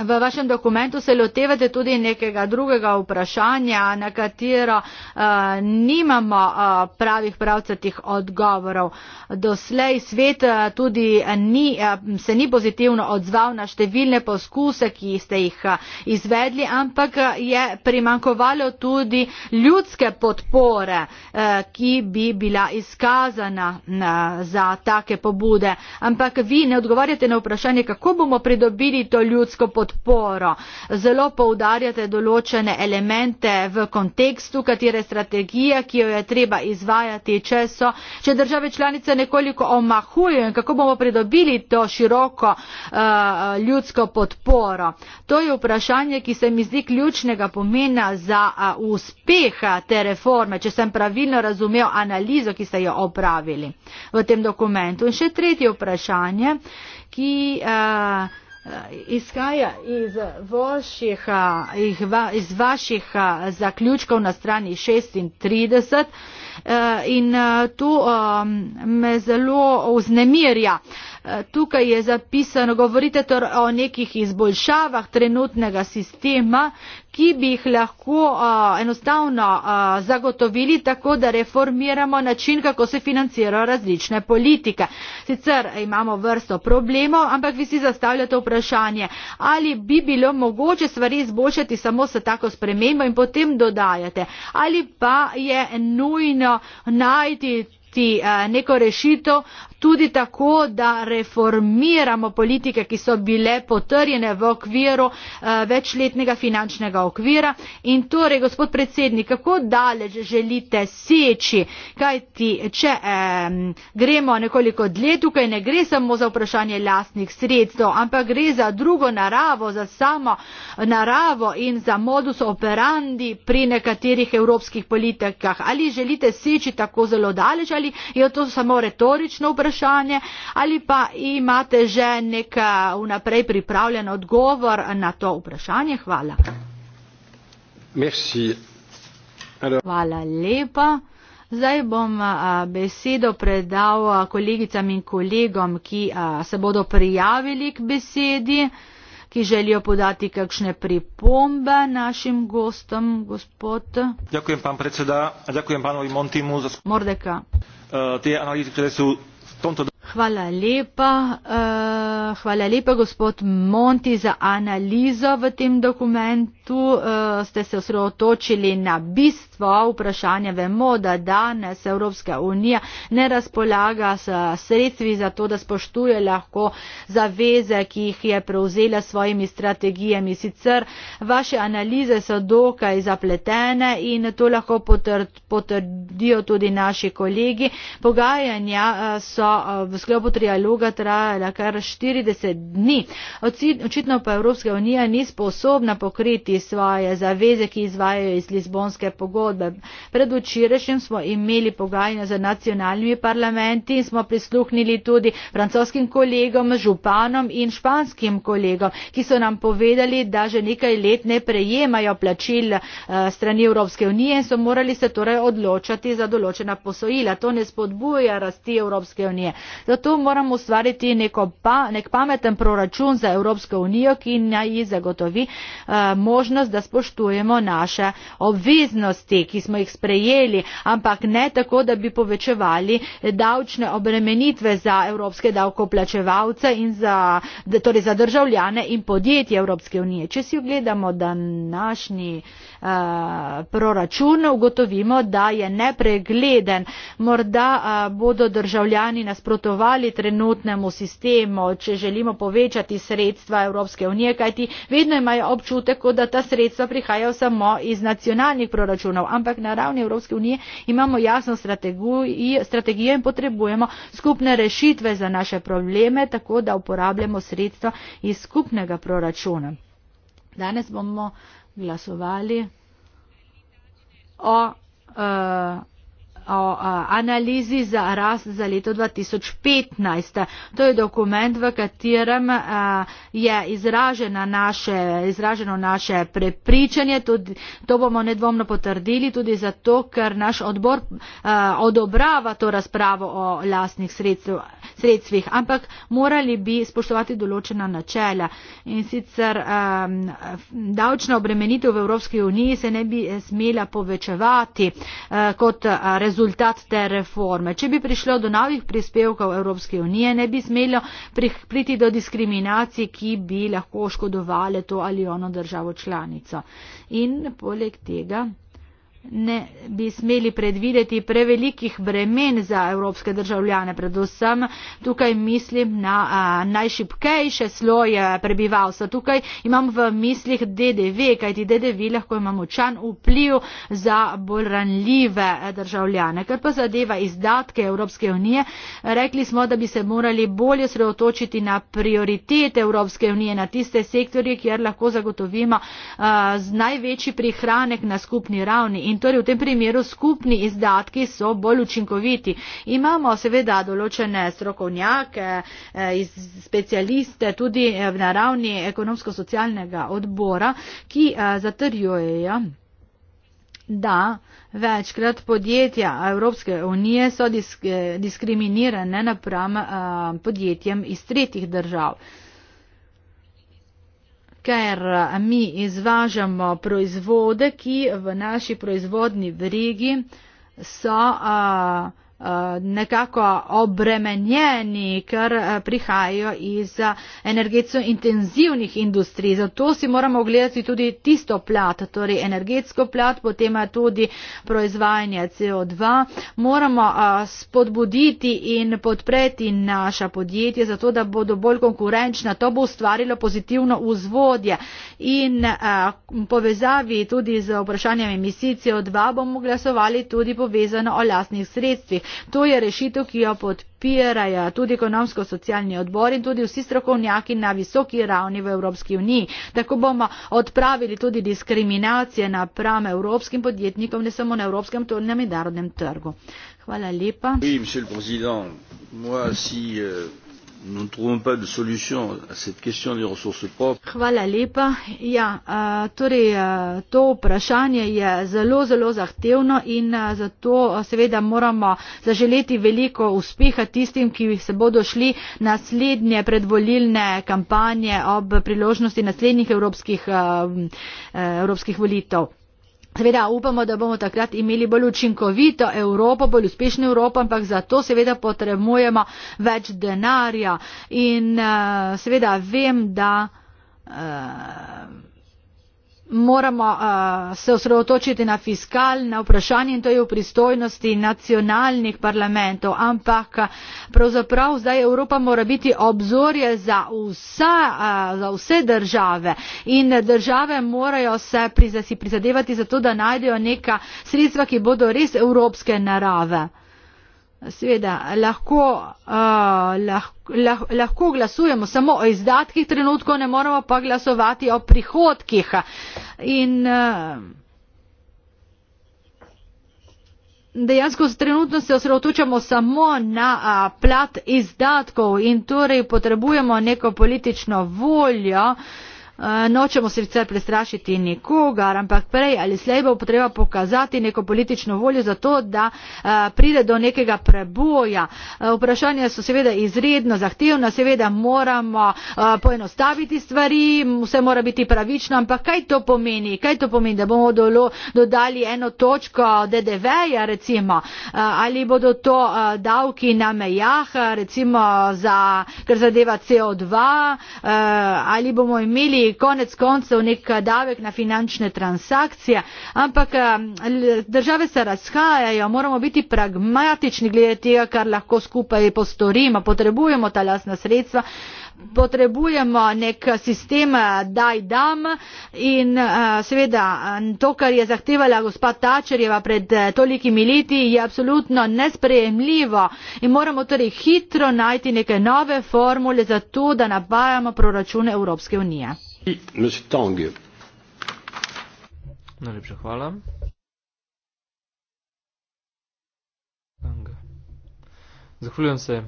V vašem dokumentu se lotevate tudi nekega drugega vprašanja, na katero uh, nimamo uh, pravih pravcatih odgovorov. Doslej svet uh, tudi ni, uh, se ni pozitivno odzval na številne poskuse, ki ste jih uh, izvedli, ampak je primankovalo tudi ljudske podpore, uh, ki bi bila izkazana uh, za take pobude. Ampak vi ne odgovarjate na vprašanje, kako bomo pridobili to ljudsko podporo podporo. Zelo poudarjate določene elemente v kontekstu, katere strategije, ki jo je treba izvajati, če so. Če države članice nekoliko omahujo in kako bomo pridobili to široko uh, ljudsko podporo. To je vprašanje, ki se mi zdi ključnega pomena za uh, uspeh eh, te reforme, če sem pravilno razumel analizo, ki ste jo opravili v tem dokumentu. In še tretje vprašanje, ki. Uh, Eh, izhaja iz vaših, eh, iz vaših eh, zaključkov na strani 36 in tu ehm, me zelo vznemirja. Tukaj je zapisano, govorite o nekih izboljšavah trenutnega sistema, ki bi jih lahko a, enostavno a, zagotovili tako, da reformiramo način, kako se financirajo različne politike. Sicer imamo vrsto problemov, ampak vi si zastavljate vprašanje, ali bi bilo mogoče stvari izboljšati samo s tako spremembo in potem dodajate, ali pa je nujno najti neko rešitev, tudi tako, da reformiramo politike, ki so bile potrjene v okviru eh, večletnega finančnega okvira. In torej, gospod predsednik, kako daleč želite seči, kajti če eh, gremo nekoliko dlje, tukaj ne gre samo za vprašanje lastnih sredstev, ampak gre za drugo naravo, za samo naravo in za modus operandi pri nekaterih evropskih politikah. Ali želite seči tako zelo daleč ali je to samo retorično vprašanje? vprašanje ali pa imate že nek eh, vnaprej pripravljen odgovor na to vprašanje. Hvala. Hvala lepa. Zdaj bom eh, besedo predal eh, kolegicam in kolegom, ki se bodo prijavili k besedi, ki želijo podati kakšne pripombe našim gostom, gospod. Dakujem, predseda, dakujem, Mordeka. Uh, te analize, ki so Hvala lepa. Uh, hvala lepa, gospod Monti, za analizo v tem dokumentu. Uh, ste se osredotočili na bistvo bistvo vprašanje. Vemo, da danes Evropska unija ne razpolaga s sredstvi za to, da spoštuje lahko zaveze, ki jih je prevzela s svojimi strategijami. Sicer vaše analize so dokaj zapletene in to lahko potrdijo tudi naši kolegi. Pogajanja eh, so eh, v sklopu trialoga trajala kar 40 dni. Očitno pa Evropska unija ni sposobna pokriti svoje zaveze, ki izvajajo iz Lizbonske pogodbe pogodbe. Pred včerajšnjim smo imeli pogajanja z nacionalnimi parlamenti in smo prisluhnili tudi francoskim kolegom, županom in španskim kolegom, ki so nam povedali, da že nekaj let ne prejemajo plačil eh, strani Evropske unije in so morali se torej odločati za določena posojila. To ne spodbuja rasti Evropske unije. Zato moramo ustvariti pa, nek pameten proračun za Evropsko unijo, ki naj ji zagotovi uh, možnost, da spoštujemo naše obveznosti te, ki smo jih sprejeli, ampak ne tako, da bi povečevali davčne obremenitve za evropske davkoplačevalce in za, torej za državljane in podjetje Evropske unije. Če si ogledamo današnji eh, Eh, proračun, ugotovimo, da je nepregleden. Morda eh, bodo državljani nasprotovali trenutnemu sistemu, če želimo povečati sredstva Evropske unije, kajti vedno imajo občutek, kot da ta sredstva prihajajo samo iz nacionalnih proračunov, ampak na ravni Evropske unije imamo jasno strategijo in potrebujemo skupne rešitve za naše probleme, tako da uporabljamo sredstva iz skupnega proračuna. Danes bomo glasovali o uh, o analizi za rast za leto 2015. To je dokument, v katerem je izraženo naše, izraženo naše prepričanje. Tudi, to bomo nedvomno potrdili tudi zato, ker naš odbor odobrava to razpravo o lastnih sredstv, sredstvih, ampak morali bi spoštovati določena načela. In sicer davčna obremenitev v Evropski uniji se ne bi smela povečevati kot rezultat rezultat te reforme. Če bi prišlo do novih prispevkov Evropske unije, ne bi smelo priti do diskriminacij, ki bi lahko škodovale to ali ono državo članico. In poleg tega ne bi smeli predvideti prevelikih bremen za evropske državljane. Predvsem tukaj mislim na a, najšipkejše sloje prebivalstva. Tukaj imam v mislih DDV, kajti DDV lahko ima močan vpliv za bolj ranljive državljane. Kar pa zadeva izdatke Evropske unije, rekli smo, da bi se morali bolje sredotočiti na prioritete Evropske unije, na tiste sektorje, kjer lahko zagotovimo a, največji prihranek na skupni ravni. In in torej v tem primeru skupni izdatki so bolj učinkoviti. Imamo seveda določene strokovnjake, eh, specialiste tudi eh, na ravni ekonomsko-socialnega odbora, ki eh, zatrjujejo, da večkrat podjetja Evropske unije so disk, diskriminirane napram podjetjem iz tretjih držav ker mi izvažamo proizvode, ki v naši proizvodni verigi so a, Eh, nekako obremenjeni, ker eh, prihajajo iz eh, energetsko intenzivnih industrij. Zato si moramo ogledati tudi tisto plat, torej energetsko plat, potem tudi proizvajanje CO2. Moramo spodbuditi in podpreti naša podjetja, zato da bodo bolj konkurenčna. To bo ustvarilo pozitivno vzvodje in povezavi tudi z vprašanjem emisij CO2 bomo glasovali tudi povezano o lastnih sredstvih. To je rešitev, ki jo podpirajo tudi ekonomsko-socialni odbor in tudi vsi strokovnjaki na visoki ravni v Evropski uniji. Tako bomo odpravili tudi diskriminacije napram evropskim podjetnikom, ne samo na evropskem, tudi na mednarodnem trgu. Hvala lepa. Oui, Hvala lepa. Ja, eh, torej, eh, to vprašanje je zelo, zelo zahtevno in eh, zato seveda moramo zaželeti veliko uspeha tistim, ki se bodo šli naslednje predvolilne kampanje ob priložnosti naslednjih evropskih, evropskih volitev. Seveda upamo, da bomo takrat imeli bolj učinkovito Evropo, bolj uspešno Evropo, ampak za to seveda potrebujemo več denarja. In uh, seveda vem, da. Uh, moramo se osredotočiti na fiskalna vprašanja in to je v pristojnosti nacionalnih parlamentov ampak pravzaprav zdaj evropa mora biti obzorje za, vsa, za vse države in države morajo se prizadevati za to da najdejo neka sredstva ki bodo res evropske narave. Seveda, lahko, uh, eh, lahko, lahko, lahko glasujemo samo o izdatkih trenutkov, ne moramo pa glasovati o prihodkih. In uh, dejansko trenutno se osredotočamo samo na uh, plat izdatkov in torej potrebujemo neko politično voljo. Uh, Eh, nočemo sicer prestrašiti nikogar, ampak prej ali slej bo potreba pokazati neko politično voljo za to, da eh, pride do nekega preboja. Eh, vprašanja so seveda izredno zahtevna, seveda moramo poenostaviti stvari, vse mora biti pravično, ampak kaj to pomeni? Kaj to pomeni, da bomo dolo, dodali eno točko DDV-ja recimo? Ali bodo to davki na mejah, recimo za, kar zadeva CO2, ali bomo imeli konec koncev nek davek na finančne transakcije, ampak države se razhajajo, moramo biti pragmatični glede tega, kar lahko skupaj postorimo, potrebujemo ta lasna sredstva, potrebujemo nek sistem eh, daj dam in eh, seveda to, kar je zahtevala gospa Tačerjeva pred eh, tolikimi leti, je absolutno nesprejemljivo in moramo torej hitro najti neke nove formule za to, da napajamo proračune Evropske unije. Najlepša hvala. Zahvaljujem se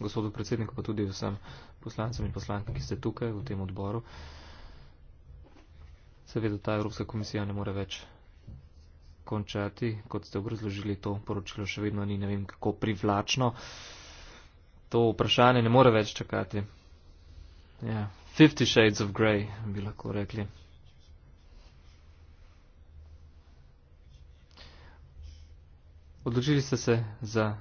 gospodu predsedniku, pa tudi vsem poslancem in poslankam, ki ste tukaj v tem odboru. Seveda ta Evropska komisija ne more več končati, kot ste obrazložili to poročilo, še vedno ni ne vem kako privlačno. To vprašanje ne more več čakati. Yeah. Ja. Fifty Shades of Grey, bi lahko rekli. Odločili ste se za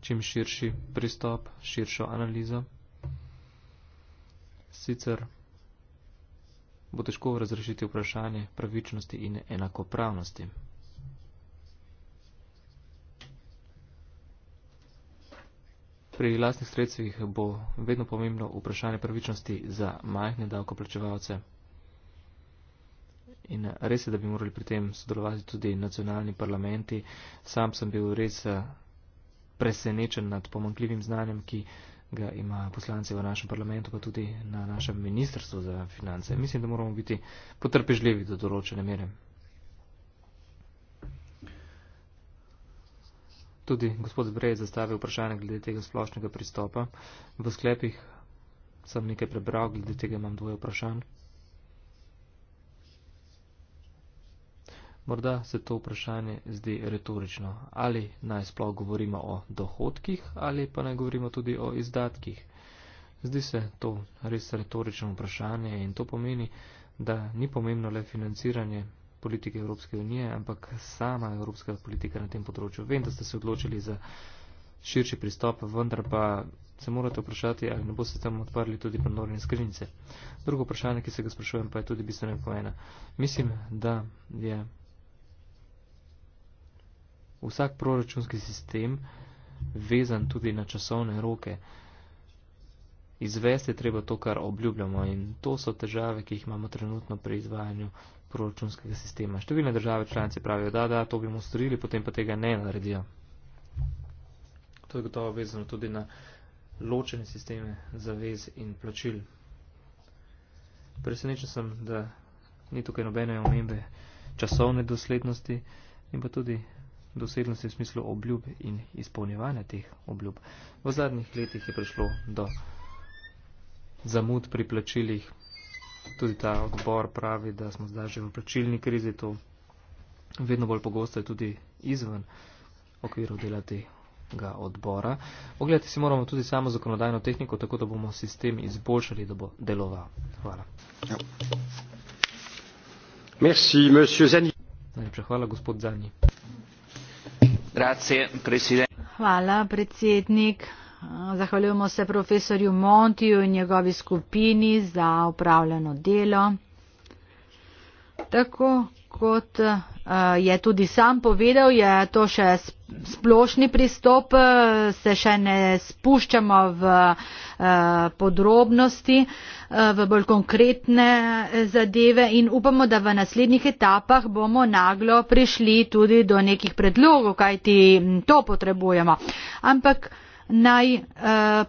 čim širši pristop, širšo analizo. Sicer bo težko razrešiti vprašanje pravičnosti in enakopravnosti. pri lastnih sredstvih bo vedno pomembno vprašanje pravičnosti za majhne davkoplačevalce. In res je, da bi morali pri tem sodelovati tudi nacionalni parlamenti. Sam sem bil res eh, presenečen nad pomankljivim znanjem, ki ga ima poslanci v našem parlamentu, pa tudi na našem ministrstvu za finance. Mislim, da moramo biti potrpežljivi do določene mere. tudi gospod Brej zastavil vprašanje glede tega splošnega pristopa. V sklepih sem nekaj prebral, glede tega imam dvoje vprašanj. Morda se to vprašanje zdi retorično. Ali naj sploh govorimo o dohodkih ali pa naj govorimo tudi o izdatkih? Zdi se to res retorično vprašanje in to pomeni, da ni pomembno le financiranje politike Evropske unije, ampak sama evropska politika na tem področju. Vem, da ste se odločili za širši pristop, vendar pa se morate vprašati, ali ne boste tam odprli tudi panorine skrinjice. Drugo vprašanje, ki se ga sprašujem, pa je tudi bistveno pomena. Mislim, da je vsak proračunski sistem vezan tudi na časovne roke. Izvesti je treba to, kar obljubljamo in to so težave, ki jih imamo trenutno pri izvajanju proračunskega sistema. Številne države članice pravijo, da, da, to bi mu storili, potem pa tega ne naredijo. To je gotovo vezano tudi na ločene sisteme zavez in plačil. Presenečen sem, da ni tukaj nobene omembe časovne doslednosti in pa tudi doslednosti v smislu obljub in izpolnjevanja teh obljub. V zadnjih letih je prišlo do zamud pri plačilih Tudi ta odbor pravi, da smo zdaj že v plačilni krizi, to vedno bolj pogosto je tudi izven okvirov delati. Odbora. Ogledati si moramo tudi samo zakonodajno tehniko, tako da bomo sistem izboljšali, da bo deloval. Hvala. Ja. Merci, Najlepša hvala, gospod Zani. Grazie, hvala, predsednik. Zahvaljujemo se profesorju Montiju in njegovi skupini za upravljeno delo. Tako kot eh, je tudi sam povedal, je to še splošni pristop, eh, se še ne spuščamo v eh, podrobnosti, v bolj konkretne zadeve in upamo, da v naslednjih etapah bomo naglo prišli tudi do nekih predlogov, kajti mm, to potrebujemo. Ampak, naj eh,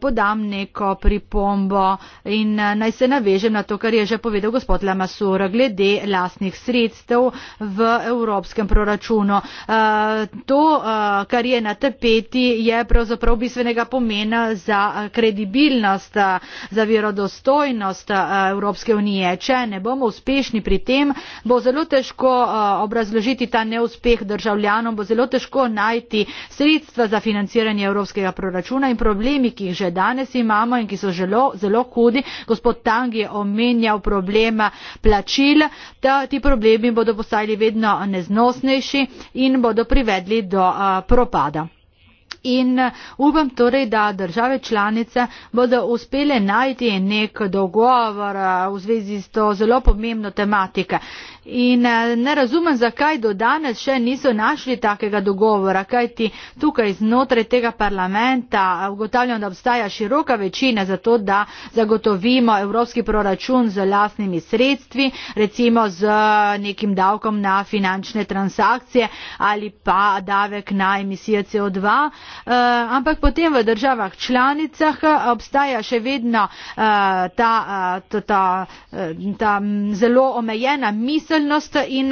podam neko pripombo in eh, naj se navežem na to, kar je že povedal gospod Lamasur glede lastnih sredstev v evropskem proračunu. Eh, to, eh, kar je na tapeti, je pravzaprav bistvenega pomena za eh, kredibilnost, eh, za verodostojnost eh, Evropske unije. Če ne bomo uspešni pri tem, bo zelo težko eh, obrazložiti ta neuspeh državljanom, bo zelo težko najti sredstva za financiranje evropskega proračuna računa in problemi, ki jih že danes imamo in ki so zelo, zelo hudi. Gospod Tang je omenjal problema plačil, da ti problemi bodo postali vedno neznosnejši in bodo privedli do a, propada in eh, upam torej, da države članice bodo uspele najti nek dogovor eh, v zvezi s to zelo pomembno tematiko. In eh, ne razumem, zakaj do danes še niso našli takega dogovora, kajti tukaj znotraj tega parlamenta ugotavljam, da obstaja široka večina za to, da zagotovimo evropski proračun z lastnimi sredstvi, recimo z nekim davkom na finančne transakcije ali pa davek na emisije CO2. Eh, ampak potem v državah članicah eh, obstaja še vedno eh, ta, ta, ta, ta zelo omejena miselnost in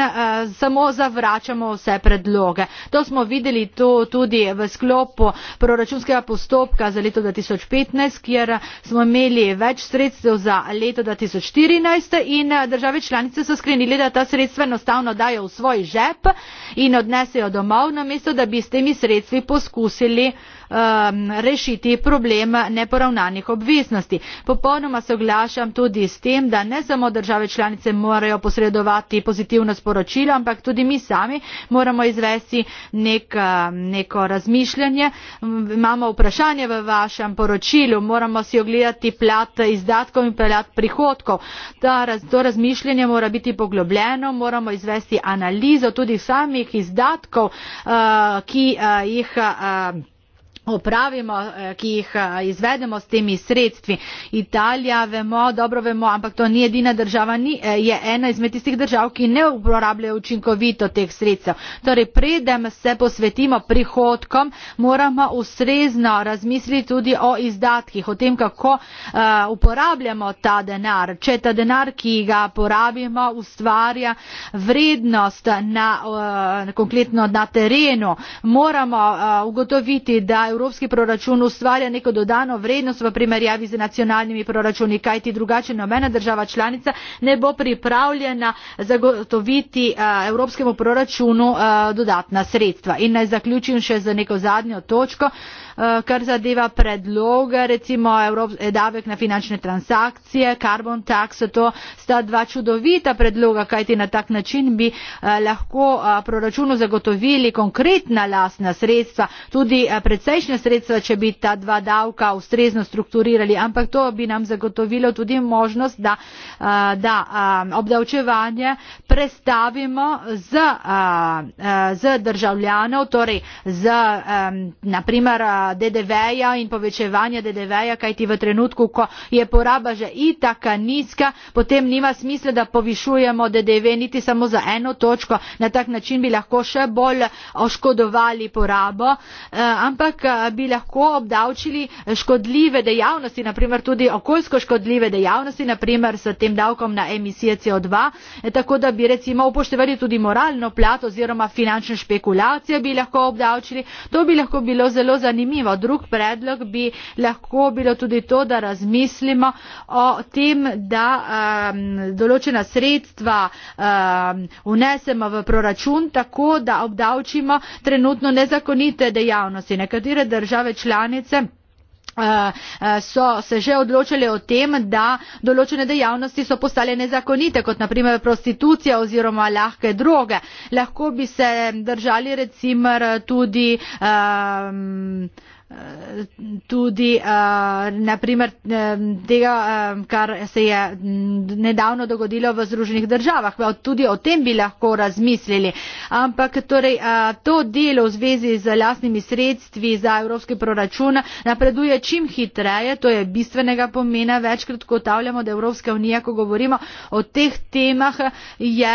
samo zavračamo vse predloge. To smo videli to tudi v sklopu proračunskega postopka za leto 2015, kjer smo imeli več sredstev za leto 2014 in države članice so sklenili, da ta sredstva enostavno dajo v svoj žep in odnesejo domov, namesto da bi s temi sredstvi poskusili delé Um, rešiti problem neporavnanih obveznosti. popolnoma soglašam tudi s tem da ne samo države članice morajo posredovati pozitivna sporočila ampak tudi mi sami moramo izvesti nek, um, neko razmišljanje. imamo vprašanje v vašem poročilu moramo si ogledati plat izdatkov in plat prihodkov. Ta, to razmišljanje mora biti poglobljeno moramo izvesti analizo tudi samih izdatkov uh, ki uh, jih uh, opravimo, eh, ki jih eh, izvedemo s temi sredstvi. Italija, vemo, dobro vemo, ampak to ni edina država, ni, eh, je ena izmed tistih držav, ki ne uporabljajo učinkovito teh sredstev. Torej, predem se posvetimo prihodkom, moramo ustrezno razmisliti tudi o izdatkih, o tem, kako uh, uporabljamo ta denar. Če ta denar, ki ga porabimo, ustvarja vrednost na, uh, konkretno na terenu, moramo uh, ugotoviti, da je evropski proračun ustvarja neko dodano vrednost v primerjavi z nacionalnimi proračuni kajti drugače nobena država članica ne bo pripravljena zagotoviti eh, evropskemu proračunu eh, dodatna sredstva. in naj zaključim še z neko zadnjo točko. Eh, kar zadeva predloga, recimo eh, davek na finančne transakcije, carbon tax, to sta dva čudovita predloga, kajti na tak način bi eh, lahko proračunu zagotovili konkretna lasna sredstva, tudi predsejšnja sredstva, če bi ta dva davka ustrezno strukturirali, ampak to bi nam zagotovilo tudi možnost, da, da obdavčevanje prestavimo z, z državljanov, torej z, naprimer, DDV ja in povečevanja DDV ja, kajti v trenutku, ko je poraba že itak nizka, potem nima smisla, da povišujemo DDV niti samo za eno točko, na tak način bi lahko še bolj oškodovali porabo, eh, ampak eh, bi lahko obdavčili škodljive dejavnosti, naprimer tudi okoljsko škodljive dejavnosti, naprimer s tem davkom na emisije CO2, eh, tako da bi recimo upoštevali tudi moralno plat oziroma finančne špekulacije bi lahko obdavčili, to bi lahko bilo zelo zanimivo zanimivo. Drug predlog bi lahko bilo tudi to, da razmislimo o tem, da um, določena sredstva um, unesemo v proračun tako, da obdavčimo trenutno nezakonite dejavnosti. Nekatere države članice Eh, eh, so se že odločali o tem, da določene dejavnosti so postale nezakonite, kot naprimer prostitucija oziroma lahke droge. Lahko bi se držali recimo tudi um, tudi eh, naprimer tega, kar se je mm, nedavno dogodilo v Združenih državah. Tudi o tem bi lahko razmislili. Ampak torej, eh, to delo v zvezi z lasnimi sredstvi za evropski proračun napreduje čim hitreje, to je bistvenega pomena. Večkrat kotavljamo, da Evropska unija, ko govorimo o teh temah, je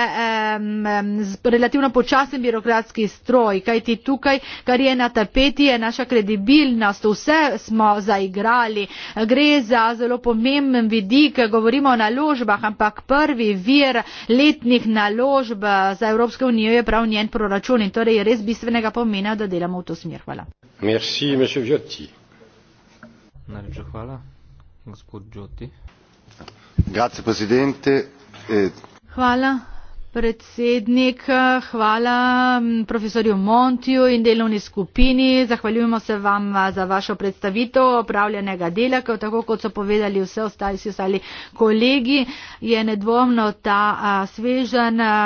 relativno počasen birokratski stroj. Kaj ti tukaj, kar je na tapeti, je naša kredibilnost stabilnost, vse smo zaigrali, gre za zelo pomemben vidik, govorimo o naložbah, ampak prvi vir letnih naložb za Evropsko unijo je prav njen proračun in torej je res bistvenega pomena, da delamo v to smer. Hvala. Merci, Najlepša hvala, gospod Džoti. Grazie, eh, hvala, predsednik, hvala profesorju Montiju in delovni skupini. Zahvaljujemo se vam za vašo predstavitev opravljenega dela, ker tako kot so povedali vse ostali, vsi ostali kolegi, je nedvomno ta a, svežen, a,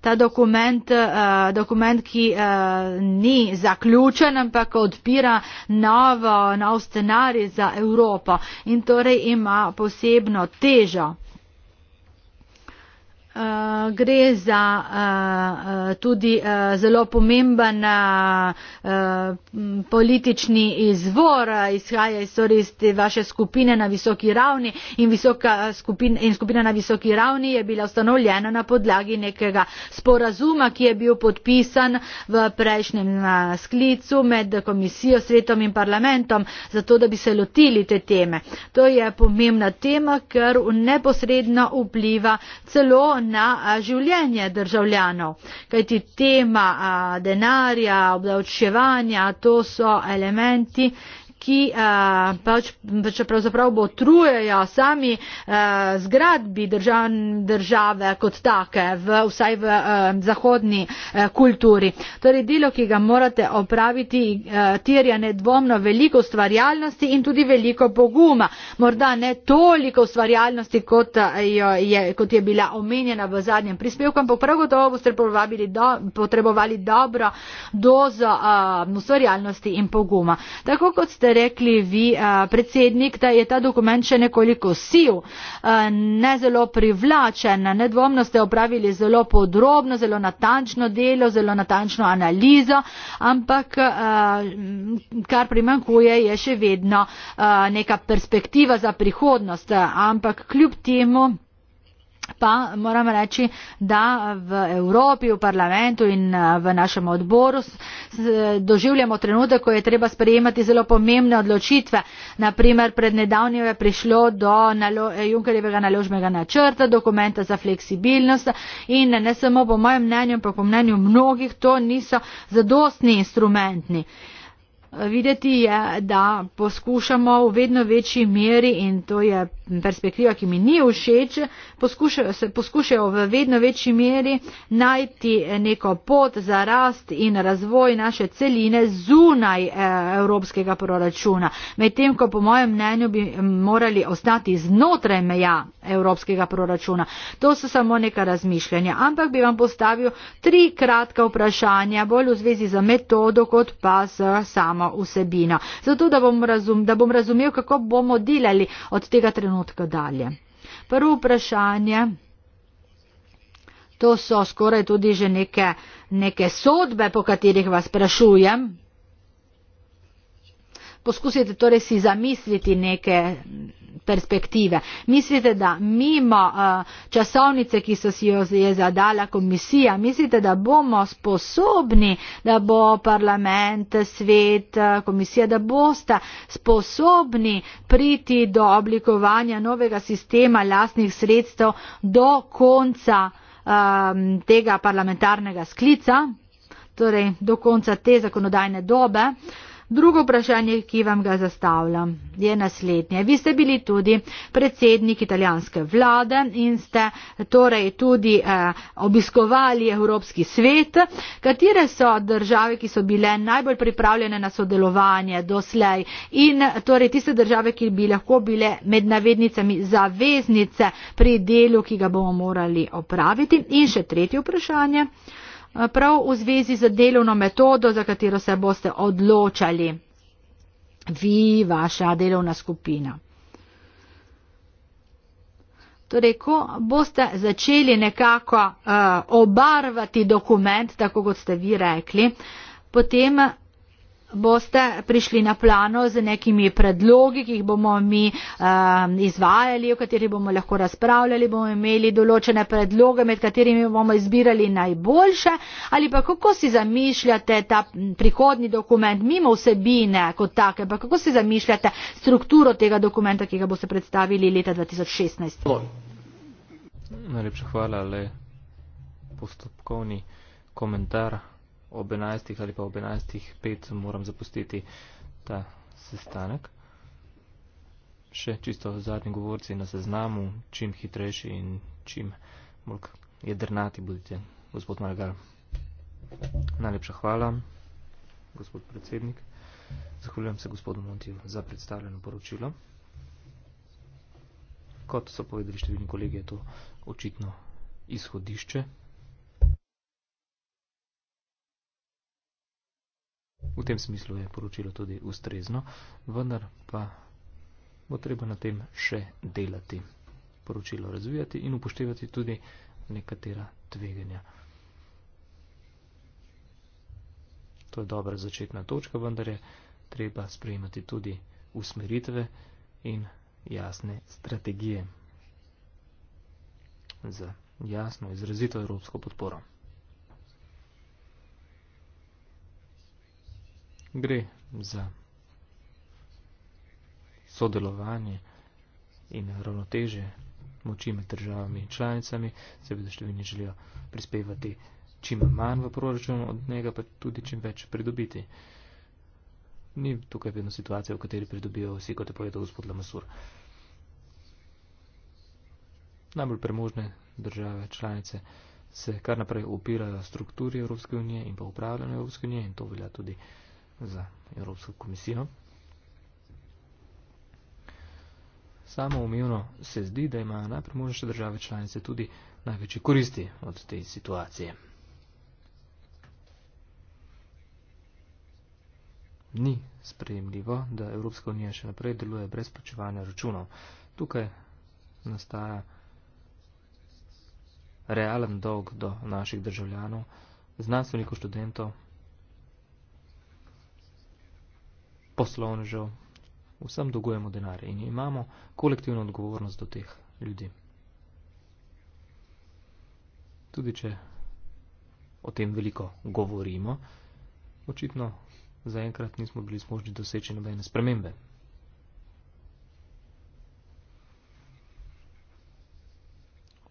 ta dokument, a, dokument, ki a, ni zaključen, ampak odpira novo, nov scenarij za Evropo in torej ima posebno težo. Uh, gre za uh, uh, tudi uh, zelo pomemben uh, politični izvor, uh, izhaja torej iz te vaše skupine na visoki ravni in, skupin, in skupina na visoki ravni je bila ustanovljena na podlagi nekega sporazuma, ki je bil podpisan v prejšnjem uh, sklicu med komisijo, svetom in parlamentom, zato da bi se lotili te teme. To je pomembna tema, ker neposredno vpliva celo na življenje državljanov, kajti tema denarja, obdavčevanja, to so elementi, ki eh, pač, pač pravzaprav otrujejo sami eh, zgradbi držav, države kot take, v, vsaj v eh, zahodni kulturi. Torej, delo, ki ga morate opraviti, terja nedvomno veliko ustvarjalnosti in tudi veliko poguma. Morda ne toliko ustvarjalnosti, kot je, kot je bila omenjena v zadnjem prispevku, ampak prav gotovo boste potrebovali, do, potrebovali dobro dozo ustvarjalnosti in poguma. Tako kot ste rekli vi, eh, predsednik, da je ta dokument še nekoliko siv, eh, ne zelo privlačen. Nedvomno ste opravili zelo podrobno, zelo natančno delo, zelo natančno analizo, ampak eh, kar primankuje je še vedno neka perspektiva za prihodnost. Ampak kljub temu. Pa moram reči, da v Evropi, v parlamentu in eh, v našem odboru doživljamo trenutek, ko je treba sprejemati zelo pomembne odločitve. Naprimer, pred nedavnjem je prišlo do nalo Junkerjevega naložbenega načrta, dokumenta za fleksibilnost in ne samo po mojem mnenju, ampak po mnenju mnogih, to niso zadostni instrumenti. Videti je, da poskušamo v vedno večji meri, in to je perspektiva, ki mi ni všeč, poskušajo v vedno večji meri najti neko pot za rast in razvoj naše celine zunaj eh, evropskega proračuna. Medtem, ko po mojem mnenju bi morali ostati znotraj meja evropskega proračuna. To so samo neka razmišljanja. Ampak bi vam postavil tri kratka vprašanja, bolj v zvezi z metodo, kot pa s samo samo vsebino, zato da bom, razum, da bom razumel, kako bomo delali od tega trenutka dalje. Prvo vprašanje. To so skoraj tudi že neke, neke sodbe, po katerih vas sprašujem. Poskusite torej si zamisliti neke, perspektive. Mislite, da mimo eh, časovnice, ki so si jo je zadala komisija, mislite, da bomo sposobni, da bo parlament, svet, eh, komisija, da boste sposobni priti do oblikovanja novega sistema lastnih sredstev do konca ehm, tega parlamentarnega sklica, torej do konca te zakonodajne dobe. Drugo vprašanje, ki vam ga zastavljam, je naslednje. Vi ste bili tudi predsednik italijanske vlade in ste torej tudi eh, obiskovali Evropski svet. Katere so države, ki so bile najbolj pripravljene na sodelovanje doslej in torej tiste države, ki bi lahko bile med navednicami zaveznice pri delu, ki ga bomo morali opraviti? In še tretje vprašanje prav v zvezi z delovno metodo, za katero se boste odločali vi, vaša delovna skupina. Torej, ko boste začeli nekako uh, obarvati dokument, tako kot ste vi rekli, potem boste prišli na plano z nekimi predlogi, ki jih bomo mi um, izvajali, o katerih bomo lahko razpravljali, bomo imeli določene predloge, med katerimi bomo izbirali najboljše, ali pa kako si zamišljate ta prihodni dokument mimo vsebine kot take, pa kako si zamišljate strukturo tega dokumenta, ki ga boste predstavili leta 2016. Najlepša hvala, le postopkovni komentar ob 11 ali pa ob 11.05 moram zapustiti ta sestanek. Še čisto zadnji govorci na seznamu, čim hitrejši in čim bolj jedrnati budite, gospod Margar. Najlepša hvala, gospod predsednik. Zahvaljujem se gospodu Montiju za predstavljeno poročilo. Kot so povedali številni kolegi, je to očitno izhodišče V tem smislu je poročilo tudi ustrezno, vendar pa bo treba na tem še delati, poročilo razvijati in upoštevati tudi nekatera tveganja. To je dobra začetna točka, vendar je treba sprejemati tudi usmeritve in jasne strategije za jasno izrazito evropsko podporo. gre za sodelovanje in ravnoteže moči med državami in članicami, seveda številni želijo prispevati čim manj v proračun, od njega pa tudi čim več pridobiti. Ni tukaj vedno situacija, v kateri pridobijo vsi, kot je povedal gospod Lamasur. Najbolj premožne države članice se kar naprej upirajo strukturi Evropske unije in pa upravljanju Evropske unije in to velja tudi za Evropsko komisijo. Samo umevno se zdi, da imajo najprej možnejše države članice tudi največji koristi od te situacije. Ni sprejemljivo, da Evropska unija še naprej deluje brez plačevanja računov. Tukaj nastaja realen dolg do naših državljanov, znanstvenikov, študentov, poslovnežev, vsem dolgujemo denar in imamo kolektivno odgovornost do teh ljudi. Tudi če o tem veliko govorimo, očitno zaenkrat nismo bili smožni doseči nobene spremembe.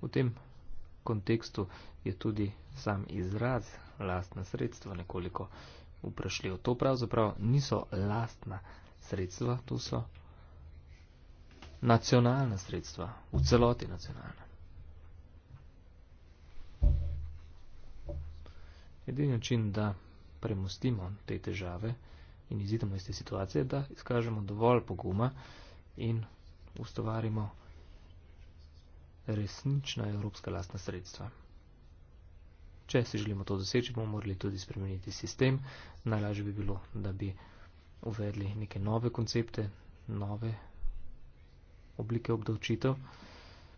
V tem kontekstu je tudi sam izraz lastna sredstva nekoliko vprašljivo. To pravzaprav niso lastna sredstva, to so nacionalna sredstva, v celoti nacionalna. Edini način, da premustimo te težave in izidemo iz te situacije, da izkažemo dovolj poguma in ustvarimo resnična evropska lastna sredstva. Če si želimo to doseči, bomo morali tudi spremeniti sistem. Najlažje bi bilo, da bi uvedli neke nove koncepte, nove oblike obdavčitev,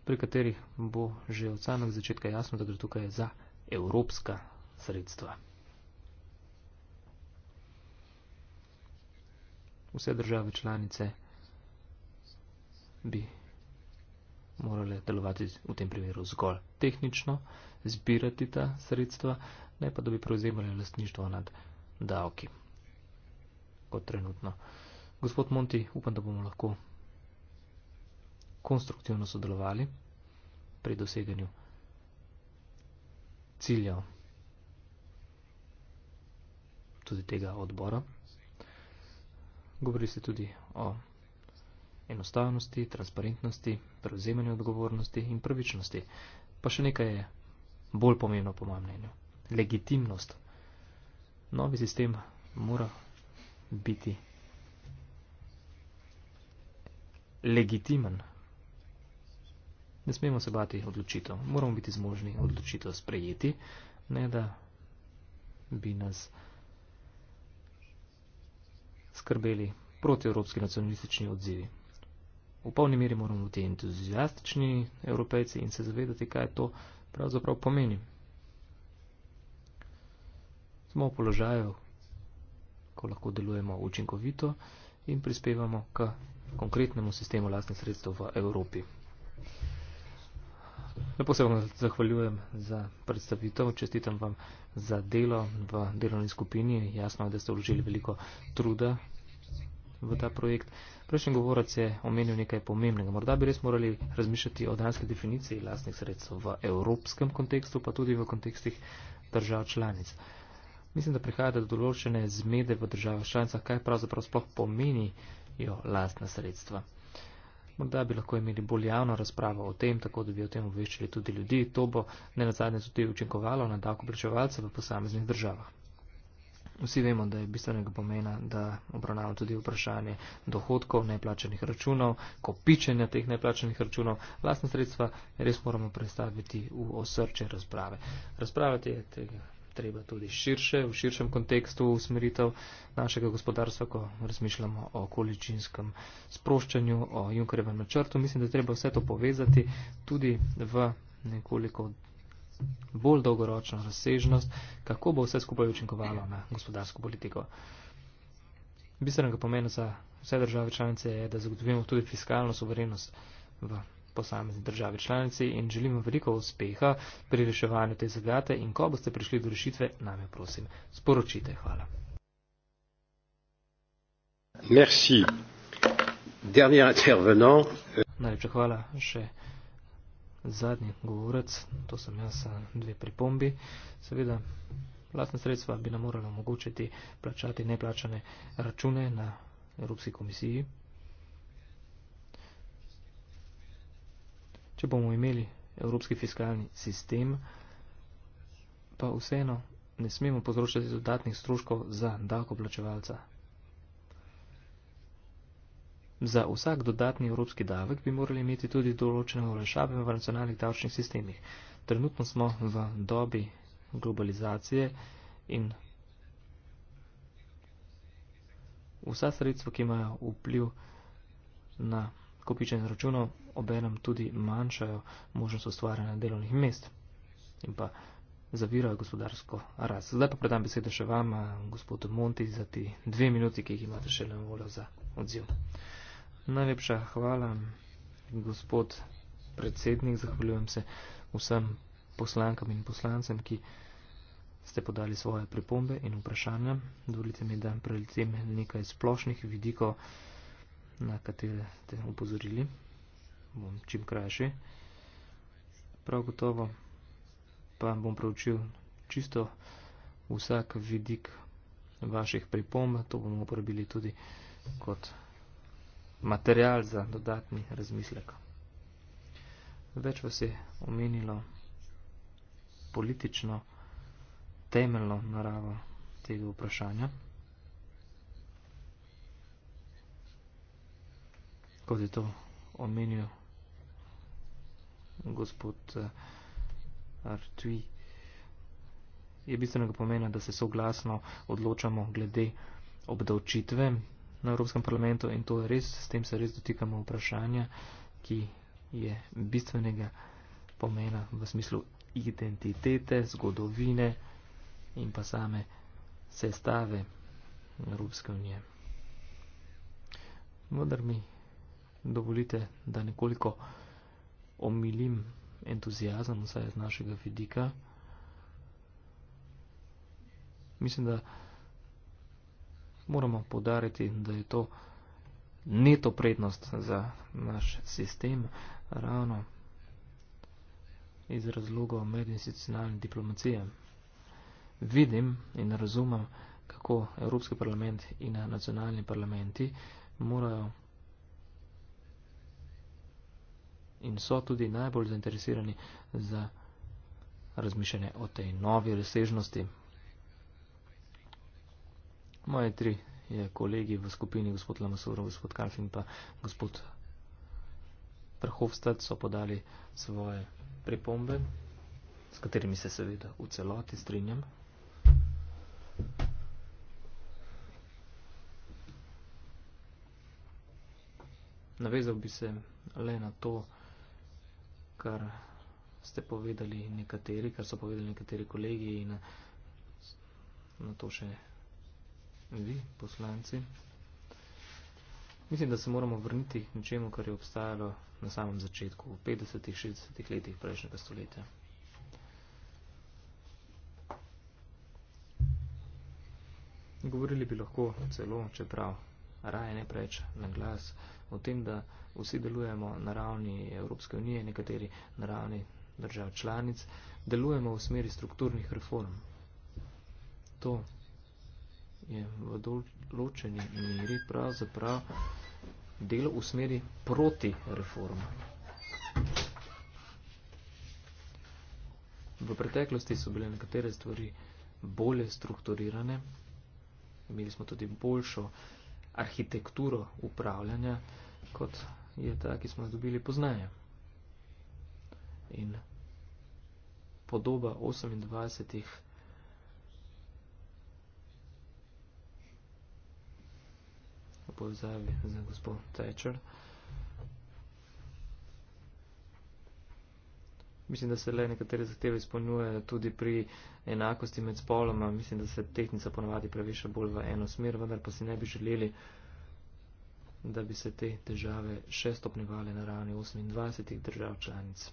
pri katerih bo že od samega začetka jasno, da gre tukaj za evropska sredstva. Vse države članice bi morale delovati v tem primeru zgolj tehnično, zbirati ta sredstva, ne pa da bi prevzemali lastništvo nad davki. Kot trenutno. Gospod Monti, upam, da bomo lahko konstruktivno sodelovali pri doseganju ciljev tudi tega odbora. Govori se tudi o enostavnosti, transparentnosti, prevzemanju odgovornosti in pravičnosti. Pa še nekaj je bolj pomembno po mojem mnenju. Legitimnost. Novi sistem mora biti legitimen. Ne smemo se bati odločitev, moramo biti zmožni odločitev sprejeti, ne da bi nas skrbeli protievropski nacionalistični odzivi v polni meri moramo biti entuzijastični evropejci in se zavedati, kaj to pravzaprav pomeni. Smo v položaju, ko lahko delujemo učinkovito in prispevamo k konkretnemu sistemu lastnih sredstev v Evropi. Lepo se vam zahvaljujem za predstavitev, čestitam vam za delo v delovni skupini. Jasno je, da ste vložili veliko truda v ta projekt. Prejšnji govorac je omenil nekaj pomembnega. Morda bi res morali razmišljati o danski definiciji lastnih sredstev v evropskem kontekstu, pa tudi v kontekstih držav članic. Mislim, da prihaja do določene zmede v državah članicah, kaj pravzaprav sploh pomenijo lastna sredstva. Morda bi lahko imeli bolj javno razpravo o tem, tako da bi o tem obveščali tudi ljudi. To bo ne nazadnje tudi učinkovalo na davkoplačevalce v posameznih državah. Vsi vemo, da je bistvenega pomena, da obravnavam tudi vprašanje dohodkov, neplačenih računov, kopičenja teh neplačenih računov. Vlastne sredstva res moramo predstaviti v osrče razprave. Razpravljati je tega treba tudi širše, v širšem kontekstu usmeritev našega gospodarstva, ko razmišljamo o količinskem sproščanju, o Junkerjevem načrtu. Mislim, da je treba vse to povezati tudi v nekoliko bolj dolgoročno razsežnost, kako bo vse skupaj učinkovalo na gospodarsko politiko. Bistvenega pomena za vse države članice je, da zagotovimo tudi fiskalno soverenost v posamezni državi članici in želimo veliko uspeha pri reševanju te zagate in ko boste prišli do rešitve, nam jo prosim sporočite. Hvala. Merci. Dernier intervenant. Najlepša hvala še zadnji govorec, to sem jaz eh, dve pripombi, seveda vlastne sredstva bi nam morali omogočiti plačati neplačane račune na Evropski komisiji. Če bomo imeli Evropski fiskalni sistem, pa vseeno ne smemo povzročati dodatnih stroškov za davkoplačevalca. Za vsak dodatni evropski davek bi morali imeti tudi določene olešave v nacionalnih davčnih sistemih. Trenutno smo v dobi globalizacije in vsa sredstva, ki imajo vpliv na kopičenje računov, obenem tudi manjšajo možnost ustvarjanja delovnih mest in pa zavirajo gospodarsko rast. Zdaj pa predam besedo še vam, eh, gospod Monti, za ti dve minuti, ki jih imate še na voljo za odziv. Najlepša hvala, gospod predsednik. Zahvaljujem se vsem poslankam in poslancem, ki ste podali svoje pripombe in vprašanja. Dovolite mi, da predvsem nekaj splošnih vidikov, na katere ste upozorili, bom čim krajši. Prav gotovo pa bom preučil čisto vsak vidik vaših pripomb, to bomo uporabili tudi kot material za dodatni razmislek. Več vas je omenilo politično temeljno naravo tega vprašanja. Kot je to omenil gospod eh, Artui, je bistvenega pomena, da se soglasno odločamo glede obdavčitve na Evropskem parlamentu in to res, s tem se res dotikamo vprašanja, ki je bistvenega pomena v smislu identitete, zgodovine in pa same sestave Evropske unije. Vendar mi dovolite, da nekoliko omilim entuzijazem, vsaj z našega vidika. Mislim, da moramo podariti, da je to neto prednost za naš sistem, ravno iz razlogov medinstitucionalne diplomacije. Vidim in razumem, kako Evropski parlament in nacionalni parlamenti morajo in so tudi najbolj zainteresirani za razmišljanje o tej novi razsežnosti Moje tri je kolegi v skupini, gospod Lamasurov, gospod Kalf in pa gospod Prhovstad so podali svoje pripombe, s katerimi se seveda v celoti strinjam. Navezal bi se le na to, kar ste povedali nekateri, kar so povedali nekateri kolegi in na to še vi, poslanci. Mislim, da se moramo vrniti k nečemu, kar je obstajalo na samem začetku, v 50-ih, 60-ih letih prejšnjega stoletja. Govorili bi lahko celo, čeprav raje ne preč na glas, o tem, da vsi delujemo na ravni Evropske unije, nekateri na ravni držav članic, delujemo v smeri strukturnih reform. To je v določeni meri pravzaprav delo v smeri proti reformam. V preteklosti so bile nekatere stvari bolje strukturirane, imeli smo tudi boljšo arhitekturo upravljanja, kot je ta, ki smo jo dobili poznaje. In podoba 28. povezavi za gospod Thatcher. Mislim, da se le nekatere zahteve izpolnjujejo tudi pri enakosti med spoloma. Mislim, da se tehnica ponovadi previša bolj v eno smer, vendar pa si ne bi želeli, da bi se te težave še stopnevale na ravni 28 držav članic.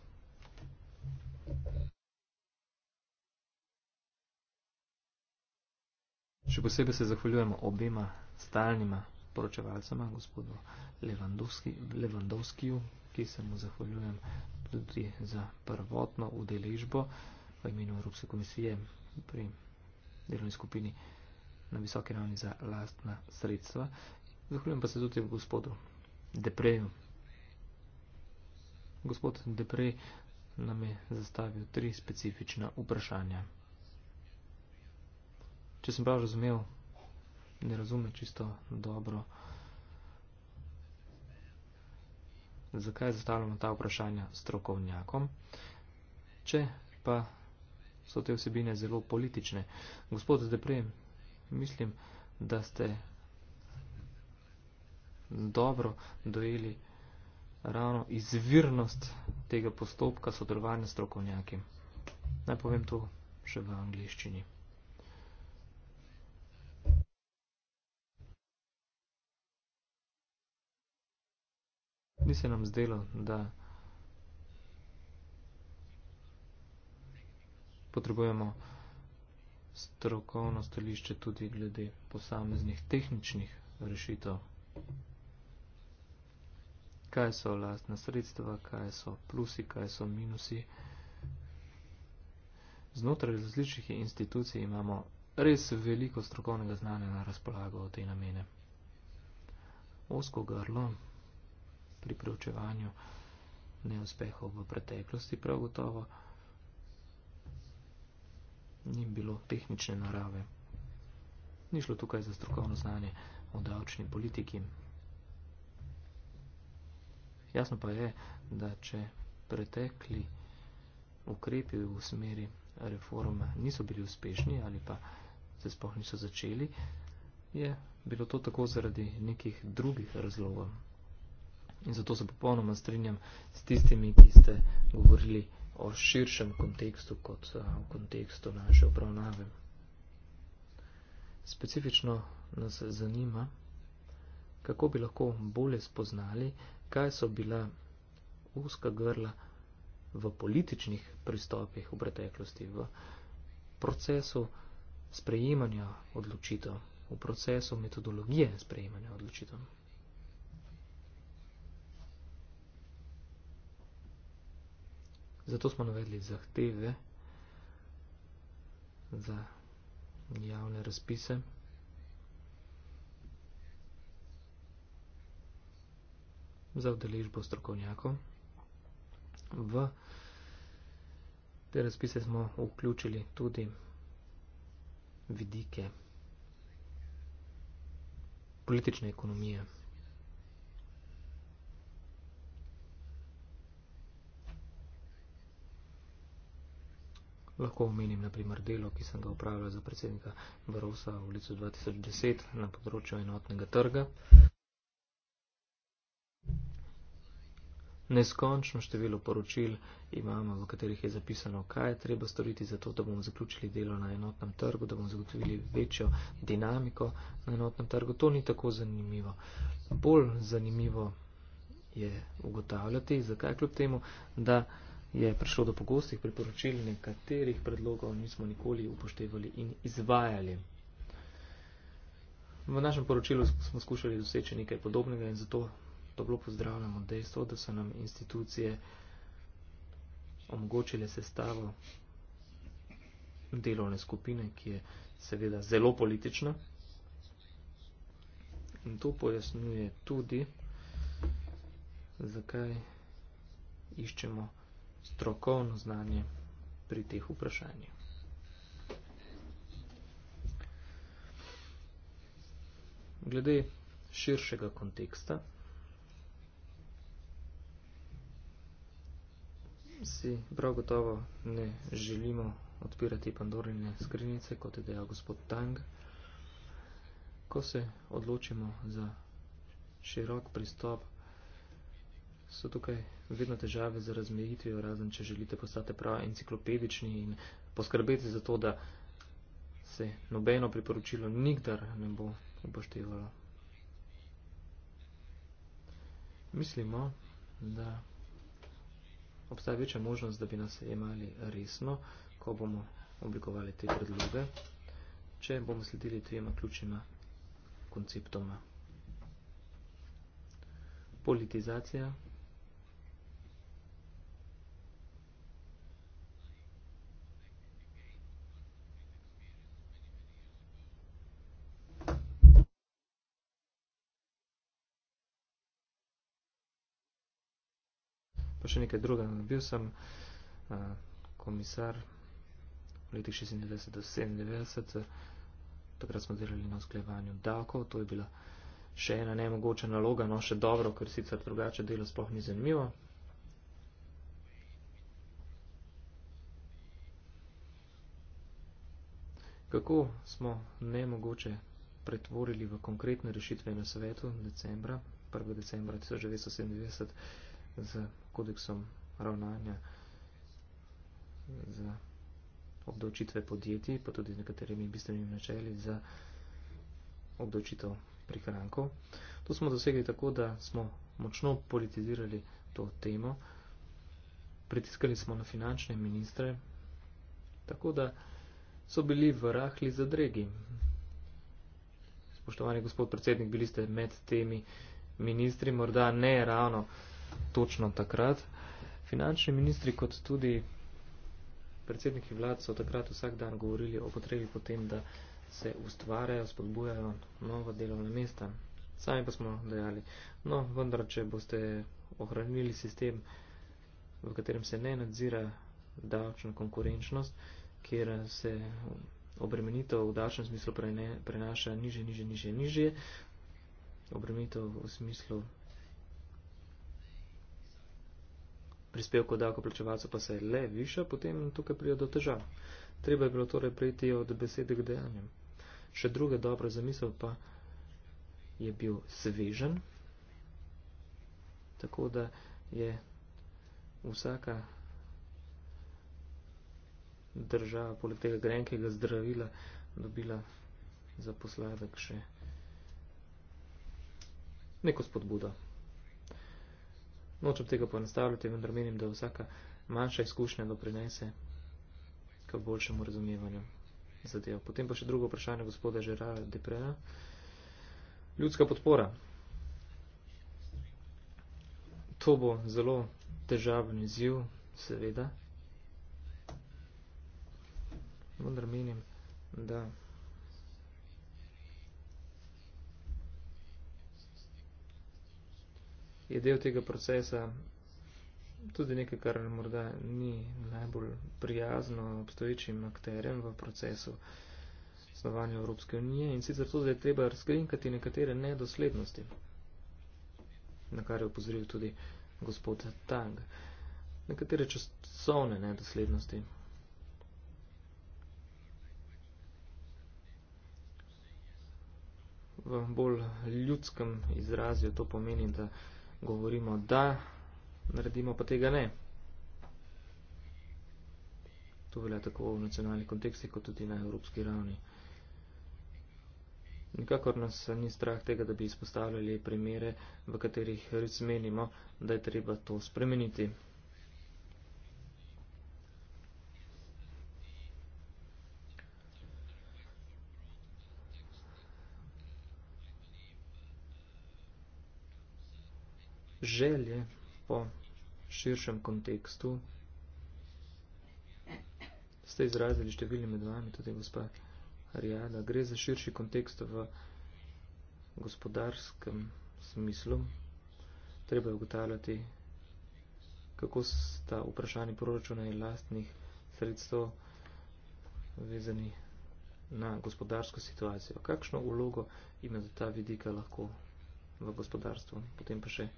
Še posebej se zahvaljujemo obima stalnima poročevalcema, gospodu Levandovskiju, ki se mu zahvaljujem tudi za prvotno udeležbo v imenu Evropske komisije pri delovni skupini na visoki ravni za lastna sredstva. Zahvaljujem pa se tudi gospodu Depreju. Gospod Deprej nam je zastavil tri specifična vprašanja. Če sem prav razumel, ne razume čisto dobro, zakaj zastavljamo ta vprašanja strokovnjakom, če pa so te vsebine zelo politične. Gospod Zdeprej, mislim, da ste dobro dojeli ravno izvirnost tega postopka sodelovanja strokovnjaki. Naj povem to še v angliščini. Ni se nam zdelo, da potrebujemo strokovno stališče tudi glede posameznih tehničnih rešitev. Kaj so lastna sredstva, kaj so plusi, kaj so minusi. Znotraj različnih institucij imamo res veliko strokovnega znanja na razpolago o te namene. Osko garlo pri preučevanju neuspehov v preteklosti, prav gotovo ni bilo tehnične narave. Ni šlo tukaj za strokovno znanje o davčni politiki. Jasno pa je, da če pretekli ukrepi v smeri reform niso bili uspešni ali pa se sploh niso začeli, je bilo to tako zaradi nekih drugih razlogov. In zato se popolnoma strinjam s tistimi, ki ste govorili o širšem kontekstu kot eh, v kontekstu naše obravnave. Specifično nas zanima, kako bi lahko bolje spoznali, kaj so bila uska grla v političnih pristopih v preteklosti, v procesu sprejemanja odločitev, v procesu metodologije sprejemanja odločitev. Zato smo navedli zahteve za javne razpise. za udeležbo strokovnjakov. V te razpise smo vključili tudi vidike politične ekonomije. Lahko omenim naprimer delo, ki sem ga upravljal za predsednika Barosa v letu 2010 na področju enotnega trga. Neskončno število poročil imamo, v katerih je zapisano, kaj je treba storiti za to, da bomo zaključili delo na enotnem trgu, da bomo zagotovili večjo dinamiko na enotnem trgu. To ni tako zanimivo. Bolj zanimivo je ugotavljati, zakaj kljub temu, da je prišlo do pogostih priporočil, nekaterih predlogov nismo nikoli upoštevali in izvajali. V našem poročilu smo skušali doseči nekaj podobnega in zato toplo pozdravljamo dejstvo, da so nam institucije omogočile sestavo delovne skupine, ki je seveda zelo politična. In to pojasnjuje tudi, zakaj iščemo strokovno znanje pri teh vprašanjih. Glede širšega konteksta si prav gotovo ne želimo odpirati pandorine skrinice, kot je dejal gospod Tang. Ko se odločimo za širok pristop so tukaj vedno težave z razmejitvijo, razen če želite postati prav enciklopedični in poskrbeti za to, da se nobeno priporočilo nikdar ne bo upoštevalo. Mislimo, da obstaja večja možnost, da bi nas jemali resno, ko bomo oblikovali te predloge, če bomo sledili dvema ključima konceptoma. Politizacija pa še nekaj druga. Bil sem uh, komisar v letih 96 do 97, eh, takrat smo delali na usklejevanju davkov, to je bila še ena nemogoča naloga, no še dobro, ker sicer drugače delo sploh ni zanimivo. Kako smo nemogoče pretvorili v konkretne rešitve na svetu decembra, 1. decembra 1997, z kodeksom ravnanja za obdočitve podjetij, pa tudi z nekaterimi bistvenimi načeli za obdočitev prihrankov. To smo dosegli tako, da smo močno politizirali to temo, pritiskali smo na finančne ministre, tako da so bili v rahli zadregi. Spoštovani gospod predsednik, bili ste med temi ministri, morda ne ravno točno takrat. Finančni ministri kot tudi predsedniki vlad so takrat vsak dan govorili o potrebi potem, da se ustvarjajo, spodbujajo nova delovna mesta. Sami pa smo dejali, no vendar, če boste ohranili sistem, v katerem se ne nadzira davčna konkurenčnost, kjer se obremenitev v davčnem smislu prenaša niže, niže, niže, niže, obremenitev v smislu prispevkov davkoplačevalcev pa se je le viša, potem tukaj prijo do težav. Treba je bilo torej prejti od besede k dejanjem. Še druge dobre zamisel pa je bil svežen, tako da je vsaka država poleg tega grenkega zdravila dobila za posladek še neko spodbudo. Nočem tega poenostavljati, vendar menim, da vsaka manjša izkušnja doprinese k boljšemu razumevanju zadev. Potem pa še drugo vprašanje gospoda Žerara Deprea. Ljudska podpora. To bo zelo težaven izziv, seveda. Vendar menim, da. je del tega procesa tudi nekaj, kar morda ni najbolj prijazno obstoječim akterjem v procesu osnovanja Evropske unije in sicer to, da je treba razkrinkati nekatere nedoslednosti, na kar je upozoril tudi gospod Tang. Nekatere časovne nedoslednosti. V bolj ljudskem izrazju to pomeni, da govorimo da, naredimo pa tega ne. To velja tako v nacionalni konteksti, kot tudi na evropski ravni. Nikakor nas ni strah tega, da bi izpostavljali primere, v katerih res menimo, da je treba to spremeniti. želje po širšem kontekstu. Ste izrazili številni med vami, tudi gospa Arijada. Gre za širši kontekst v gospodarskem smislu. Treba je ugotavljati, kako sta vprašanje proračuna in lastnih sredstev vezani na gospodarsko situacijo. Kakšno vlogo ima za ta vidika lahko v gospodarstvu? Potem pa še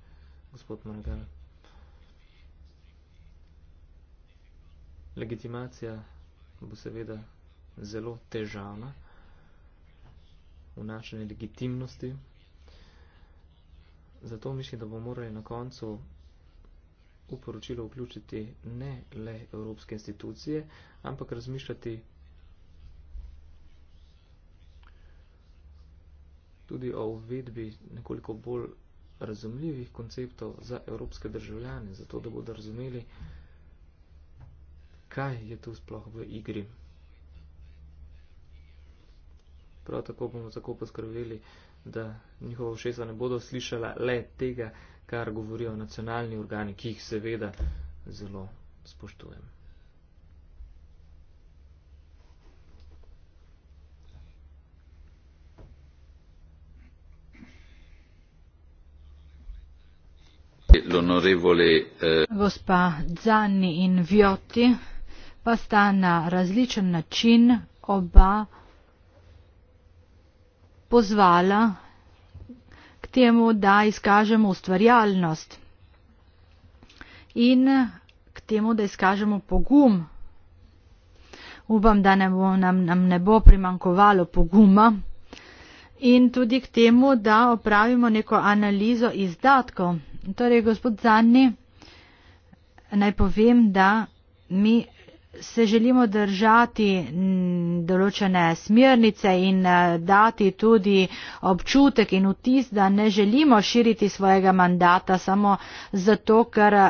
gospod Mangal. Legitimacija bo seveda zelo težavna v našem legitimnosti, zato mislim, da bomo morali na koncu v poročilo vključiti ne le evropske institucije, ampak razmišljati tudi o uvedbi nekoliko bolj razumljivih konceptov za evropske državljane, zato da bodo razumeli, kaj je tu sploh v igri. Prav tako bomo tako poskrbeli, da njihova všesa ne bodo slišala le tega, kar govorijo nacionalni organi, ki jih seveda zelo spoštujem. l'onorevole. Eh... Gospa Zanni in Viotti pa sta na različen način oba pozvala k temu, da izkažemo ustvarjalnost in k temu, da izkažemo pogum. Upam, da ne bo, nam, nam ne bo primankovalo poguma. In tudi k temu, da opravimo neko analizo izdatkov Torej, gospod Zanni, naj povem, da mi se želimo držati mm, določene smernice in eh, dati tudi občutek in vtis, da ne želimo širiti svojega mandata samo zato, ker eh,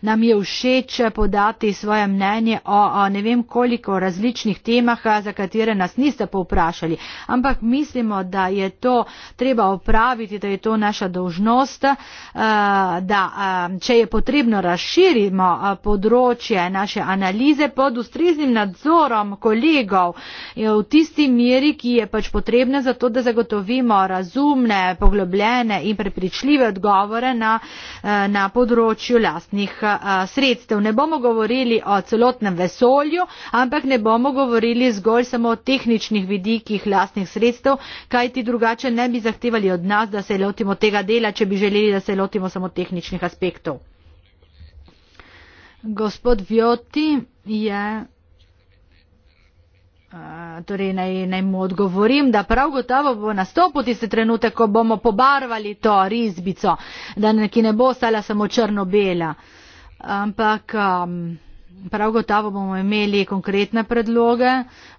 nam je všeč podati svoje mnenje o ne vem koliko različnih temah, eh, za katere nas niste povprašali. Ampak mislimo, da je to treba opraviti, da je to naša dolžnost, da če je potrebno razširimo področje naše analize, vendarle pod ustreznim nadzorom kolegov v tisti meri, ki je pač potrebna za to, da zagotovimo razumne, poglobljene in prepričljive odgovore na, eh, na področju lastnih eh, sredstev. Ne bomo govorili o celotnem vesolju, ampak ne bomo govorili zgolj samo o tehničnih vidikih lastnih sredstev, kaj ti drugače ne bi zahtevali od nas, da se lotimo tega dela, če bi želeli, da se lotimo samo tehničnih aspektov. Gospod Vjoti je. Torej, naj, naj mu odgovorim, da prav gotovo bo nastopil tisti trenutek, ko bomo pobarvali to risbico, da neki ne bo ostala samo črno-bela. Ampak um, prav gotovo bomo imeli konkretne predloge,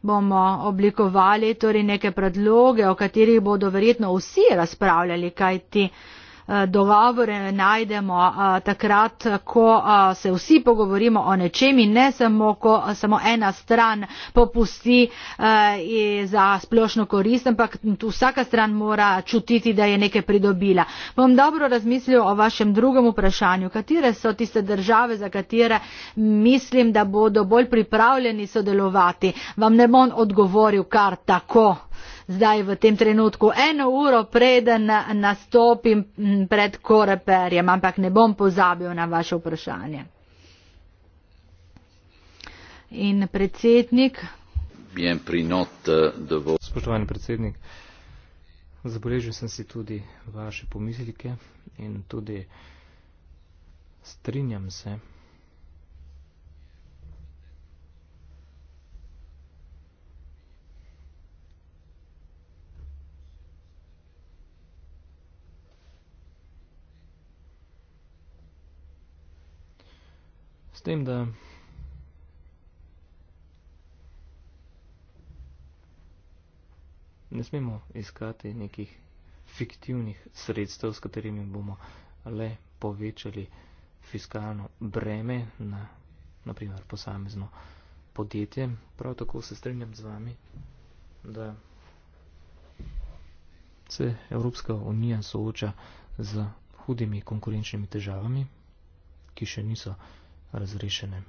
bomo oblikovali torej neke predloge, o katerih bodo verjetno vsi razpravljali, kaj ti. Uh, Eh, dogovore najdemo eh, takrat, ko eh, se vsi pogovorimo o nečem in ne samo, ko samo ena stran popusti za splošno korist, ampak vsaka stran mora čutiti, da je nekaj pridobila. Bom dobro razmislil o vašem drugem vprašanju, katere so tiste države, za katere mislim, da bodo bolj pripravljeni sodelovati. Vam ne bom odgovoril kar tako zdaj v tem trenutku eno uro preden nastopim pred koreperjem, ampak ne bom pozabil na vaše vprašanje. In predsednik. Eh, Spoštovani predsednik, zabeležil sem si tudi vaše pomislike in tudi strinjam se tem, da ne smemo iskati nekih fiktivnih sredstev, s katerimi bomo le povečali fiskalno breme na naprimer posamezno podjetje. Prav tako se strinjam z vami, da se Evropska unija sooča z hudimi konkurenčnimi težavami, ki še niso razrešene.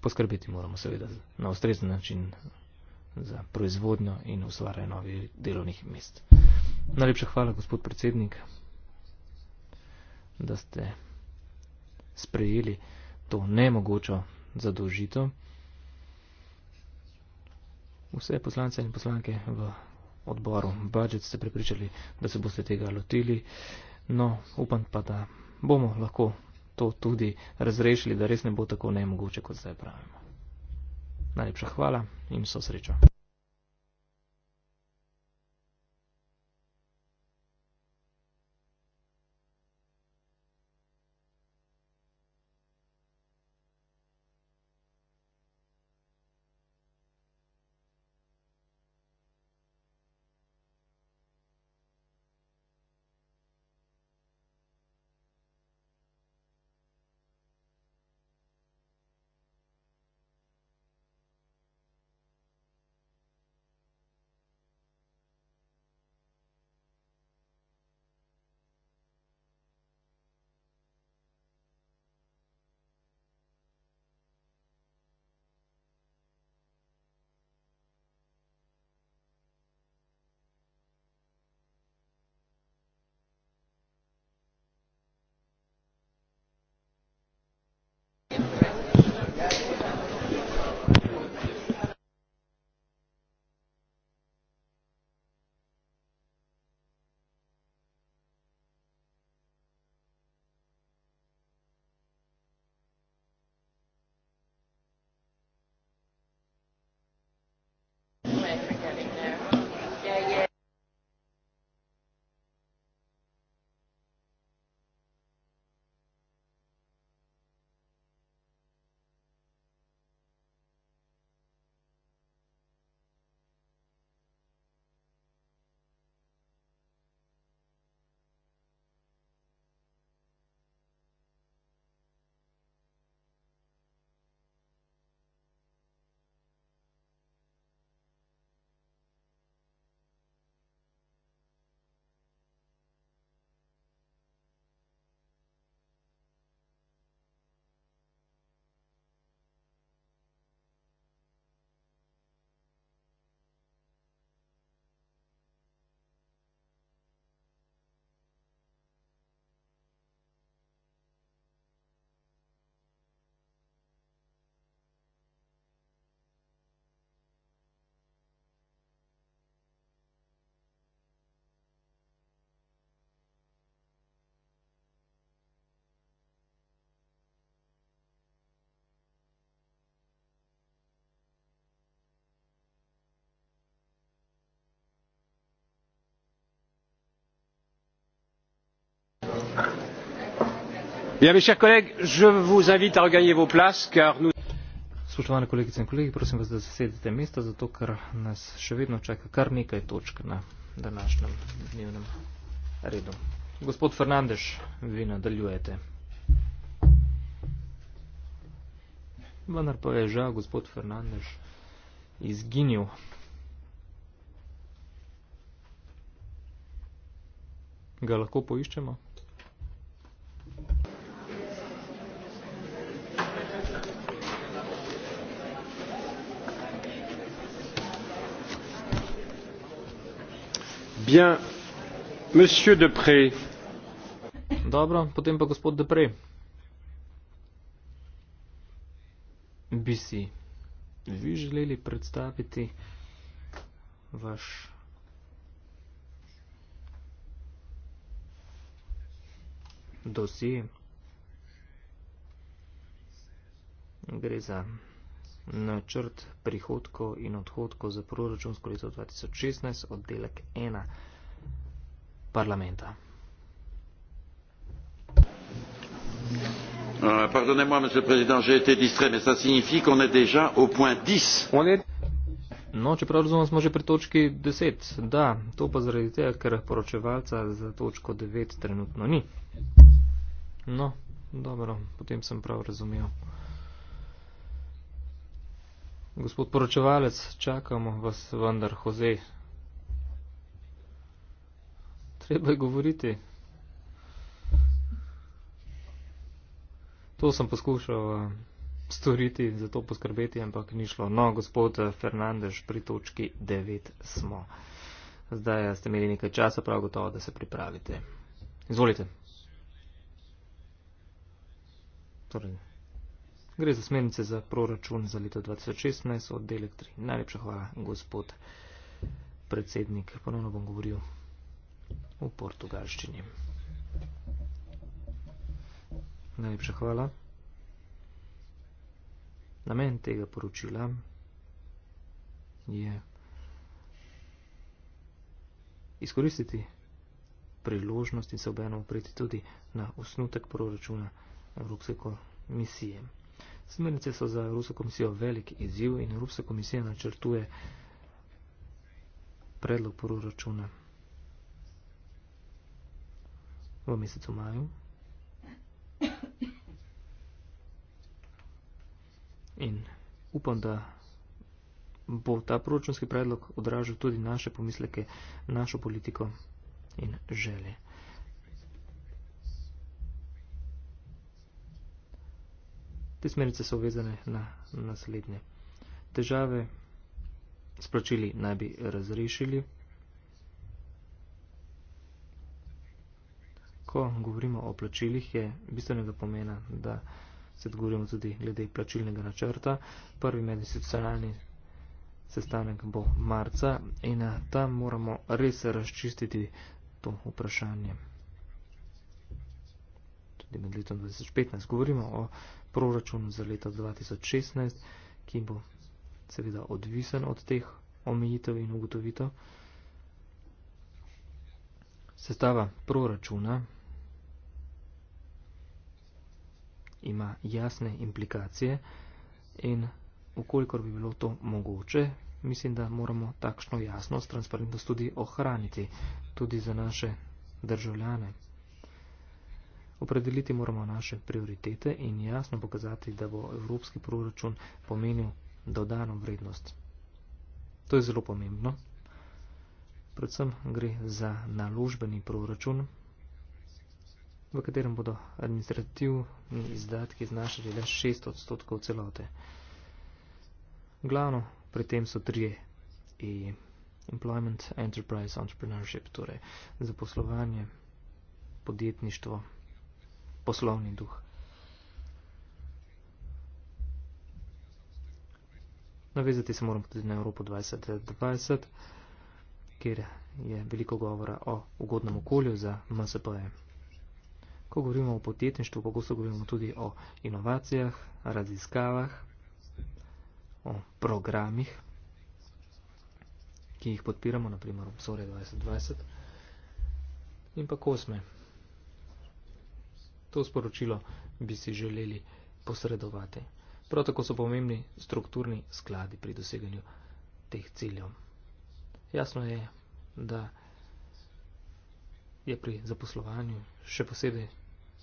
Poskrbeti moramo seveda na ustrezen način za proizvodnjo in ustvarjanje novih delovnih mest. Najlepša hvala, gospod predsednik, da ste sprejeli to nemogočo zadolžitev. Vse poslance in poslanke v odboru budžet, ste prepričali, da se boste tega lotili. No, upam pa, da bomo lahko to tudi razrešili, da res ne bo tako nemogoče, kot zdaj pravimo. Najlepša hvala in so srečo. mes chers collègues je vous invite à regagner vos places car nous Spoštovane kolegice in kolegi, prosim vas, da zasedete mesta, zato ker nas še vedno čaka kar nekaj točk na današnjem dnevnem redu. Gospod Fernandeš, vi nadaljujete. Vendar pa je žal gospod Fernandeš izginil. Ga lahko poiščemo? Bien. Monsieur Depré. Dobro, potem pa gospod Depré. Bi si vi želeli predstaviti vaš dosi? Gre za načrt prihodkov in odhodkov za proračunsko leto 2016, oddelek 1 parlamenta. Euh, pardonnez-moi, monsieur le président, j'ai été distrait, mais ça signifie qu'on est déjà au point 10. No, če prav razumem, smo že pri točki 10. Da, to pa zaradi tega, ker poročevalca za točko 9 trenutno ni. No, dobro, potem sem prav razumel. Gospod poročevalec, čakamo vas vendar, Jose. Treba je govoriti. To sem poskušal eh, storiti, za to poskrbeti, ampak ni šlo. No, gospod eh, Fernandez, pri točki 9 smo. Zdaj eh, ste imeli nekaj časa, prav gotovo, da se pripravite. Izvolite. Torej. Gre za smernice za proračun za leto 2016 od delek 3. Najlepša hvala, gospod predsednik. Ponovno bom govoril v portugalščini. Najlepša hvala. Namen tega poročila je izkoristiti priložnost in se obenem opreti tudi na osnutek proračuna Evropske komisije. Smernice so za Evropsko komisijo velik izziv in Evropska komisija načrtuje predlog proračuna v mesecu maju. In upam, da bo ta proračunski predlog odražal tudi naše pomisleke, našo politiko in želje. Te smernice so vezane na naslednje. Težave s plačili naj bi razrešili. Ko govorimo o plačilih, je bistvenega pomena, da se govorimo tudi glede plačilnega načrta. Prvi medinstitucionalni sestanek bo marca in eh, tam moramo res razčistiti to vprašanje tudi med letom 2015. Govorimo o proračunu za leto 2016, ki bo seveda odvisen od teh omejitev in ugotovitev. Sestava proračuna ima jasne implikacije in ukolikor bi bilo to mogoče, mislim, da moramo takšno jasnost, transparentnost tudi ohraniti, tudi za naše državljane, Opredeliti moramo naše prioritete in jasno pokazati, da bo evropski proračun pomenil dodano vrednost. To je zelo pomembno. Predvsem gre za naložbeni proračun, v katerem bodo administrativni izdatki znašali le 6 odstotkov celote. Glavno pri tem so trije e employment, enterprise, entrepreneurship, torej zaposlovanje, podjetništvo poslovni duh. Navezati se moramo tudi na Evropo 2020, kjer je veliko govora o ugodnem okolju za MSPE. Ko govorimo o podjetništvu, pogosto govorimo tudi o inovacijah, raziskavah, o programih, ki jih podpiramo, naprimer obzore 2020 in pa kosme. To sporočilo bi si želeli posredovati. Prav tako so pomembni strukturni skladi pri doseganju teh ciljev. Jasno je, da je pri zaposlovanju še posebej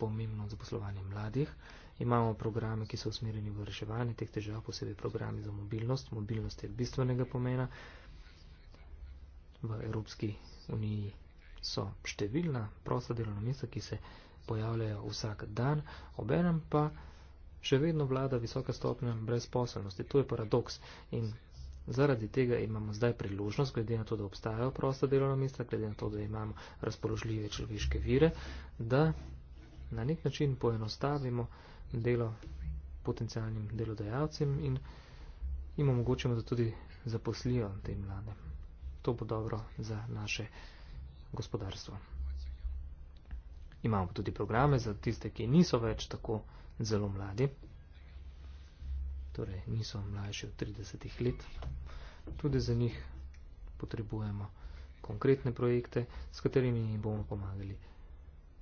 pomembno zaposlovanje mladih. Imamo programe, ki so usmerjeni v reševanje teh težav, posebej programe za mobilnost. Mobilnost je bistvenega pomena. V Evropski uniji so številna prosta delovna mesta, ki se pojavljajo vsak dan, obenem pa še vedno vlada visoka stopnja brezposobnosti. To je paradoks in zaradi tega imamo zdaj priložnost, glede na to, da obstajajo prosta delovna mesta, glede na to, da imamo razpoložljive človeške vire, da na nek način poenostavimo delo potencijalnim delodajalcem in jim omogočimo, da tudi zaposlijo te mlade. To bo dobro za naše gospodarstvo. Imamo tudi programe za tiste, ki niso več tako zelo mladi, torej niso mlajši od 30 let. Tudi za njih potrebujemo konkretne projekte, s katerimi jim bomo pomagali,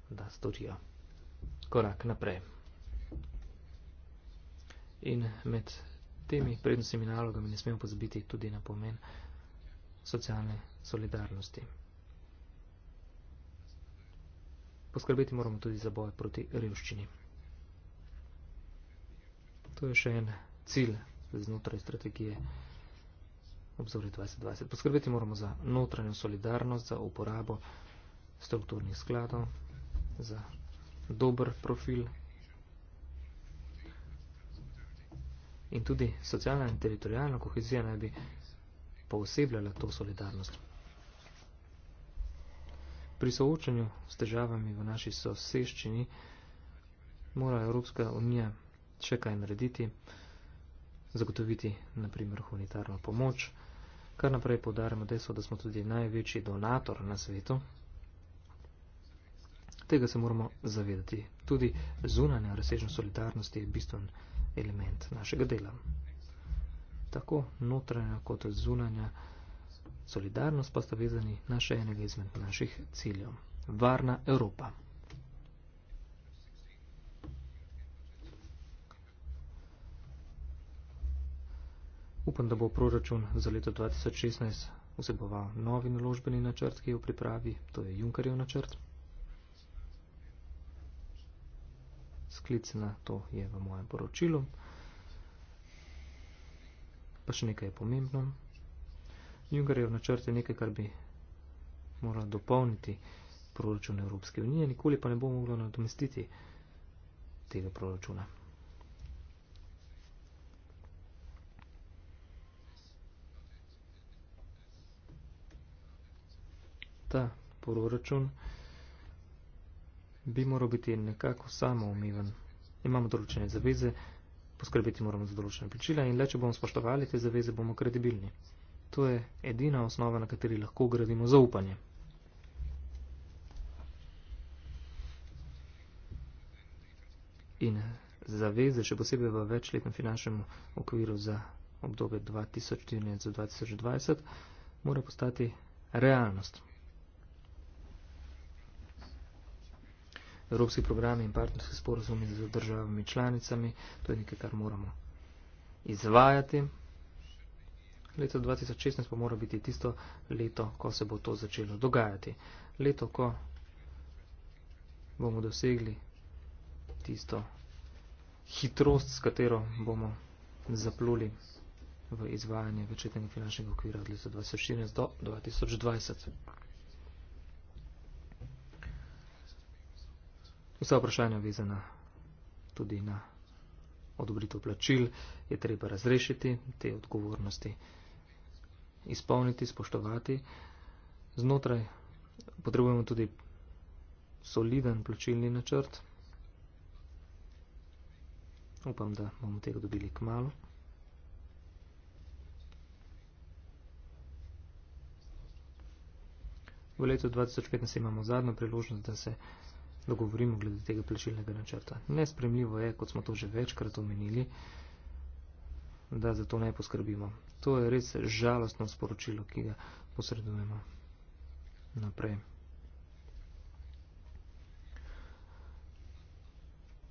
da storijo korak naprej. In med temi prednostnimi nalogami ne smemo pozabiti tudi na pomen socialne solidarnosti. poskrbeti moramo tudi za boje proti revščini. To je še en cilj znotraj strategije obzore 2020. Poskrbeti moramo za notranjo solidarnost, za uporabo strukturnih skladov, za dober profil in tudi socialna in teritorijalna kohezija naj bi posebljala to solidarnost pri soočanju s težavami v naši soseščini mora Evropska unija še kaj narediti, zagotoviti naprimer humanitarno pomoč, kar naprej podarimo deso, da smo tudi največji donator na svetu. Tega se moramo zavedati. Tudi zunanja razsežna solidarnosti je bistven element našega dela. Tako notranja kot zunanja solidarnost pa sta vezani na še enega izmed naših ciljev. Varna Evropa. Upam, da bo proračun za leto 2016 vseboval novi naložbeni načrt, ki je v pripravi, to je Junkerjev načrt. Sklic na to je v mojem poročilu. Pa še nekaj je pomembno. Junkarjev načrt je nekaj, kar bi moral dopolniti proračun Evropske unije, nikoli pa ne bo moglo nadomestiti tega proračuna. Ta proračun bi moral biti nekako samoumiven. Imamo določene zaveze, poskrbeti moramo za določene plačila in le, če bomo spoštovali te zaveze, bomo kredibilni. To je edina osnova, na kateri lahko gradimo zaupanje. In zaveze, še posebej v večletnem finančnem okviru za obdobje 2014-2020, mora postati realnost. Evropski programi in partnerski sporozumi z državami članicami, to je nekaj, kar moramo izvajati. Leto 2016 pa mora biti tisto leto, ko se bo to začelo dogajati. Leto, ko bomo dosegli tisto hitrost, s katero bomo zapluli v izvajanje večetnega finančnega okvira od leta 2014 do 2020. Vsa vprašanja vezana tudi na odobritev plačil je treba razrešiti, te odgovornosti izpolniti, spoštovati. Znotraj potrebujemo tudi soliden plačilni načrt. Upam, da bomo tega dobili k malu. V letu 2015 imamo zadnjo priložnost, da se dogovorimo glede tega plačilnega načrta. Nespremljivo je, kot smo to že večkrat omenili, da za to ne poskrbimo. To je res žalostno sporočilo, ki ga posredujemo naprej.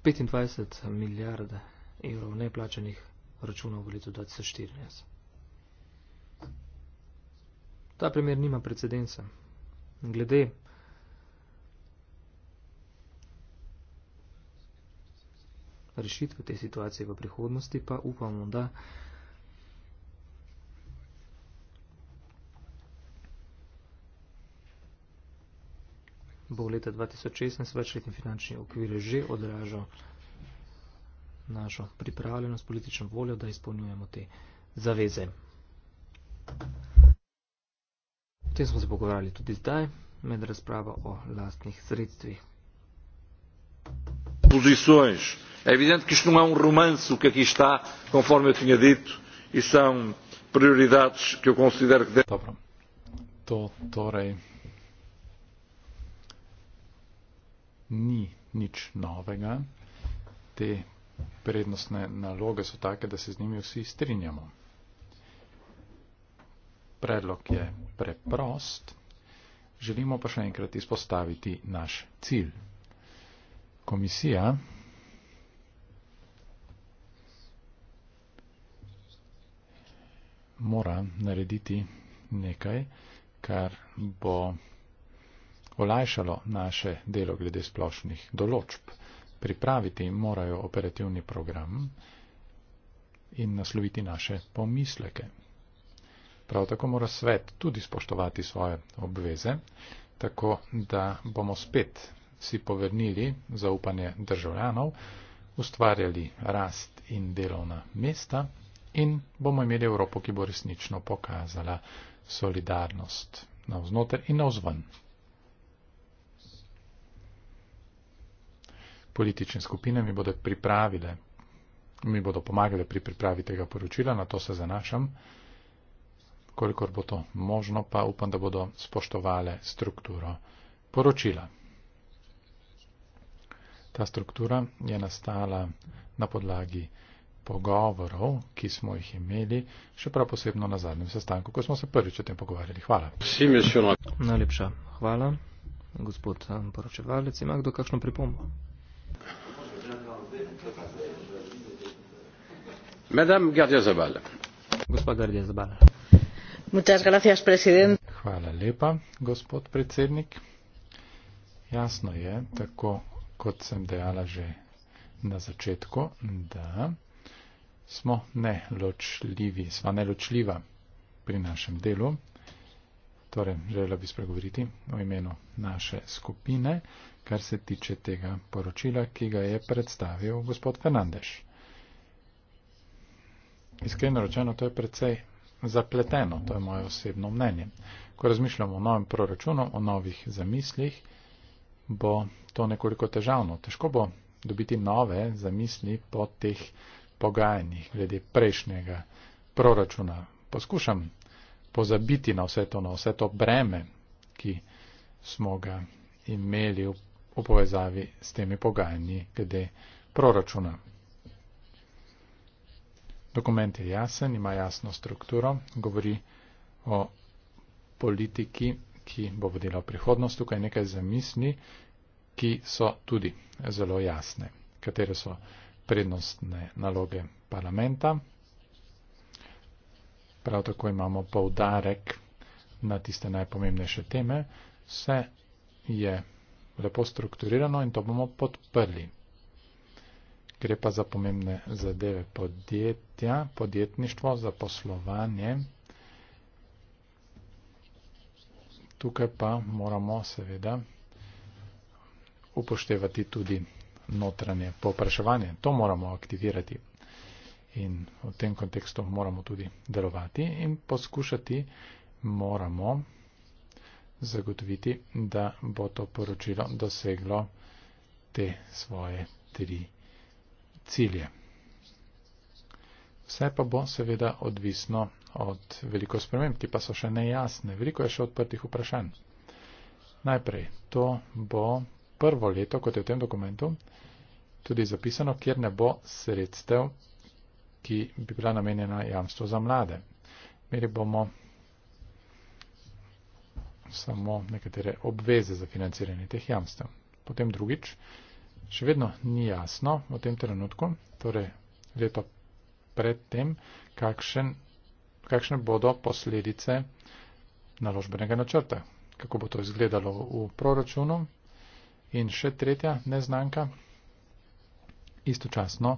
25 milijarde evrov neplačenih računov v letu 2014. Ta primer nima precedensa. Glede rešitve te situacije v prihodnosti, pa upamo, da bo leta 2016 večletni finančni okvir že odražal našo pripravljenost, politično voljo, da izpolnjujemo te zaveze. O tem smo se pogovarjali tudi zdaj med razpravo o lastnih sredstvih. Thank you posições. É evidente que isto não é um romance o que aqui está, conforme eu tinha dito, e são prioridades que eu considero que devem. Doutor é. Ni nič novega. Te prednostne naloge so take, da se z njimi vsi strinjamo. Predlog je preprost, želimo pa še enkrat izpostaviti naš cilj komisija mora narediti nekaj, kar bo olajšalo naše delo glede splošnih določb. Pripraviti morajo operativni program in nasloviti naše pomisleke. Prav tako mora svet tudi spoštovati svoje obveze, tako da bomo spet si povrnili zaupanje državljanov, ustvarjali rast in delovna mesta in bomo imeli Evropo, ki bo resnično pokazala solidarnost navznoter in navzven. Politične skupine mi bodo pripravile, mi bodo pomagale pri pripravi tega poročila, na to se zanašam. Kolikor bo to možno, pa upam, da bodo spoštovale strukturo poročila. Ta struktura je nastala na podlagi pogovorov, ki smo jih imeli, še prav posebno na zadnjem sestanku, ko smo se prvič o tem pogovarjali. Hvala. Najlepša hvala. Gospod um, poročevalec, ima kdo kakšno pripombo? Gospod Gardija Zabala. Hvala lepa, gospod predsednik. Jasno je, tako kot sem dejala že na začetku, da smo neločljivi, sva neločljiva pri našem delu. Torej, želela bi spregovoriti o imenu naše skupine, kar se tiče tega poročila, ki ga je predstavil gospod Fernandeš. Iskreno rečeno, to je precej zapleteno, to je moje osebno mnenje. Ko razmišljamo o novem proračunu, o novih zamislih, bo to nekoliko težavno. Težko bo dobiti nove zamisli po teh pogajanjih glede prejšnjega proračuna. Poskušam pozabiti na vse to, na vse to breme, ki smo ga imeli v, v povezavi s temi pogajanji glede proračuna. Dokument je jasen, ima jasno strukturo, govori o politiki ki bo vodila v prihodnost, tukaj nekaj zamisli, ki so tudi zelo jasne, katere so prednostne naloge parlamenta. Prav tako imamo poudarek na tiste najpomembnejše teme. Vse je lepo strukturirano in to bomo podprli. Gre pa za pomembne zadeve podjetja, podjetništvo, za poslovanje. Tukaj pa moramo seveda upoštevati tudi notranje popraševanje. To moramo aktivirati in v tem kontekstu moramo tudi delovati in poskušati moramo zagotoviti, da bo to poročilo doseglo te svoje tri cilje. Vse pa bo seveda odvisno od veliko sprememb, ki pa so še nejasne. Veliko je še odprtih vprašanj. Najprej, to bo prvo leto, kot je v tem dokumentu tudi zapisano, kjer ne bo sredstev, ki bi bila namenjena jamstvo za mlade. Meri bomo samo nekatere obveze za financiranje teh jamstev. Potem drugič, še vedno ni jasno v tem trenutku, torej leto pred tem, kakšen, kakšne bodo posledice naložbenega načrta, kako bo to izgledalo v proračunu. In še tretja neznanka, istočasno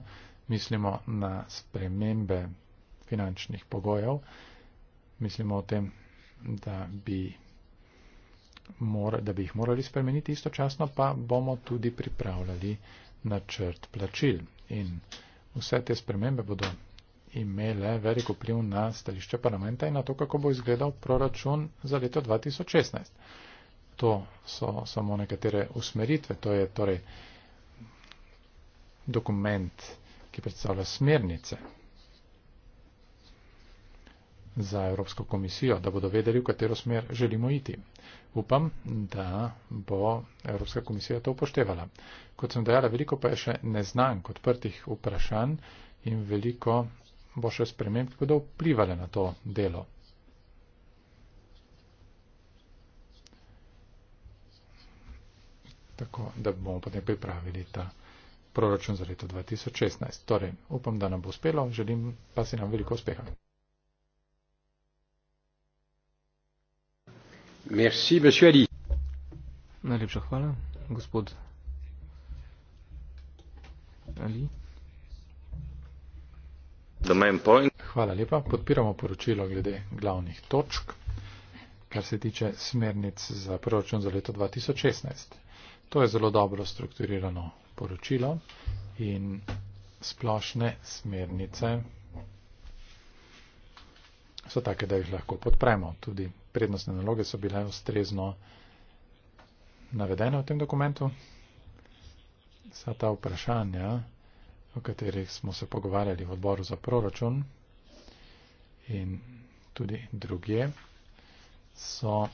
mislimo na spremembe finančnih pogojev, mislimo o tem, da bi, mora, da bi jih morali spremeniti, istočasno pa bomo tudi pripravljali načrt plačil. In vse te spremembe bodo imele velik vpliv na stališče parlamenta in na to, kako bo izgledal proračun za leto 2016. To so samo nekatere usmeritve, to je torej dokument, ki predstavlja smernice za Evropsko komisijo, da bodo vedeli, v katero smer želimo iti. Upam, da bo Evropska komisija to upoštevala. Kot sem dejala, veliko pa je še neznank odprtih vprašanj in veliko bo še sprememb, ki bodo vplivali na to delo. Tako da bomo potem pripravili ta proračun za leto 2016. Torej, upam, da nam bo uspelo, želim pa si nam veliko uspeha. Merci, Najlepša hvala, gospod Ali the main point. Hvala lepa. Podpiramo poročilo glede glavnih točk, kar se tiče smernic za proračun za leto 2016. To je zelo dobro strukturirano poročilo in splošne smernice so take, da jih lahko podpremo. Tudi prednostne naloge so bile ustrezno navedene v tem dokumentu. Vsa ta vprašanja o katerih smo se pogovarjali v odboru za proračun in tudi druge, so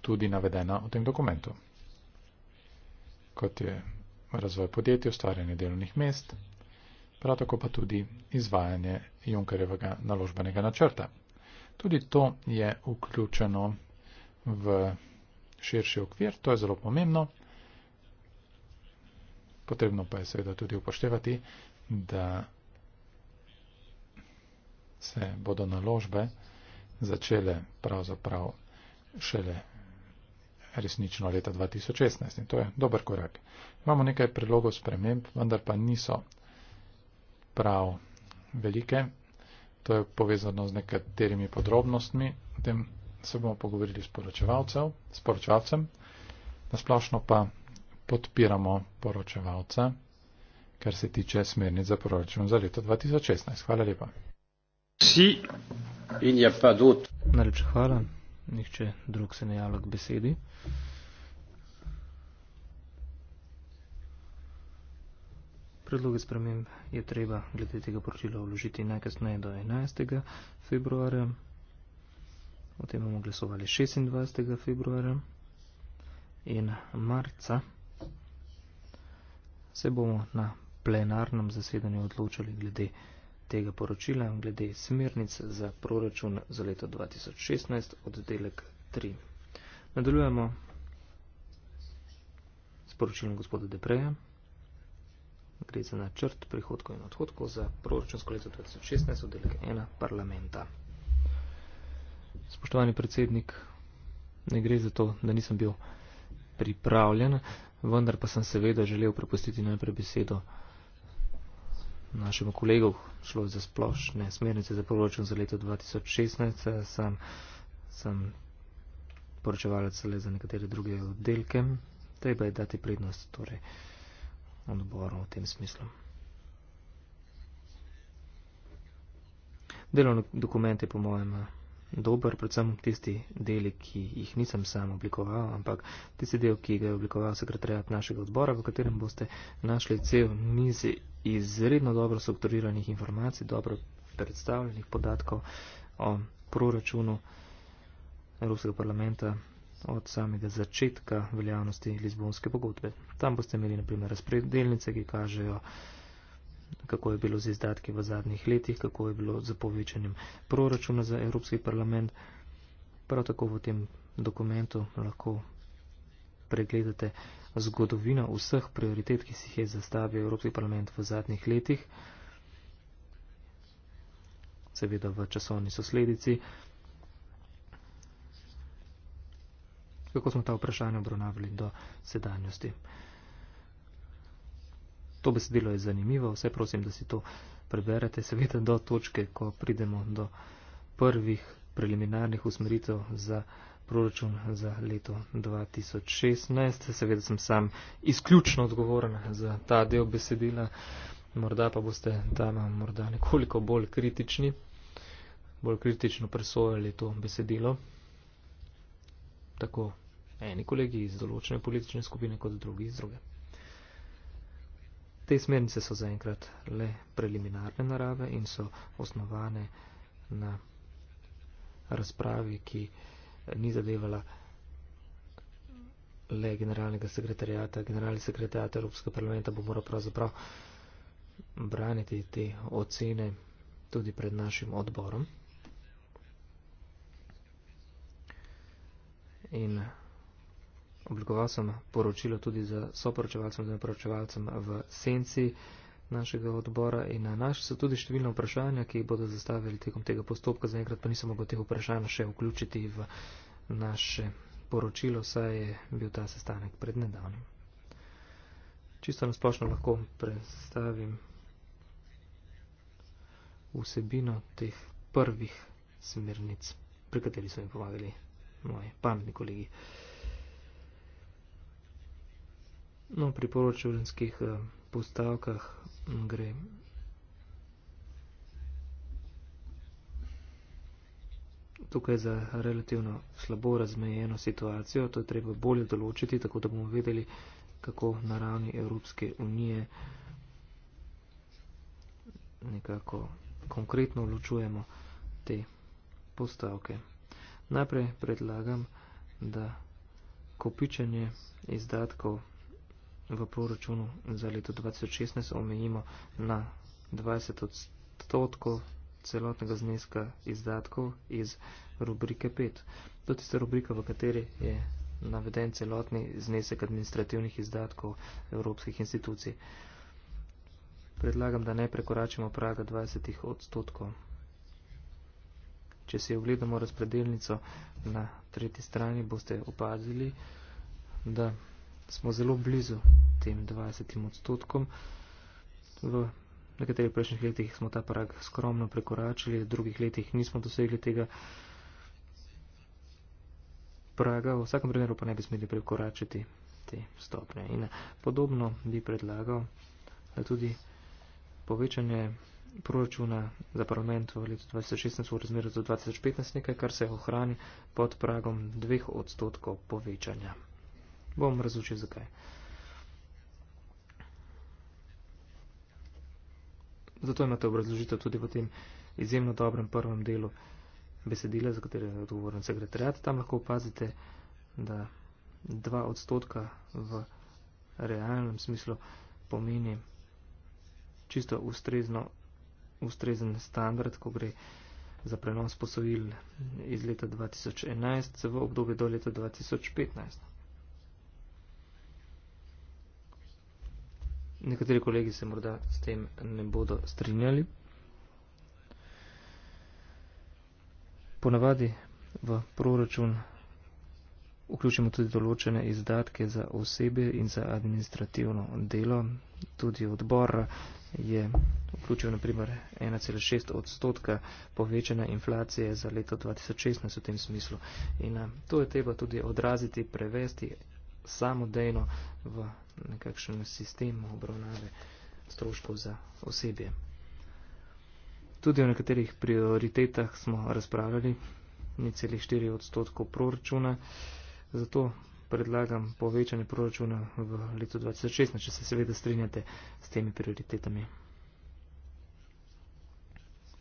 tudi navedena v tem dokumentu. Kot je razvoj podjetij, ustvarjanje delovnih mest, prav tako pa tudi izvajanje Junkerjevega naložbenega načrta. Tudi to je vključeno v širši okvir, to je zelo pomembno. Potrebno pa je seveda tudi upoštevati, da se bodo naložbe začele pravzaprav šele resnično leta 2016 in to je dober korak. Imamo nekaj predlogov sprememb, vendar pa niso prav velike. To je povezano z nekaterimi podrobnostmi, o tem se bomo pogovorili s poročevalcem, nasplošno pa podpiramo poročevalca, kar se tiče smernic za proračun za leto 2016. Hvala lepa. Si in je pa dot. Najlepša hvala. Nihče drug se ne javlja k besedi. Predloge sprememb je treba glede tega poročila vložiti najkasneje do 11. februarja. O tem bomo glasovali 26. februarja in marca se bomo na plenarnem zasedanju odločili glede tega poročila, glede smernic za proračun za leto 2016, oddelek 3. Nadaljujemo s poročilom gospoda Depreja. Gre za načrt prihodkov in odhodkov za proračunsko leto 2016, oddelek 1 parlamenta. Spoštovani predsednik, ne gre za to, da nisem bil pripravljen vendar pa sem seveda želel prepustiti najprej besedo našemu kolegu, šlo je za splošne smernice za proračun za leto 2016, sam sem poročevalec le za nekatere druge oddelke, treba je dati prednost torej odboru v tem smislu. Delovni dokument je po mojem dober, predvsem tisti deli, ki jih nisem sam oblikoval, ampak tisti del, ki ga je oblikoval sekretarjat našega odbora, v katerem boste našli cel miz izredno dobro strukturiranih informacij, dobro predstavljenih podatkov o proračunu Evropskega parlamenta od samega začetka veljavnosti Lizbonske pogodbe. Tam boste imeli naprimer razpredelnice, ki kažejo kako je bilo z izdatki v zadnjih letih, kako je bilo z povečanjem proračuna za Evropski parlament. Prav tako v tem dokumentu lahko pregledate zgodovino vseh prioritet, ki si jih je zastavil Evropski parlament v zadnjih letih, seveda v časovni sosledici. Kako smo ta vprašanja obravnavali do sedanjosti? To besedilo je zanimivo, vse prosim, da si to preberete, seveda do točke, ko pridemo do prvih preliminarnih usmeritev za proračun za leto 2016. Seveda sem sam izključno odgovoren za ta del besedila, morda pa boste tam morda nekoliko bolj kritični, bolj kritično presojali to besedilo. Tako eni kolegi iz določene politične skupine kot drugi iz druge. Te smernice so zaenkrat le preliminarne narave in so osnovane na razpravi, ki ni zadevala le generalnega sekretarjata. Generalni sekretarjat Evropskega parlamenta bo moral pravzaprav braniti te ocene tudi pred našim odborom. In Oblikoval sem poročilo tudi za soporočevalcem in zaporočevalcem v senci našega odbora in na naš so tudi številna vprašanja, ki jih bodo zastavili tekom tega postopka. Zaenkrat pa nisem mogel teh vprašanj še vključiti v naše poročilo, saj je bil ta sestanek pred nedavnim. Čisto nasplošno lahko predstavim vsebino teh prvih smernic, pri kateri so mi pomagali moji pametni kolegi. Uh, No, pri poročevanskih eh, postavkah gre. Tukaj za relativno slabo razmejeno situacijo, to je treba bolje določiti, tako da bomo vedeli, kako na ravni Evropske unije nekako konkretno vločujemo te postavke. Najprej predlagam, da kopičanje izdatkov v proračunu za leto 2016 omejimo na 20 odstotkov celotnega zneska izdatkov iz rubrike 5. To je tista rubrika, v kateri je naveden celotni znesek administrativnih izdatkov evropskih institucij. Predlagam, da ne prekoračimo praga 20 odstotkov. Če si ogledamo razpredelnico na tretji strani, boste opazili, da smo zelo blizu tem 20 odstotkom. V nekaterih prejšnjih letih smo ta prag skromno prekoračili, v drugih letih nismo dosegli tega praga, v vsakem primeru pa ne bi smeli prekoračiti te stopnje. In podobno bi predlagal, da tudi povečanje proračuna za parlament v letu 2016 v razmeru do 2015 nekaj, kar se ohrani pod pragom dveh odstotkov povečanja. Bom razločil, zakaj. Zato imate obrazložitev tudi v tem izjemno dobrem prvem delu besedila, za katero je odgovoren sekretariat. Tam lahko opazite, da 2 odstotka v realnem smislu pomeni čisto ustrezno, ustrezen standard, ko gre za prenos posojil iz leta 2011 v obdobje do leta 2015. Nekateri kolegi se morda s tem ne bodo strinjali. Ponavadi v proračun vključimo tudi določene izdatke za osebe in za administrativno delo. Tudi odbor je vključil naprimer 1,6 odstotka povečanja inflacije za leto 2016 v tem smislu. In to je treba tudi odraziti, prevesti samodejno v nekakšen sistem obravnave stroškov za osebje. Tudi o nekaterih prioritetah smo razpravljali, ni celih 4 odstotkov proračuna, zato predlagam povečanje proračuna v letu 2016, če se seveda strinjate s temi prioritetami.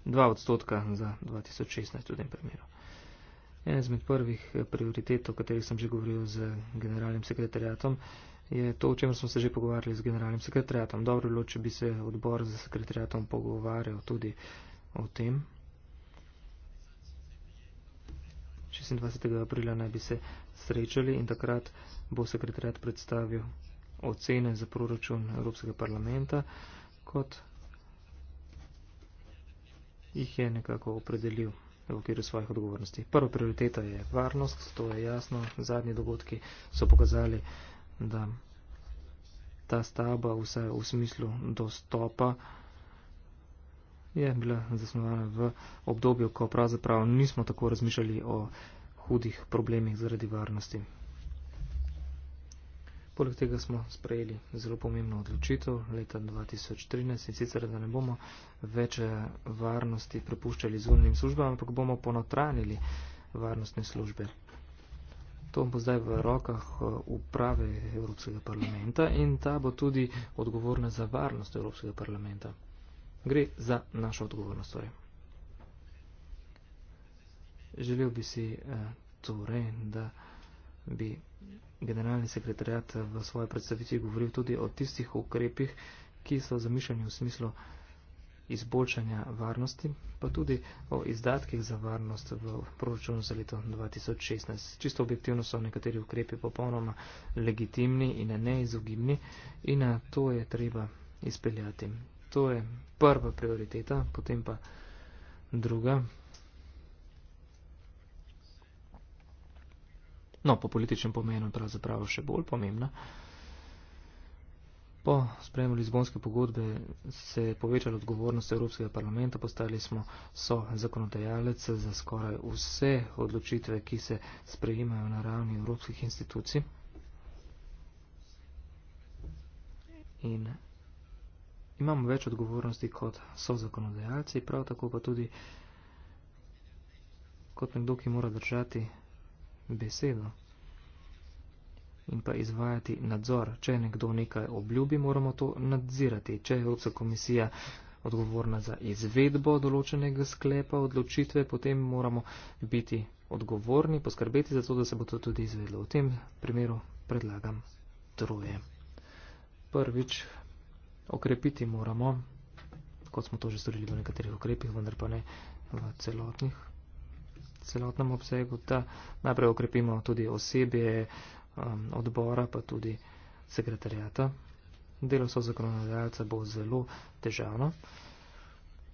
2 odstotka za 2016 v tem primeru. Ena izmed prvih prioritet, o katerih sem že govoril z generalnim sekretarjatom, je to, o čemer smo se že pogovarjali z generalnim sekretarjatom. Dobro bi bilo, če bi se odbor za sekretarjatom pogovarjal tudi o tem. 26. aprila naj bi se srečali in takrat bo sekretarjat predstavil ocene za proračun Evropskega parlamenta, kot jih je nekako opredelil v okviru svojih odgovornosti. Prva prioriteta je varnost, to je jasno. Zadnji dogodki so pokazali, da ta stavba vse v smislu dostopa je bila zasnovana v obdobju, ko pravzaprav nismo tako razmišljali o hudih problemih zaradi varnosti. Poleg tega smo sprejeli zelo pomembno odločitev leta 2013 in sicer, da ne bomo več eh, varnosti prepuščali zunanim službam, ampak bomo ponotranili varnostne službe. To bo zdaj v rokah eh, uprave Evropskega parlamenta in ta bo tudi odgovorna za varnost Evropskega parlamenta. Gre za našo odgovornost. Torej. Želel bi si eh, torej, da bi generalni sekretarjat v svoji predstavitvi govoril tudi o tistih ukrepih, ki so zamišljeni v smislu izboljšanja varnosti, pa tudi o izdatkih za varnost v proračunu za leto 2016. Čisto objektivno so nekateri ukrepi popolnoma legitimni in neizogibni in eh, to je treba izpeljati. To je prva prioriteta, potem pa druga. No, po političnem pomenu je pravzaprav še bolj pomembna. Po sprejemu Lizbonske pogodbe se je povečala odgovornost Evropskega parlamenta, postali smo so zakonodajalec za skoraj vse odločitve, ki se sprejemajo na ravni evropskih institucij. In imamo več odgovornosti kot so zakonodajalci, prav tako pa tudi kot nekdo, ki mora držati besedo in pa izvajati nadzor. Če nekdo nekaj obljubi, moramo to nadzirati. Če je Evropska komisija odgovorna za izvedbo določenega sklepa, odločitve, potem moramo biti odgovorni, poskrbeti za to, da se bo to tudi izvedlo. V tem primeru predlagam troje. Prvič, okrepiti moramo, kot smo to že storili v nekaterih okrepih, vendar pa ne v celotnih celotnem obsegu, da najprej okrepimo tudi osebje, Um, odbora, pa tudi sekretarjata. Delo so zakonodajalca bo zelo težavno.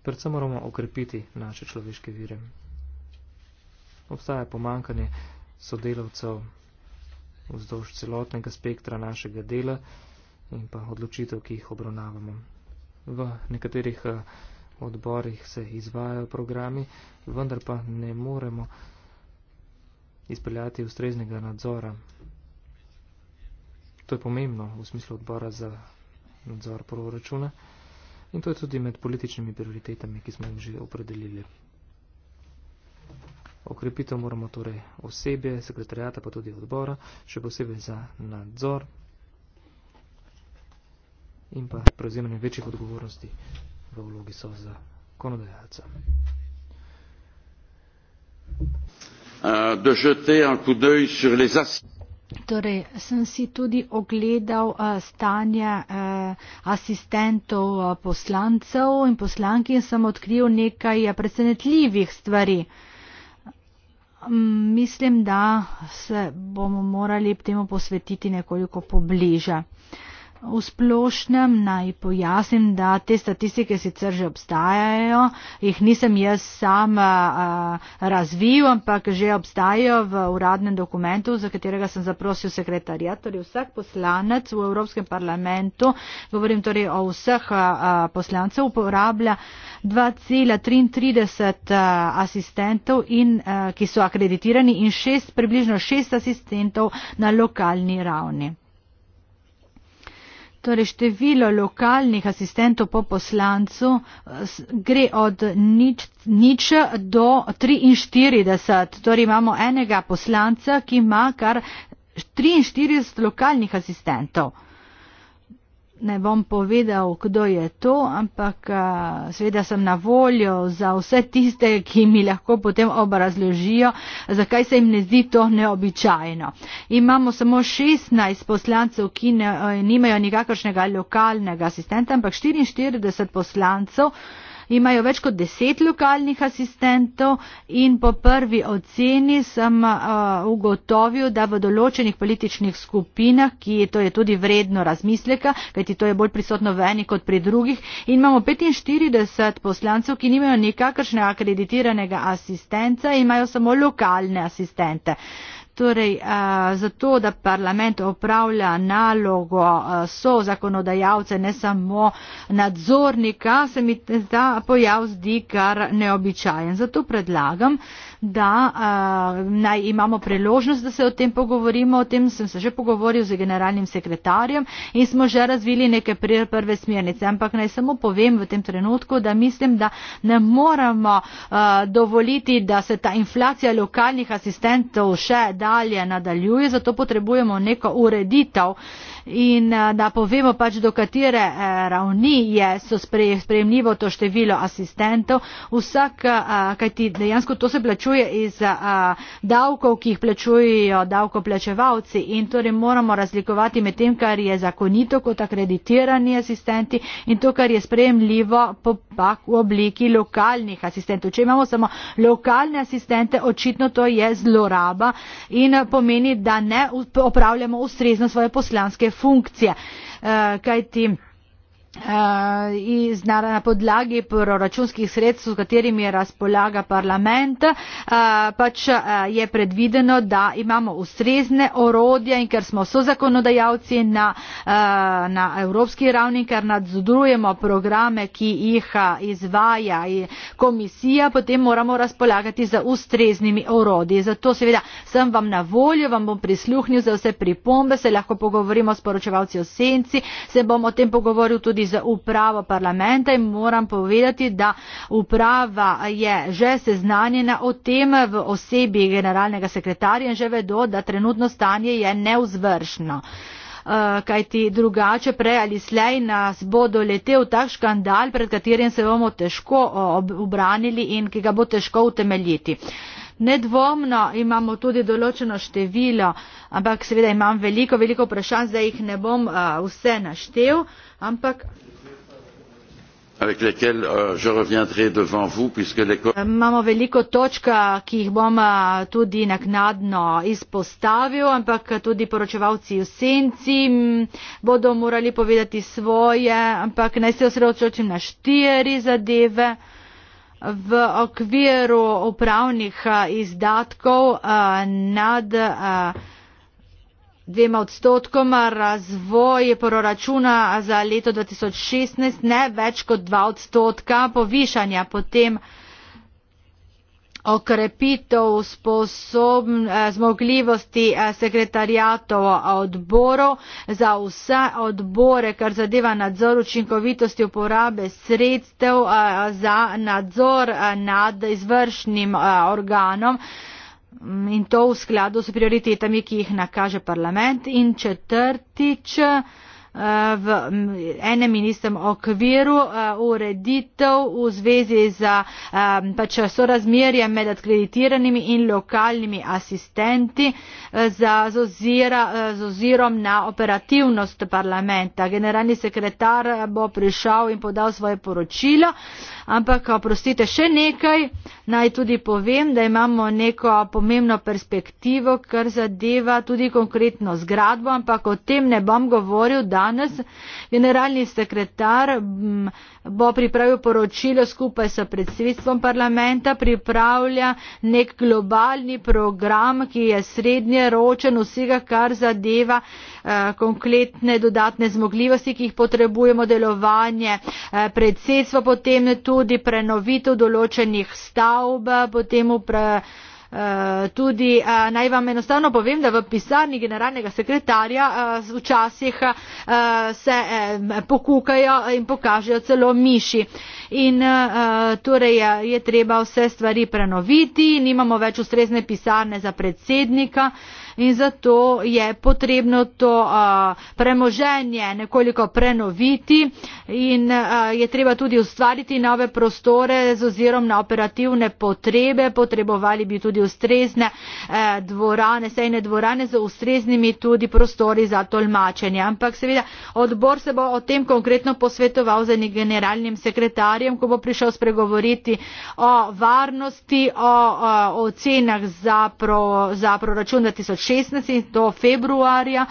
Predvsem moramo okrepiti naše človeške vire. Obstaja pomankanje sodelavcev vzdolž celotnega spektra našega dela in pa odločitev, ki jih obravnavamo. V nekaterih uh, odborih se izvajajo programi, vendar pa ne moremo izpeljati ustreznega nadzora To je pomembno v smislu odbora za nadzor proračuna in to je tudi med političnimi prioritetami, ki smo jim že opredelili. Okrepitev moramo torej osebje, sekretarjata pa tudi odbora, še posebej za nadzor in pa prevzemanje večjih odgovornosti v vlogi so za konodajalca. Uh, de jeter un coup d'œil sur les aspects. Torej, sem si tudi ogledal a, eh, stanje a, eh, asistentov a, eh, poslancev in poslanki in sem odkril nekaj presenetljivih stvari. Mm, mislim, da se bomo morali temu posvetiti nekoliko pobliže. V splošnem naj pojasnim, da te statistike sicer že obstajajo, jih nisem jaz sam eh, eh, razvil, ampak že obstajajo v uradnem dokumentu, za katerega sem zaprosil sekretarja. Torej vsak poslanec v Evropskem parlamentu, govorim torej o vseh eh, poslancev, uporablja 2,33 asistentov, in, ki so akreditirani in šest, približno šest asistentov na lokalni ravni. Torej število lokalnih asistentov po poslancu eh, gre od nič, nič do 43. Torej imamo enega poslanca, ki ima kar 43 lokalnih asistentov ne bom povedal, kdo je to, ampak seveda sem na voljo za vse tiste, ki mi lahko potem oba razložijo, zakaj se jim ne zdi to neobičajno. Imamo samo 16 poslancev, ki ne, e, nimajo nikakršnega lokalnega asistenta, ampak 44 poslancev imajo več kot deset lokalnih asistentov in po prvi oceni sem uh, ugotovil, da v določenih političnih skupinah, ki je, to je tudi vredno razmisleka, kajti to je bolj prisotno v eni kot pri drugih, imamo 45 poslancev, ki nimajo nikakršnega akreditiranega asistenta, imajo samo lokalne asistente. Torej, zato, da parlament opravlja nalogo so zakonodajalce, ne samo nadzornika, se mi ta pojav zdi kar neobičajen. Zato predlagam, da uh, naj imamo priložnost, da se o tem pogovorimo. O tem sem se že pogovoril z generalnim sekretarjem in smo že razvili neke prve smernice. Ampak naj samo povem v tem trenutku, da mislim, da ne moramo uh, dovoliti, da se ta inflacija lokalnih asistentov še dalje nadaljuje. Zato potrebujemo neko ureditev uh, in eh, da povemo pač do katere eh, ravni je sprejemljivo to število asistentov. Vsak, eh, kajti dejansko to se plačuje iz davkov, ki jih plačujejo davkoplačevalci in torej moramo razlikovati med tem, kar je zakonito kot akreditirani asistenti in to, kar je sprejemljivo v obliki lokalnih asistentov. Če imamo samo lokalne asistente, očitno to je zloraba in pomeni, da ne opravljamo ustrezno svoje poslanske funkcije funkcije eh, kajti Eh, iz, na, na podlagi proračunskih sredstv, s katerimi razpolaga parlament, a, eh, pač a, eh, je predvideno, da imamo ustrezne orodje in ker smo so zakonodajalci na, a, na evropski ravni, ker nadzorujemo programe, ki jih a, izvaja komisija, potem moramo razpolagati za ustreznimi orodji. Zato seveda sem vam na voljo, vam bom prisluhnil za vse pripombe, se lahko pogovorimo s poročevalci o senci, se bom o tem pogovoril tudi tudi z upravo parlamenta in moram povedati, da uprava je že seznanjena o tem v osebi generalnega sekretarja in že vedo, da trenutno stanje je neuzvršno. Uh, eh, kaj ti drugače prej ali slej nas bo doletel tak škandal, pred katerim se bomo težko eh, obranili in ki ga bo težko utemeljiti. Nedvomno imamo tudi določeno število, ampak seveda imam veliko, veliko vprašanj, zdaj jih ne bom uh, vse naštel. Uh, ampak euh, Imamo veliko točk, ki jih bom tudi naknadno izpostavil, ampak tudi poročevalci v senci bodo morali povedati svoje, ampak naj se osredotočim na štiri zadeve. V okviru upravnih izdatkov nad dvema odstotkoma razvoj proračuna za leto 2016 ne več kot dva odstotka povišanja, potem okrepitev sposobn, eh, zmogljivosti eh, sekretarijatov odborov za vse odbore, kar zadeva nadzor učinkovitosti uporabe sredstev eh, za nadzor nad izvršnim organom in to v skladu s prioritetami, ki jih nakaže parlament in četrtič eh, v enem in istem okviru eh, ureditev v zvezi z eh, pač sorazmerje med akreditiranimi in lokalnimi asistenti za, z, ozira, z ozirom na operativnost parlamenta. Generalni sekretar bo prišel in podal svoje poročilo ampak, oprostite, še nekaj naj tudi povem, da imamo neko pomembno perspektivo, kar zadeva tudi konkretno zgradbo, ampak o tem ne bom govoril danes. Generalni sekretar m, bo pripravil poročilo skupaj s predsedstvom parlamenta, pripravlja nek globalni program, ki je srednjeročen vsega, kar zadeva eh, konkretne dodatne zmogljivosti, ki jih potrebujemo delovanje eh, predsedstva, potem tudi prenovitev določenih stavb, potem upravljanje Eh, tudi eh, naj vam enostavno povem, da v pisarni generalnega sekretarja eh, včasih se pokukajo in pokažejo celo miši. In torej je, je treba vse stvari prenoviti, nimamo več ustrezne pisarne za predsednika in zato je potrebno to premoženje nekoliko prenoviti in je treba tudi ustvariti nove prostore z ozirom na operativne potrebe. Potrebovali bi tudi ustrezne e, dvorane, sejne dvorane z ustreznimi tudi prostori za tolmačenje. Ampak seveda odbor se bo o tem konkretno posvetoval z enim generalnim sekretarjem, ko bo prišel spregovoriti o varnosti, o, o ocenah za, pro, za proračun 2016. 2016 do februarja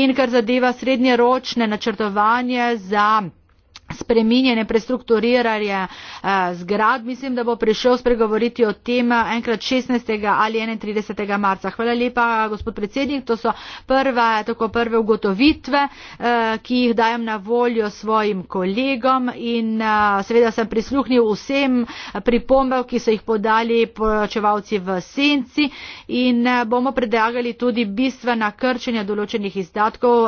in kar zadeva srednjeročne načrtovanje za spreminjanje, prestrukturiranje eh, zgrad. Mislim, da bo prišel spregovoriti o tem eh, enkrat 16. ali 31. marca. Hvala lepa, gospod predsednik. To so prve, tako prve ugotovitve, eh, ki jih dajem na voljo svojim kolegom in seveda sem prisluhnil vsem pripombev, ki so jih podali poročevalci v senci in bomo predlagali tudi bistvena krčenja določenih izdatkov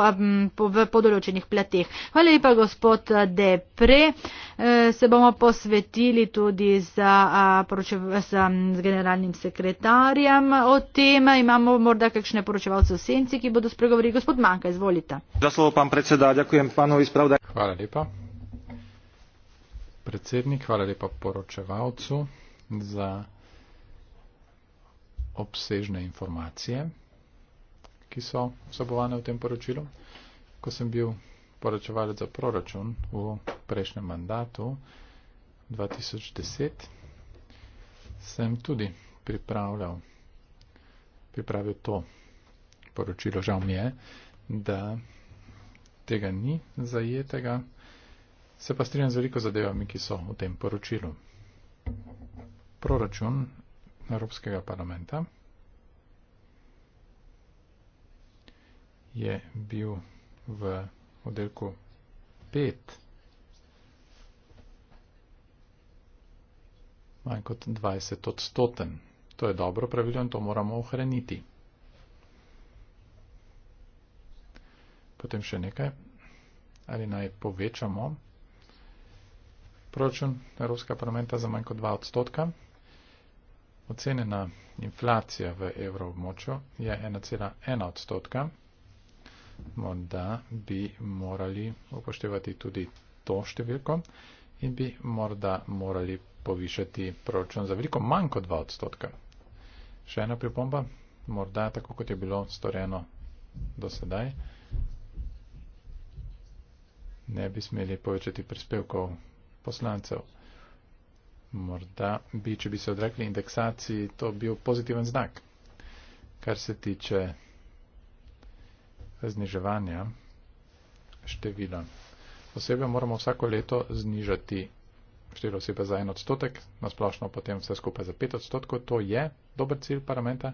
po določenih plateh. Hvala lepa, gospod Dej lepre. Eh, se bomo posvetili tudi z, z, z generalnim sekretarjem o tem. Imamo morda kakšne poročevalce v senci, ki bodo spregovorili. Gospod Manka, izvolite. Za slovo, pan predseda, dajakujem panovi spravda. Hvala lepa. Predsednik, hvala lepa poročevalcu za obsežne informacije, ki so vsebovane v tem poročilu. Ko sem bil poročevalec za proračun v prejšnjem mandatu 2010, sem tudi pripravljal, pripravil to poročilo. Žal mi je, da tega ni zajetega. Se pa strinjam z veliko zadevami, ki so v tem poročilu. Proračun Evropskega parlamenta je bil v oddelku 5 manj kot 20 odstoten. To je dobro pravilo in to moramo ohraniti. Potem še nekaj. Ali naj povečamo proračun Evropskega parlamenta za manj kot 2 odstotka. Ocenjena inflacija v evroobmočju je 1,1 odstotka morda bi morali upoštevati tudi to številko in bi morda morali povišati proračun za veliko manj kot 2 odstotka. Še ena pripomba, morda tako kot je bilo storjeno do sedaj, ne bi smeli povečati prispevkov poslancev. Morda bi, če bi se odrekli indeksaciji, to bil pozitiven znak. Kar se tiče zniževanja števila. Osebe moramo vsako leto znižati število osebe za en odstotek, nasplošno potem vse skupaj za pet odstotkov. To je dober cilj parlamenta.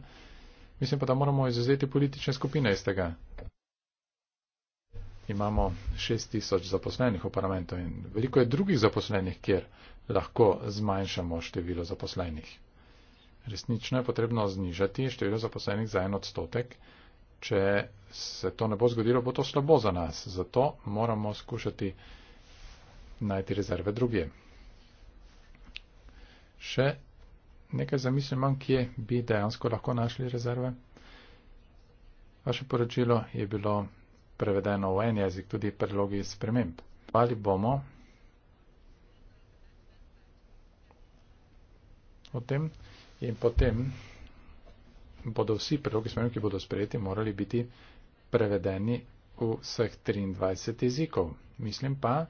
Mislim pa, da moramo izuzeti politične skupine iz tega. Imamo 6000 zaposlenih v parlamentu in veliko je drugih zaposlenih, kjer lahko zmanjšamo število zaposlenih. Resnično je potrebno znižati število zaposlenih za en odstotek če se to ne bo zgodilo, bo to slabo za nas. Zato moramo skušati najti rezerve druge. Še nekaj zamislim, kje bi dejansko lahko našli rezerve. Vaše poročilo je bilo prevedeno v en jezik, tudi predlogi sprememb. Ali bomo o tem in potem bodo vsi predlogi smernic, ki bodo sprejeti, morali biti prevedeni v vseh 23 jezikov. Mislim pa,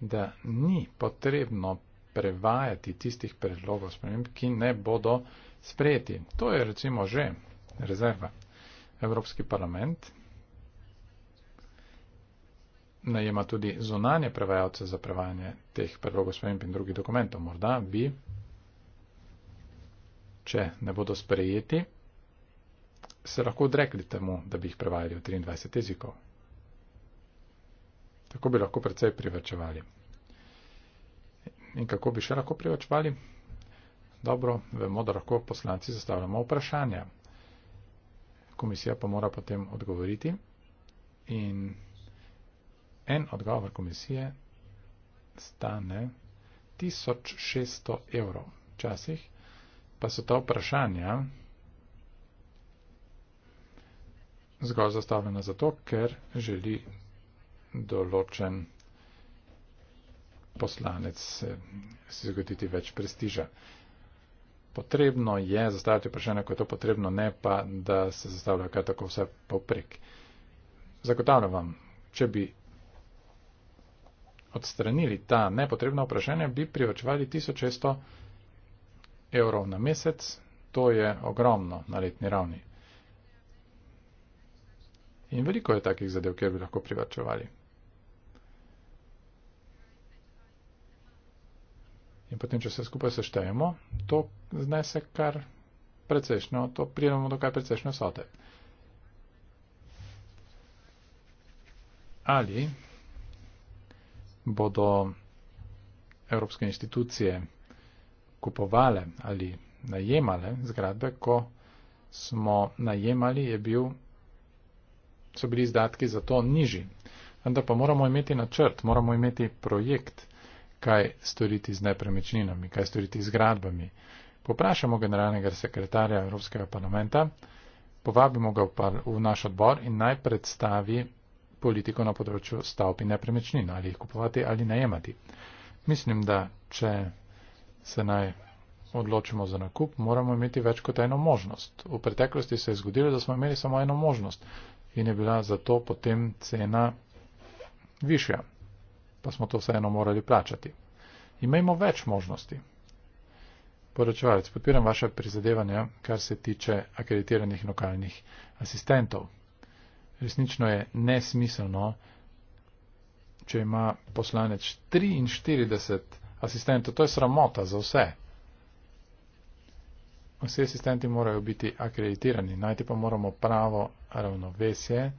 da ni potrebno prevajati tistih predlogov smernic, ki ne bodo sprejeti. To je recimo že rezerva. Evropski parlament najema tudi zunanje prevajalce za prevajanje teh predlogov sprememb in drugih dokumentov. Morda bi, če ne bodo sprejeti, se lahko odrekli temu, da bi jih prevajali v 23 jezikov. Tako bi lahko precej privrčevali. In kako bi še lahko privrčevali? Dobro, vemo, da lahko poslanci zastavljamo vprašanja. Komisija pa mora potem odgovoriti. In en odgovor komisije stane 1600 evrov. Včasih pa so ta vprašanja zgolj zastavljena zato, ker želi določen poslanec eh, si zgoditi več prestiža. Potrebno je zastaviti vprašanje, ko je to potrebno, ne pa, da se zastavlja kaj tako vse poprek. Zagotavljam vam, če bi odstranili ta nepotrebna vprašanja, bi privačevali 1600 evrov na mesec, to je ogromno na letni ravni. In veliko je takih zadev, kjer bi lahko privrčevali. In potem, če se skupaj seštejemo, to znese kar precejšno, to prijemamo do kar precejšne sote. Ali bodo evropske institucije kupovale ali najemale zgradbe, ko smo najemali, je bil so bili izdatki za to nižji. Vendar pa moramo imeti načrt, moramo imeti projekt, kaj storiti z nepremičninami, kaj storiti z gradbami. Poprašamo generalnega sekretarja Evropskega parlamenta, povabimo ga v naš odbor in naj predstavi politiko na področju stavb in nepremičnin, ali jih kupovati ali najemati. Mislim, da če se naj odločimo za nakup, moramo imeti več kot eno možnost. V preteklosti se je zgodilo, da smo imeli samo eno možnost in je bila zato potem cena višja, pa smo to vseeno morali plačati. Imajmo več možnosti. Poročevalec, podpiram vaše prizadevanja, kar se tiče akreditiranih lokalnih asistentov. Resnično je nesmiselno, če ima poslanec 43 asistentov, to je sramota za vse. Vsi asistenti morajo biti akreditirani, najti pa moramo pravo ravnovesje,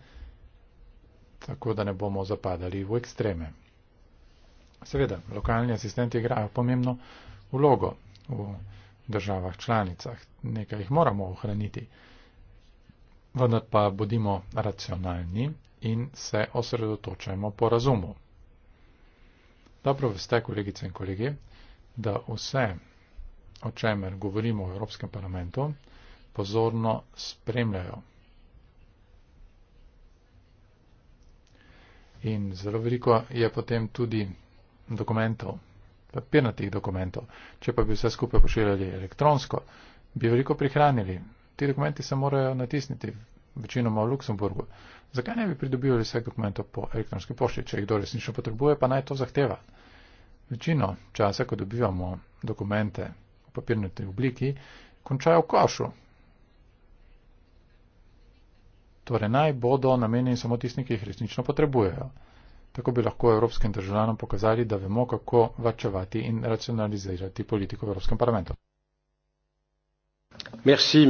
tako da ne bomo zapadali v ekstreme. Seveda, lokalni asistenti igrajo pomembno vlogo v državah članicah, nekaj jih moramo ohraniti. Vendar pa bodimo racionalni in se osredotočajmo po razumu. Dobro veste, kolegice in kolegi, da vse o čemer govorimo v Evropskem parlamentu, pozorno spremljajo. In zelo veliko je potem tudi dokumentov, papirnatih dokumentov. Če pa bi vse skupaj pošiljali elektronsko, bi veliko prihranili. Ti dokumenti se morajo natisniti, večinoma v Luksemburgu. Zakaj ne bi pridobili vseh dokumentov po elektronski pošti, če jih kdo resnično potrebuje, pa naj to zahteva. Večino časa, ko dobivamo dokumente papirnate obliki, končajo v košu. Torej naj bodo namenjeni samo tisti, ki jih resnično potrebujejo. Tako bi lahko evropskim državljanom pokazali, da vemo, kako vačevati in racionalizirati politiko v Evropskem parlamentu. Merci,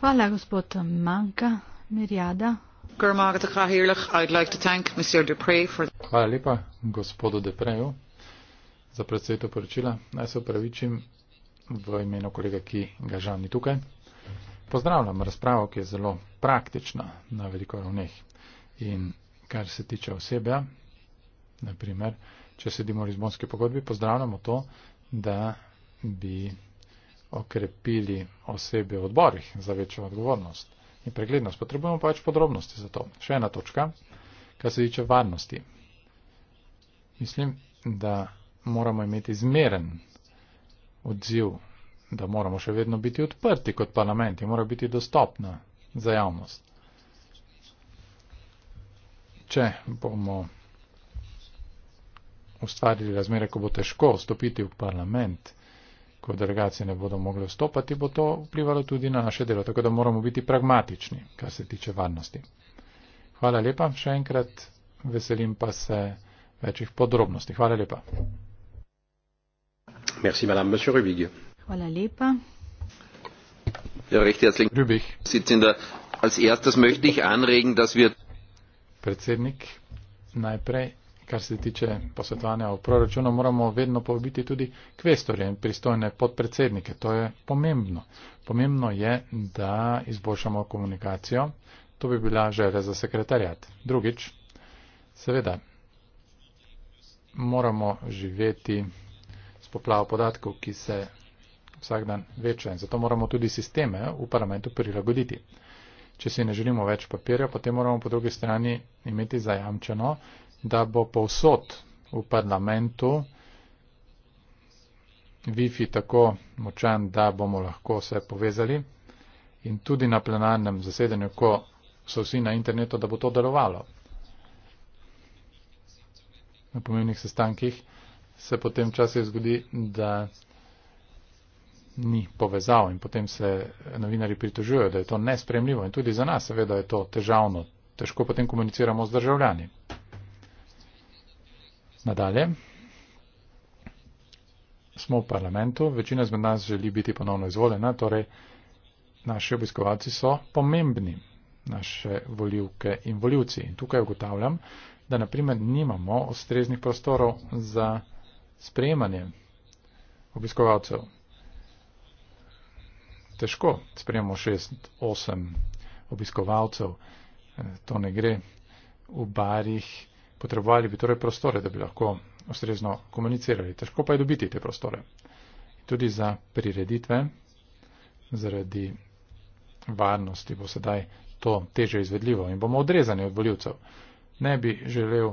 Hvala, gospod Manka, Mirjada. Hvala lepa, gospodu Depreju, za predsedo poročila. Naj se upravičim v imenu kolega, ki ga žal ni tukaj. Pozdravljam razpravo, ki je zelo praktična na veliko ravneh. In kar se tiče osebja, naprimer, če sedimo v Lizbonski pogodbi, pozdravljamo to, da bi okrepili osebe v odborih za večjo odgovornost in preglednost. Potrebujemo pa več podrobnosti za to. Še ena točka, kar se tiče varnosti. Mislim, da moramo imeti zmeren odziv, da moramo še vedno biti odprti kot parlament in mora biti dostopna za javnost. Če bomo ustvarili razmere, ko bo težko vstopiti v parlament, ko delegacije ne bodo mogli vstopati, bo to vplivalo tudi na naše delo. Tako da moramo biti pragmatični, kar se tiče varnosti. Hvala lepa še enkrat, veselim pa se večjih podrobnosti. Hvala lepa recht herzlichen dank herr präsident! als erstes möchte ich anregen dass wir. predsednik najprej kar se tiče posvetovanja o proračunu moramo vedno povabiti tudi kvestorje in pristojne podpredsednike to je pomembno. pomembno je da izboljšamo komunikacijo to bi bila želja za sekretarjat. drugič seveda moramo živeti s poplavo podatkov, ki se vsak dan veča in zato moramo tudi sisteme v parlamentu prilagoditi. Če si ne želimo več papirja, potem moramo po drugi strani imeti zajamčeno, da bo povsod v parlamentu Wi-Fi tako močan, da bomo lahko vse povezali in tudi na plenarnem zasedanju, ko so vsi na internetu, da bo to delovalo. Na pomembnih sestankih se potem včasih zgodi, da ni povezav in potem se novinari pritožujejo, da je to nespremljivo in tudi za nas seveda je to težavno. Težko potem komuniciramo z državljani. Nadalje. Smo v parlamentu, večina izmed nas želi biti ponovno izvoljena, torej naši obiskovalci so pomembni, naše voljivke in voljivci. In tukaj ugotavljam, da naprimer nimamo ustreznih prostorov za sprejemanjem obiskovalcev. Težko sprejemamo 6-8 obiskovalcev, eh, to ne gre. V barih potrebovali bi torej prostore, da bi lahko ustrezno komunicirali. Težko pa je dobiti te prostore. Tudi za prireditve, zaradi varnosti bo sedaj to teže izvedljivo in bomo odrezani od voljivcev. Ne bi želel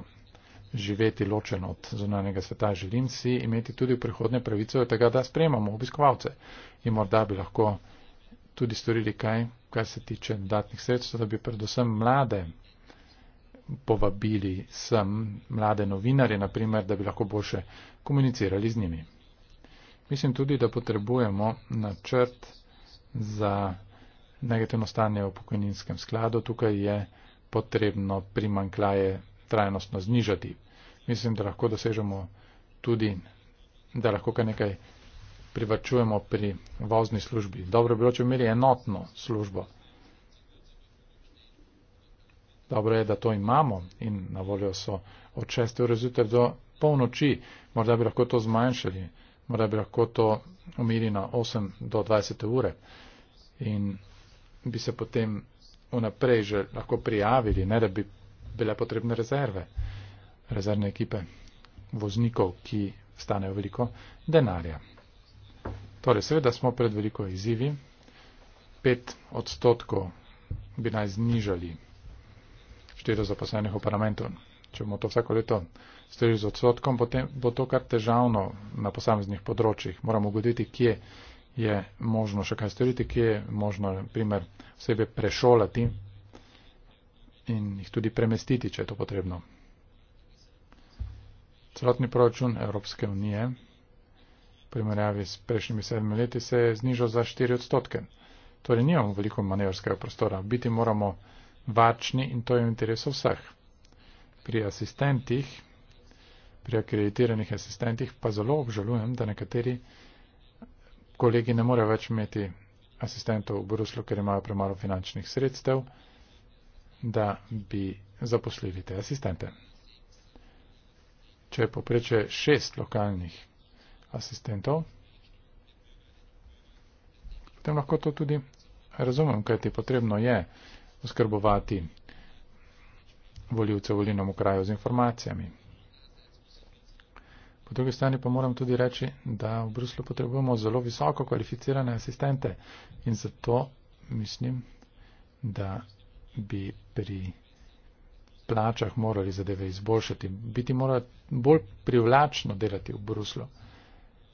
živeti ločen od zunanjega sveta, želim si imeti tudi v prihodnje pravico od tega, da sprejemamo obiskovalce. In morda bi lahko tudi storili kaj, kar se tiče dodatnih sredstev, da bi predvsem mlade povabili sem, mlade novinarje, naprimer, da bi lahko boljše komunicirali z njimi. Mislim tudi, da potrebujemo načrt za negativno stanje v pokojninskem skladu. Tukaj je potrebno primankljaje trajnostno znižati mislim, da lahko dosežemo tudi, da lahko kar nekaj privačujemo pri vozni službi. Dobro bi bilo, če bi imeli enotno službo. Dobro je, da to imamo in na voljo so od 6. ure zjutraj do polnoči. Morda bi lahko to zmanjšali, morda bi lahko to umirili na 8 do 20. ure in bi se potem vnaprej že lahko prijavili, ne da bi bile potrebne rezerve rezervne ekipe voznikov, ki stanejo veliko denarja. Torej, seveda smo pred veliko izzivi. 5 odstotkov bi naj znižali število zaposlenih v parlamentu. Če bomo to vsako leto storili z odstotkom, potem bo to kar težavno na posameznih področjih. Moramo ugoditi, kje je možno še kaj storiti, kje je možno, na primer, sebe prešolati in jih tudi premestiti, če je to potrebno. Celotni proračun Evropske unije v primerjavi s prejšnjimi sedmimi leti se je znižal za 4 odstotke. Torej nimamo veliko manevrskega prostora. Biti moramo varčni in to je v interesu vseh. Pri asistentih, pri akreditiranih asistentih pa zelo obžalujem, da nekateri kolegi ne morejo več imeti asistentov v Bruslu, ker imajo premalo finančnih sredstev, da bi zaposlili te asistente če je poprečje šest lokalnih asistentov, potem lahko to tudi razumem, kaj ti potrebno je oskrbovati voljivce v volilnem kraju z informacijami. Po drugi strani pa moram tudi reči, da v Bruslu potrebujemo zelo visoko kvalificirane asistente in zato mislim, da bi pri plačah morali zadeve izboljšati, biti mora bolj privlačno delati v Bruslu.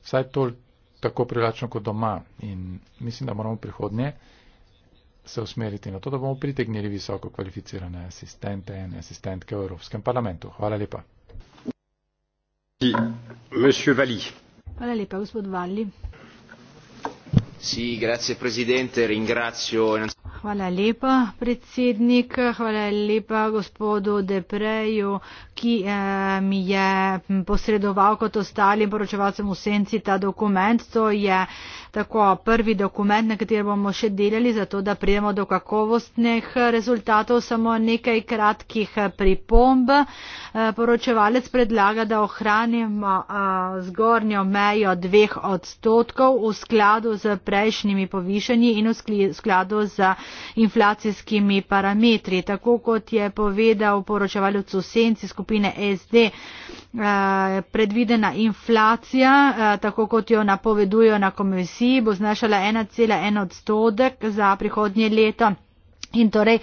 Vsaj to tako privlačno kot doma in mislim, da moramo prihodnje se usmeriti na to, da bomo pritegnili visoko kvalificirane asistente in asistentke v Evropskem parlamentu. Hvala lepa. Hvala lepa, gospod Valli. Si, grazie, Hvala lepa, predsednik. Hvala lepa gospodu Depreju, ki eh, mi je posredoval kot ostalim poročevalcem v senci ta dokument. To je tako prvi dokument, na katerem bomo še delali, zato da prijemo do kakovostnih rezultatov. Samo nekaj kratkih eh, pripomb. Eh, poročevalec predlaga, da ohranimo zgornjo mejo dveh odstotkov v skladu z prejšnjimi povišanji in v skladu z inflacijskimi parametri. Tako kot je povedal poročevalec Senci skupine SD, eh, predvidena inflacija, eh, tako kot jo napovedujo na komisiji, bo znašala 1,1 odstotek za prihodnje leto. In torej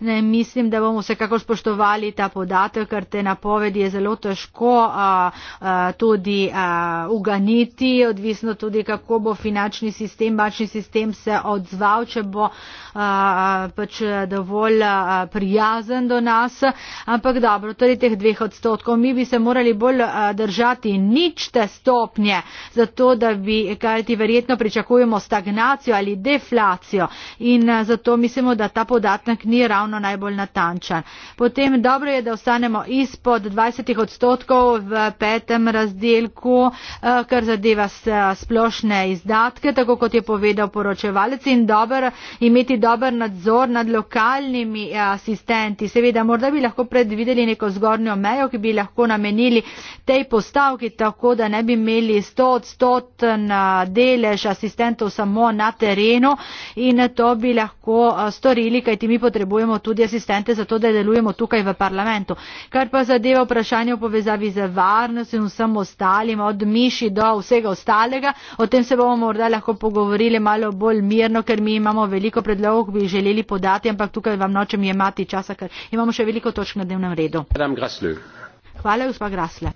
Ne, mislim, da bomo vsekako spoštovali ta podatek, ker te napovedi je zelo težko a, a, tudi a, uganiti, odvisno tudi, kako bo finančni sistem, bančni sistem se odzval, če bo a, a, pač dovolj a, prijazen do nas. Ampak dobro, tudi torej teh dveh odstotkov. Mi bi se morali bolj a, držati nič te stopnje, zato da bi, kaj ti verjetno pričakujemo, stagnacijo ali deflacijo. In a, zato mislimo, da ta podatek ni ravno ravno najbolj natančen. Potem dobro je, da ostanemo izpod 20 odstotkov v petem razdelku, eh, kar zadeva eh, splošne izdatke, tako kot je povedal poročevalec in dober, imeti dober nadzor nad lokalnimi eh, asistenti. Seveda, morda bi lahko predvideli neko zgornjo mejo, ki bi lahko namenili tej postavki, tako da ne bi imeli 100 odstoten delež asistentov samo na terenu in to bi lahko storili, kajti mi potrebujemo tudi asistente za to, da delujemo tukaj v parlamentu. Kar pa zadeva vprašanje v povezavi z varnostjo in vsem ostalim, od miši do vsega ostalega, o tem se bomo morda lahko pogovorili malo bolj mirno, ker mi imamo veliko predlogov, ki bi želeli podati, ampak tukaj vam nočem jemati časa, ker imamo še veliko točk na dnevnem redu. Hvala, gospa Grasle.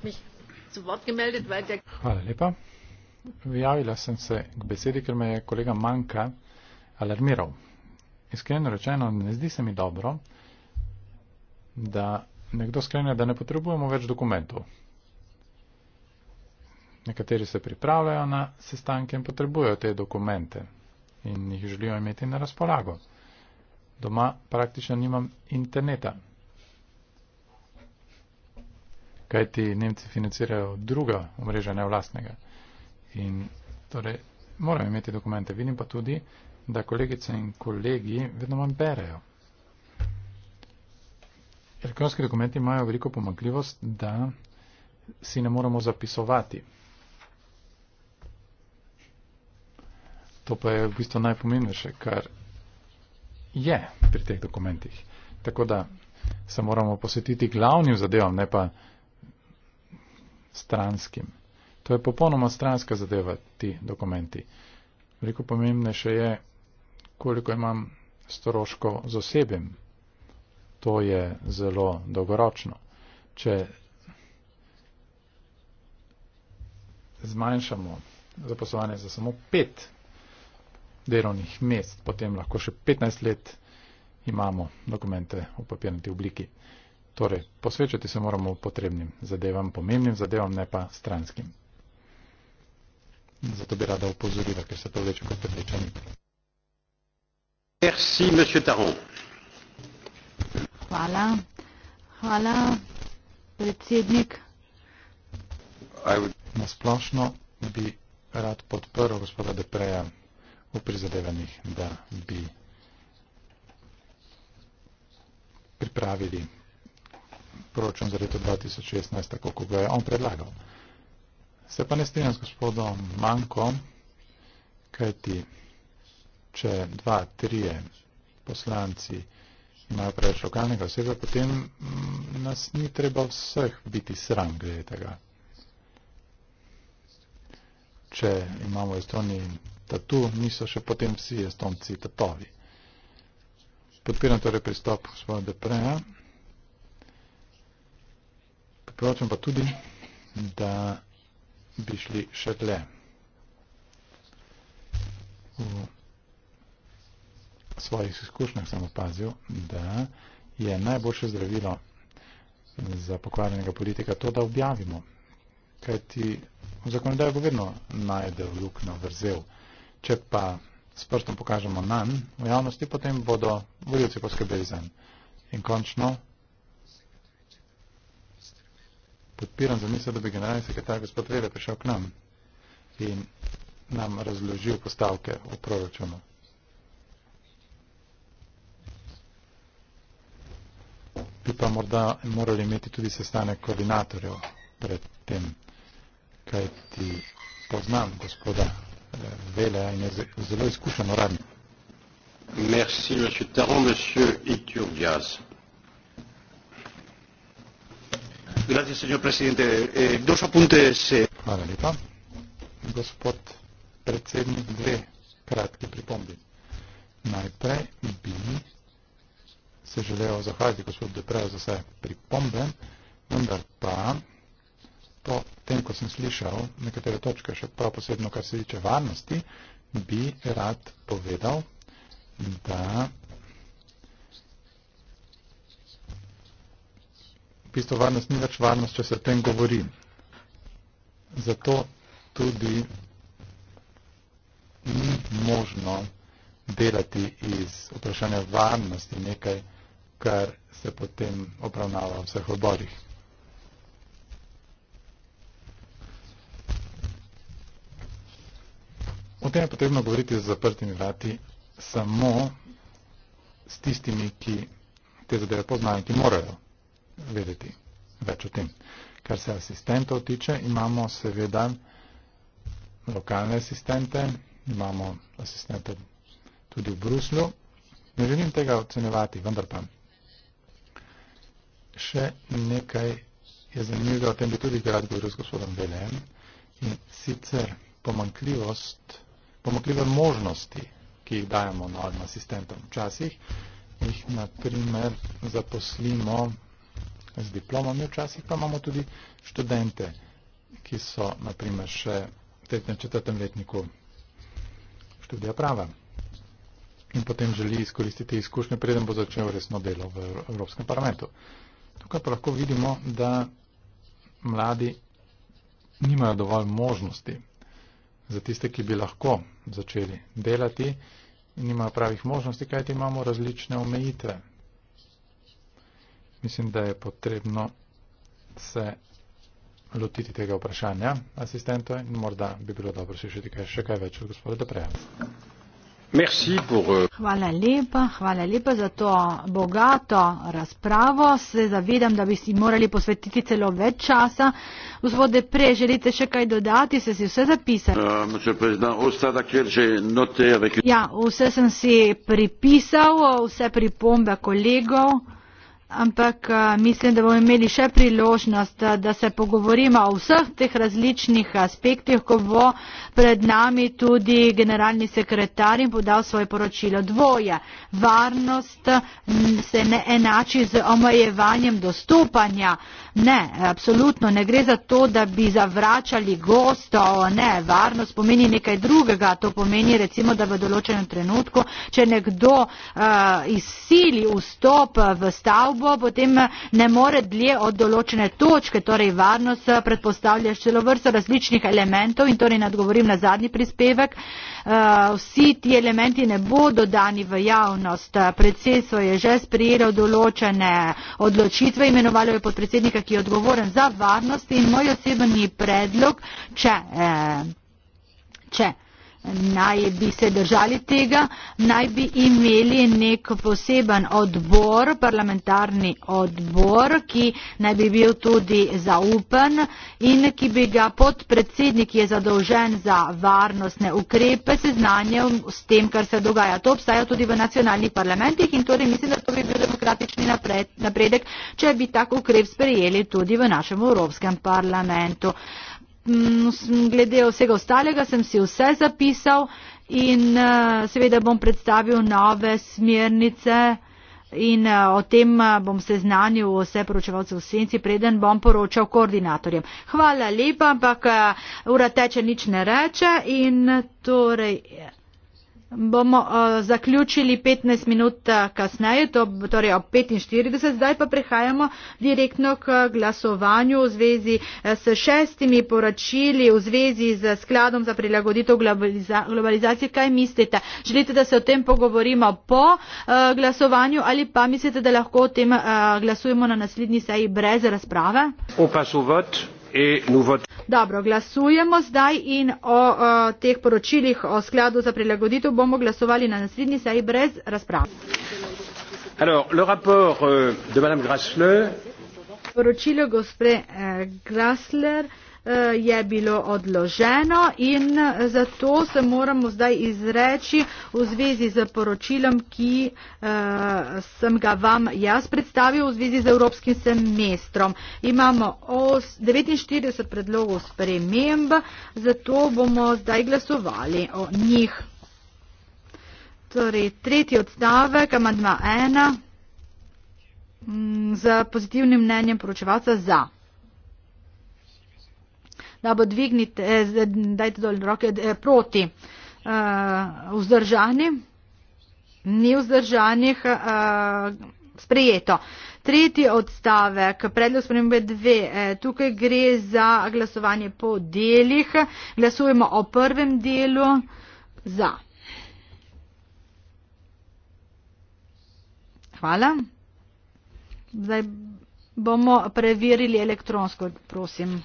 Hvala lepa. Vjavila sem se k besedi, ker me je kolega Manka alarmiral iskreno rečeno, ne zdi se mi dobro, da nekdo sklene, da ne potrebujemo več dokumentov. Nekateri se pripravljajo na sestanke in potrebujejo te dokumente in jih želijo imeti na razpolago. Doma praktično nimam interneta. Kaj ti Nemci financirajo druga omrežja, ne vlastnega. In torej moram imeti dokumente. Vidim pa tudi, da kolegice in kolegi vedno manj berejo. Elektronski dokumenti imajo veliko pomakljivost, da si ne moramo zapisovati. To pa je v bistvu najpomembnejše, kar je pri teh dokumentih. Tako da se moramo posvetiti glavnim zadevam, ne pa stranskim. To je popolnoma stranska zadeva, ti dokumenti. Veliko pomembnejše je, koliko imam stroško z osebjem. To je zelo dolgoročno. Če zmanjšamo zaposlovanje za samo pet delovnih mest, potem lahko še 15 let imamo dokumente v papirnati obliki. Torej, posvečati se moramo potrebnim zadevam, pomembnim zadevam, ne pa stranskim. Zato bi rada upozorila, ker se to več kot prepričani. Merci, Monsieur Taron. Hvala. Hvala, predsednik. Na splošno bi rad podprl gospoda Depreja v prizadevanjih, da bi pripravili proračun za leto 2016, tako kot ga je on predlagal. Se pa ne strinjam s gospodom Mankom, kajti če dva, trije poslanci imajo preveč lokalnega vsega, potem mm, nas ni treba vseh biti sram glede tega. Če imamo v Estoniji tatu, niso še potem vsi Estonci tatovi. Podpiram torej pristop gospoda Depreja. Priporočam pa tudi, da bi šli še dlje svojih izkušnjah sem opazil, da je najboljše zdravilo za pokvarjenega politika to, da objavimo. Kaj ti v zakonodaju bo vedno najdel lukno vrzel. Če pa s prstom pokažemo nam v javnosti, potem bodo voljivci poskrbeli za In končno podpiram za misel, da bi generalni sekretar gospod Vele prišel k nam in nam razložil postavke v proračunu. bi pa morda morali imeti tudi sestanek koordinatorjev pred tem, kaj ti poznam gospoda eh, Vele in je zelo izkušen uradnik. Merci, monsieur Taron, monsieur Iturgias. Gracias, señor presidente. Eh, dos apuntes. Eh. Hvala lepa. Gospod predsednik, dve kratke pripombe. Najprej bi se želel zahvaliti gospod Deprez za vse pripombe, vendar pa po tem, ko sem slišal nekatere točke, še prav posebno, kar se tiče varnosti, bi rad povedal, da v bistvu varnost ni več varnost, če se o tem govori. Zato tudi ni možno delati iz vprašanja varnosti nekaj, kar se potem obravnava v vseh oborih. O tem je potrebno govoriti z zaprtimi vrati samo s tistimi, ki te zadeve poznajo in ki morajo vedeti več o tem. Kar se asistentov tiče, imamo seveda lokalne asistente, imamo asistente tudi v Bruslju. Ne želim tega ocenjevati, vendar pa še nekaj je zanimivo, o tem bi tudi rad govoril z gospodom Velen, in sicer pomankljivost, pomankljive možnosti, ki jih dajemo novim asistentom. Včasih jih na primer zaposlimo z diplomami, včasih pa imamo tudi študente, ki so na primer še v tretjem, četrtem letniku študija prava in potem želi izkoristiti izkušnje, preden bo začel resno delo v Evropskem parlamentu. Tukaj pa lahko vidimo, da mladi nimajo dovolj možnosti za tiste, ki bi lahko začeli delati in nimajo pravih možnosti, kajti imamo različne omejitve. Mislim, da je potrebno se lotiti tega vprašanja asistentov in morda bi bilo dobro slišati kaj še kaj več od gospoda Deprejana. Pour, uh... Hvala lepa, hvala lepa za to bogato razpravo. Se zavedam, da bi si morali posvetiti celo več časa. Gospode Pre, želite še kaj dodati? Se si vse zapisali? Uh, avec... Ja, vse sem si pripisal, vse pripombe kolegov ampak eh, mislim, da bomo imeli še priložnost, eh, da se pogovorimo o vseh teh različnih aspektih, ko bo pred nami tudi generalni sekretar in podal svoje poročilo. Dvoje. Varnost se ne enači z omejevanjem dostopanja. Ne, absolutno ne gre za to, da bi zavračali gostov. Ne, varnost pomeni nekaj drugega. To pomeni recimo, da v določenem trenutku, če nekdo uh, izsili vstop v stavko, stavbo, potem eh, ne more dlje od določene točke, torej varnost eh, predpostavlja šelo vrsto različnih elementov in torej nadgovorim na zadnji prispevek. Eh, vsi ti elementi ne bodo dani v javnost. Predsedstvo je že sprijelo določene odločitve, imenovalo je podpredsednika, ki je odgovoren za varnost in moj osebni predlog, če. Eh, če naj bi se držali tega, naj bi imeli nek poseben odbor, parlamentarni odbor, ki naj bi bil tudi zaupen in ki bi ga podpredsednik, ki je zadolžen za varnostne ukrepe, seznanjal s tem, kar se dogaja. To obstaja tudi v nacionalnih parlamentih in torej mislim, da to bi bil demokratični napredek, če bi tak ukrep sprejeli tudi v našem Evropskem parlamentu. Mm, glede vsega ostalega sem si vse zapisal in eh, seveda bom predstavil nove smernice in eh, o tem eh, bom seznanil vse poročevalce v senci, preden bom poročal koordinatorjem. Hvala lepa, ampak ura teče, nič ne reče in torej bomo uh, zaključili 15 minut eh, kasneje, to, torej ob 45. Zdaj pa prehajamo direktno k glasovanju v zvezi eh, s šestimi poročili, v zvezi z skladom za prilagoditev globaliza globalizacije. Kaj mislite? Želite, da se o tem pogovorimo po uh, glasovanju ali pa mislite, da lahko o tem uh, glasujemo na naslednji seji brez razprave? E Dobro, glasujemo zdaj in o, o teh poročilih o skladu za prilagoditev bomo glasovali na naslednji seji brez razprav. Alors, le rapport, euh, de Poročilo gospe eh, Grasler. Eh, je bilo odloženo in zato se moramo zdaj izreči v zvezi z poročilom, ki eh, sem ga vam jaz predstavil v zvezi z evropskim semestrom. Imamo 49 predlogov sprememb, zato bomo zdaj glasovali o njih. Torej, tretji odstavek, amandma ena, z mm, pozitivnim mnenjem poročevalca za da bo dvignite, eh, dajte dol roke eh, proti eh, vzdržanim, ni vzdržanih sprejeto. Tretji odstavek, predlog spremembe dve, tukaj gre za glasovanje po delih, glasujemo o prvem delu za. Hvala. Zdaj bomo preverili elektronsko, prosim.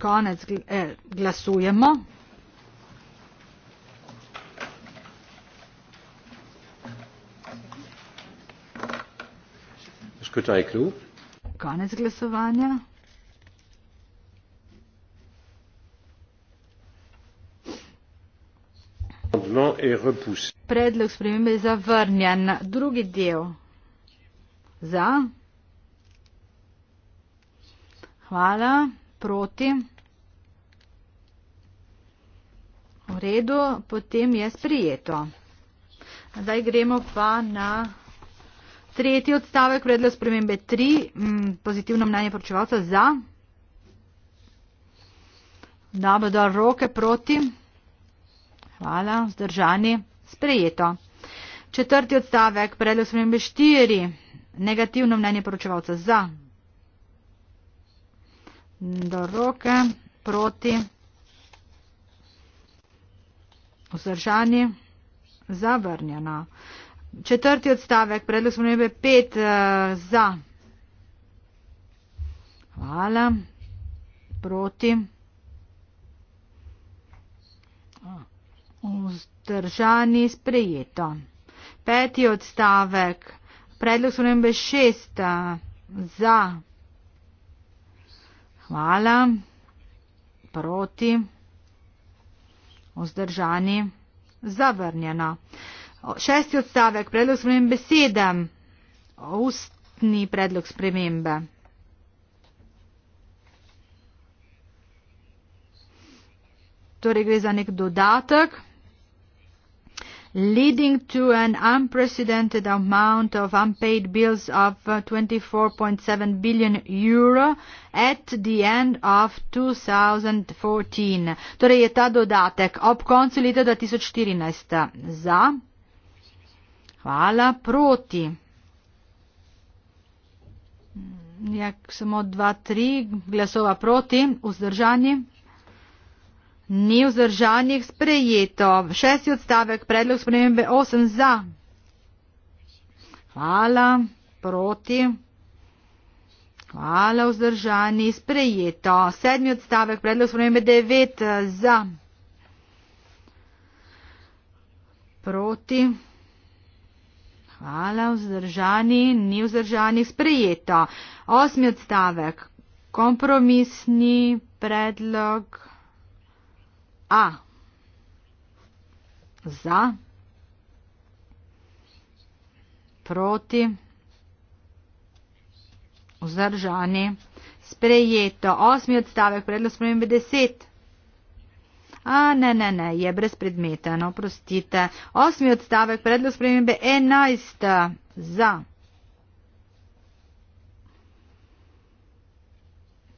Konec eh, glasujemo. Konec glasovanja. Predlog spremembe je zavrnjen. Drugi del. Za. Hvala. Proti. V redu, potem je sprijeto. Zdaj gremo pa na tretji odstavek predlog spremembe 3. M, mm, pozitivno mnenje poročevalca za. Da bodo roke proti. Hvala, zdržani. Sprejeto. Četrti odstavek predlog spremembe 4. Negativno mnenje poročevalca za do roke, proti, vzdržani, zavrnjeno. Četrti odstavek, predlog smo nebe pet eh, za. Hvala, proti, vzdržani, sprejeto. Peti odstavek, predlog smo nebe šest eh, za. Hvala. Proti. Ozdržani. Zavrnjeno. Šesti odstavek. Predlog spremembe sedem. Ustni predlog spremembe. Torej gre za nek dodatek leading to an unprecedented amount of unpaid bills of 24.7 uh, billion euro at the end of 2014. Torej je ta dodatek ob koncu leta 2014. Za? Hvala. Proti? Ja, samo dva, tri glasova proti. Vzdržani? Ni vzdržanih sprejeto. Šesti odstavek, predlog spremembe 8 za. Hvala, proti. Hvala, vzdržani, sprejeto. Sedmi odstavek, predlog spremembe 9 eh, za. Proti. Hvala, vzdržani, ni vzdržani, sprejeto. Osmi odstavek, kompromisni predlog. A za, proti, vzdržani, sprejeto. Osmi odstavek, predlog spremembe deset. A, ne, ne, ne, je brezpredmeten, oprostite. Osmi odstavek, predlog spremembe enajst, za,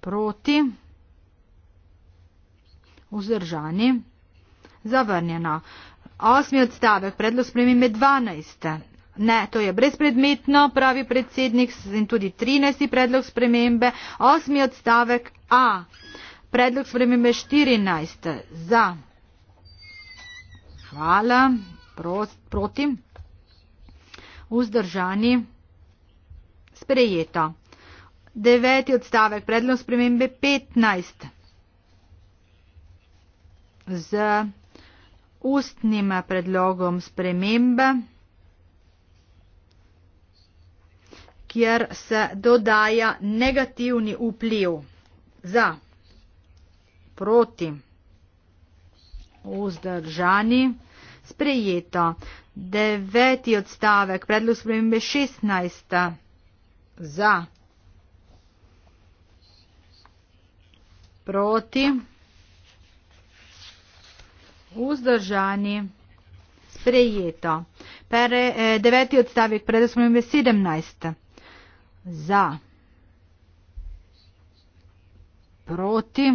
proti vzdržani. Zavrnjeno. Osmi odstavek, predlog spremembe 12. Ne, to je brezpredmetno, pravi predsednik in tudi 13. predlog spremembe. Osmi odstavek A. Predlog spremembe 14. Za. Hvala. Prost, proti. Vzdržani. Sprejeto. Deveti odstavek, predlog spremembe 15 z ustnim predlogom spremembe, kjer se dodaja negativni vpliv za proti vzdržani sprejeto. Deveti odstavek, predlog spremembe 16 za proti vzdržani. Vzdržani. Sprejeto. Pere, eh, deveti odstavek, prej smo imeli sedemnajst. Za. Proti.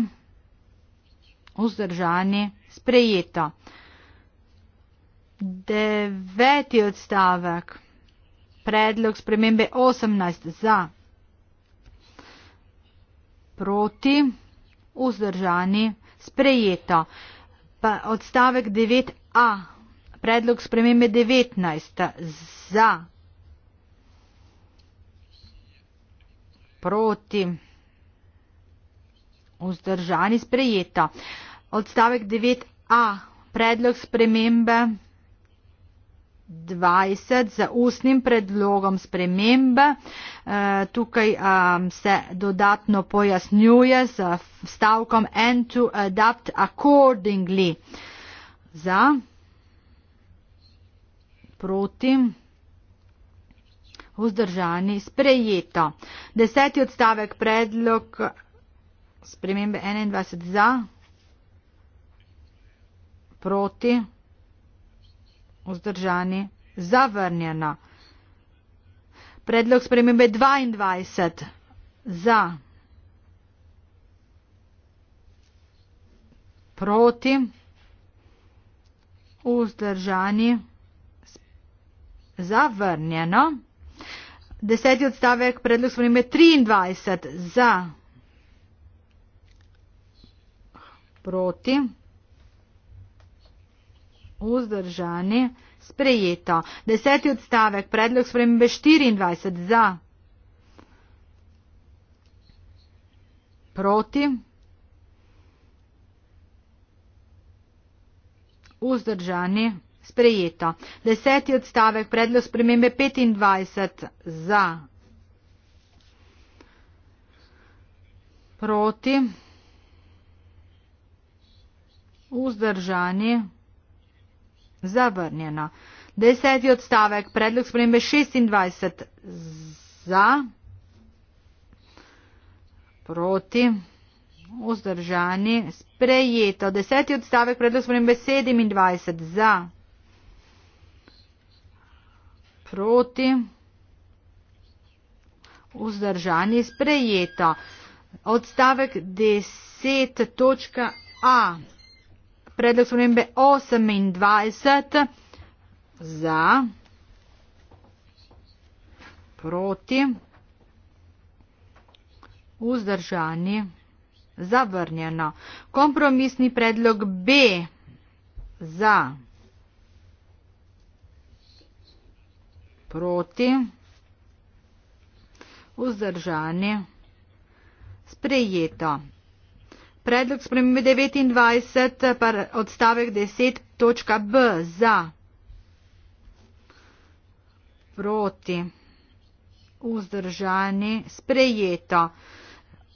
Vzdržani. Sprejeto. Deveti odstavek. Predlog spremembe 18 za. Proti. Vzdržani. Sprejeto. Uh, pa odstavek 9a, predlog spremembe 19. Za, proti, vzdržani, sprejeta. Odstavek 9a, predlog spremembe 19. 20 z ustnim predlogom spremembe. Eh, tukaj eh, se dodatno pojasnjuje z stavkom and to adapt accordingly za proti vzdržani sprejeto. Deseti odstavek predlog spremembe 21 za proti vzdržani, zavrnjena. Predlog spremembe 22 za, proti, vzdržani, zavrnjeno. Deseti odstavek predlog spremembe 23 za, proti, vzdržani, zavrnjeno. Vzdržani. Sprejeto. Deseti odstavek. Predlog spremembe 24. Za. Proti. Vzdržani. Sprejeto. Deseti odstavek. Predlog spremembe 25. Za. Proti. Vzdržani. Sprejeto. Zavrnjeno. Deseti odstavek, predlog spremembe 26 za, proti, vzdržani, sprejeto. Deseti odstavek, predlog spremembe 27 za, proti, vzdržani, sprejeto. Odstavek 10.a predlog spremembe 28 za, proti, vzdržani, zavrnjeno. Kompromisni predlog B za, proti, vzdržani, sprejeto. Predlog spremembe 29, odstavek 10, točka B za. Proti. Vzdržani. Sprejeto.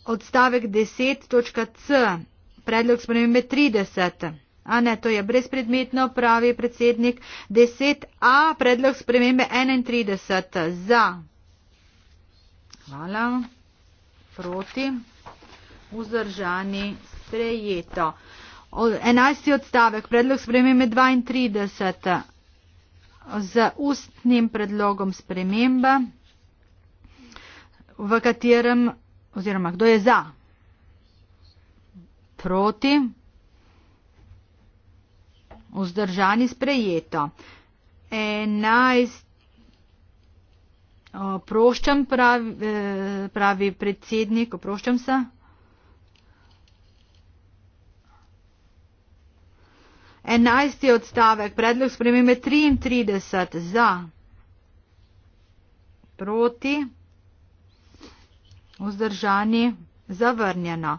Odstavek 10, točka C. Predlog spremembe 30. A ne, to je brezpredmetno, pravi predsednik. 10a, predlog spremembe 31. Za. Hvala. Proti vzdržani sprejeto. 11. odstavek, predlog spremembe 32 z ustnim predlogom spremembe, v katerem, oziroma kdo je za, proti, vzdržani sprejeto. 11. Oproščam, pravi, eh, pravi predsednik, oproščam se. Enajsti odstavek, predlog spremembe 33 za, proti, vzdržani, zavrnjeno.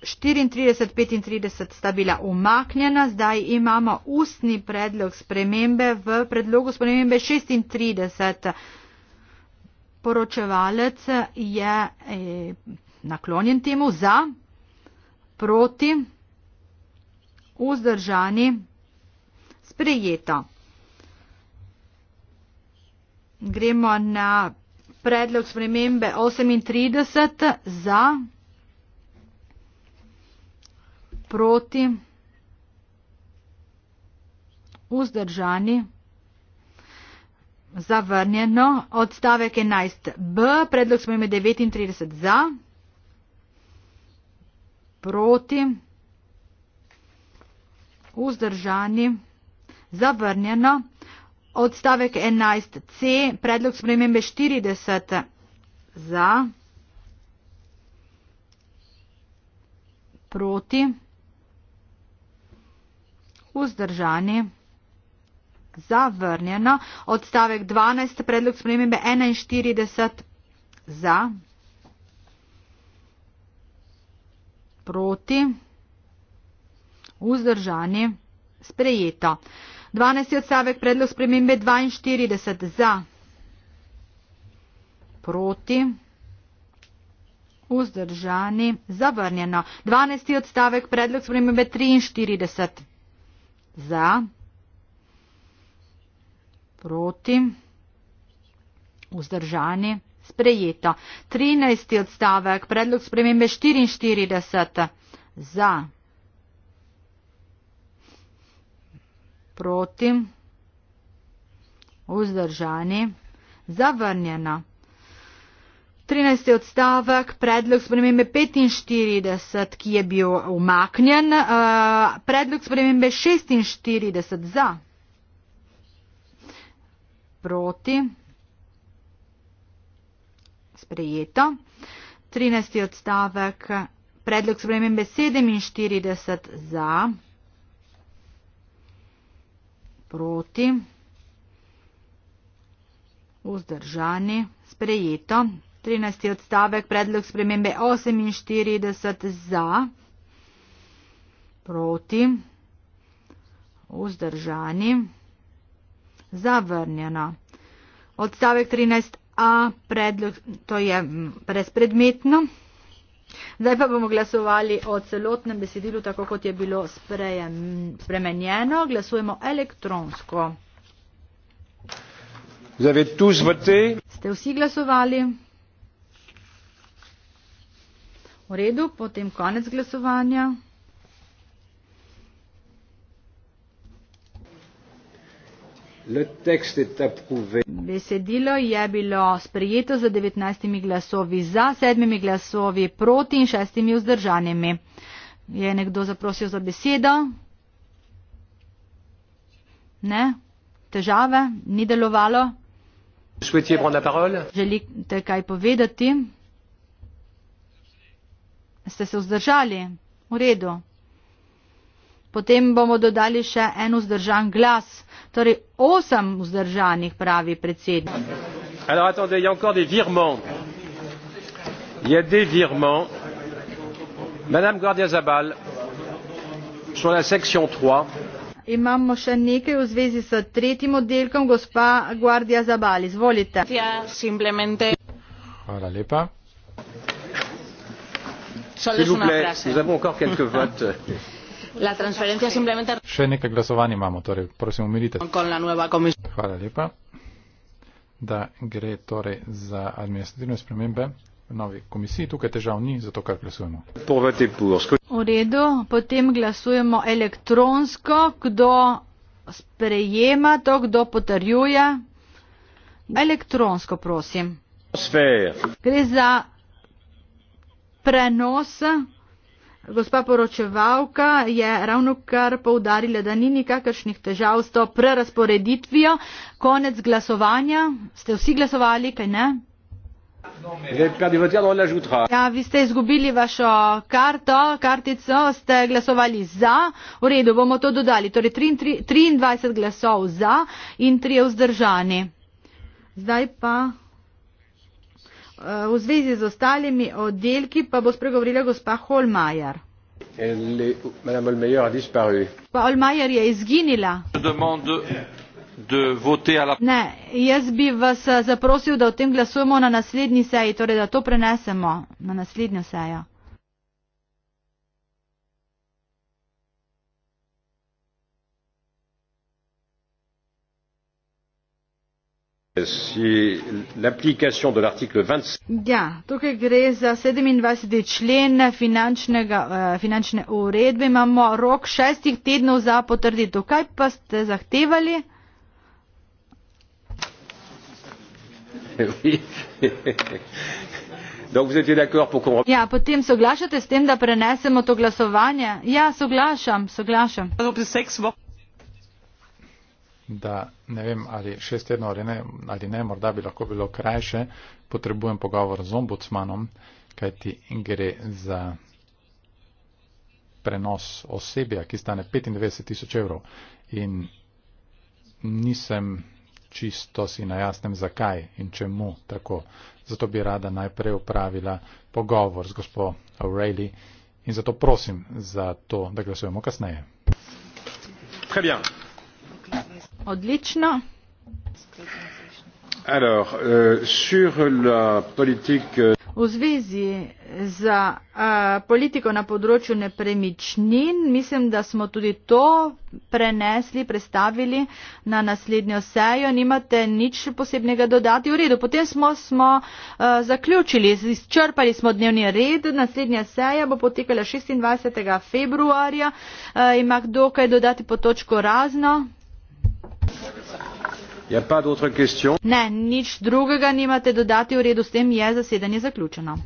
34, 35 sta bila umaknjena, zdaj imamo ustni predlog spremembe v predlogu spremembe 36. Poročevalec je eh, naklonjen temu za proti, vzdržani, sprejeto. Gremo na predlog spremembe 38 za, proti, vzdržani, zavrnjeno, odstavek 11b, predlog spremembe 39 za proti, vzdržani, zavrnjeno. Odstavek 11c, predlog spremembe 40 za, proti, vzdržani, zavrnjeno. Odstavek 12, predlog spremembe 41 za. proti, vzdržani, sprejeto. 12. odstavek predlog spremembe 42 za, proti, vzdržani, zavrnjeno. 12. odstavek predlog spremembe 43 za, proti, vzdržani, zavrnjeno sprejeto. 13. odstavek, predlog spremembe 44. Za. Proti. Vzdržani. Zavrnjeno. 13. odstavek, predlog spremembe 45, ki je bil umaknjen, uh, predlog spremembe 46 za, proti, sprejeto. 13. odstavek, predlog spremembe 47 za, proti, vzdržani, sprejeto. 13. odstavek, predlog spremembe 48 za, proti, vzdržani, zavrnjeno. Odstavek 13. A predlog, to je mm, brezpredmetno. Zdaj pa bomo glasovali o celotnem besedilu, tako kot je bilo spremenjeno. Glasujemo elektronsko. Ste vsi glasovali? V redu, potem konec glasovanja. Besedilo je bilo sprejeto z 19 glasovi za, 7 glasovi proti in 6 vzdržanimi. Je nekdo zaprosil za besedo? Ne? Težave? Ni delovalo? Želite kaj povedati? Ste se vzdržali? V redu. Potem bomo dodali še en vzdržan glas torej osem vzdržanih pravi predsednik. Alors attendez, il y a encore des virements. Il y a des virements. Madame Guardia Zabal, sur la section 3. Imamo še nekaj v zvezi s tretjim oddelkom, gospa Guardia Zabal, izvolite. Hvala lepa. S'il vous plaît, nous avons encore quelques votes. [laughs] La transferencia simplemente... Še nekaj glasovanj imamo, torej prosim umirite. Hvala lepa, da gre torej za administrativne spremembe v novi komisiji. Tukaj težav ni, zato kar glasujemo. V redu, potem glasujemo elektronsko, kdo sprejema to, kdo potrjuje. Elektronsko, prosim. Sfer. Gre za prenos Gospa poročevalka je ravno kar povdarila, da ni nikakršnih težav s to prerasporeditvijo. Konec glasovanja. Ste vsi glasovali, kaj ne? Ja, vi ste izgubili vašo karto, kartico, ste glasovali za. V redu, bomo to dodali. Torej 23 glasov za in 3 vzdržani. Zdaj pa. Eh, v zvezi z ostalimi oddelki pa bo spregovorila gospa Holmajer. Gospa Holmajer je izginila. Ne, jaz bi vas eh, zaprosil, da o tem glasujemo na naslednji seji, torej da to prenesemo na naslednjo sejo. Ja, tukaj gre za 27. člen finančnega, eh, finančne uredbe. Imamo rok šestih tednov za potrditev. Kaj pa ste zahtevali? [laughs] Ja, potem soglašate s tem, da prenesemo to glasovanje? Ja, soglašam, soglašam da ne vem, ali šest tednov ali ne, ali ne, morda bi lahko bilo krajše, potrebujem pogovor z ombudsmanom, kajti gre za prenos osebja, ki stane 95 tisoč evrov in nisem čisto si na jasnem, zakaj in čemu tako. Zato bi rada najprej upravila pogovor z gospo O'Reilly in zato prosim za to, da glasujemo kasneje. Très bien. Odlično. Alors, euh, sur la politique... Euh, v zvezi z uh, politiko na področju nepremičnin mislim, da smo tudi to prenesli, predstavili na naslednjo sejo. Nimate nič posebnega dodati. V redu, potem smo, smo uh, zaključili, izčrpali smo dnevni red. Naslednja seja bo potekala 26. februarja. Uh, ima kdo kaj dodati po točko razno? Je pa drugo vprašanje? Ne, nič drugega nimate dodati, v redu s tem je zasedanje zaključeno.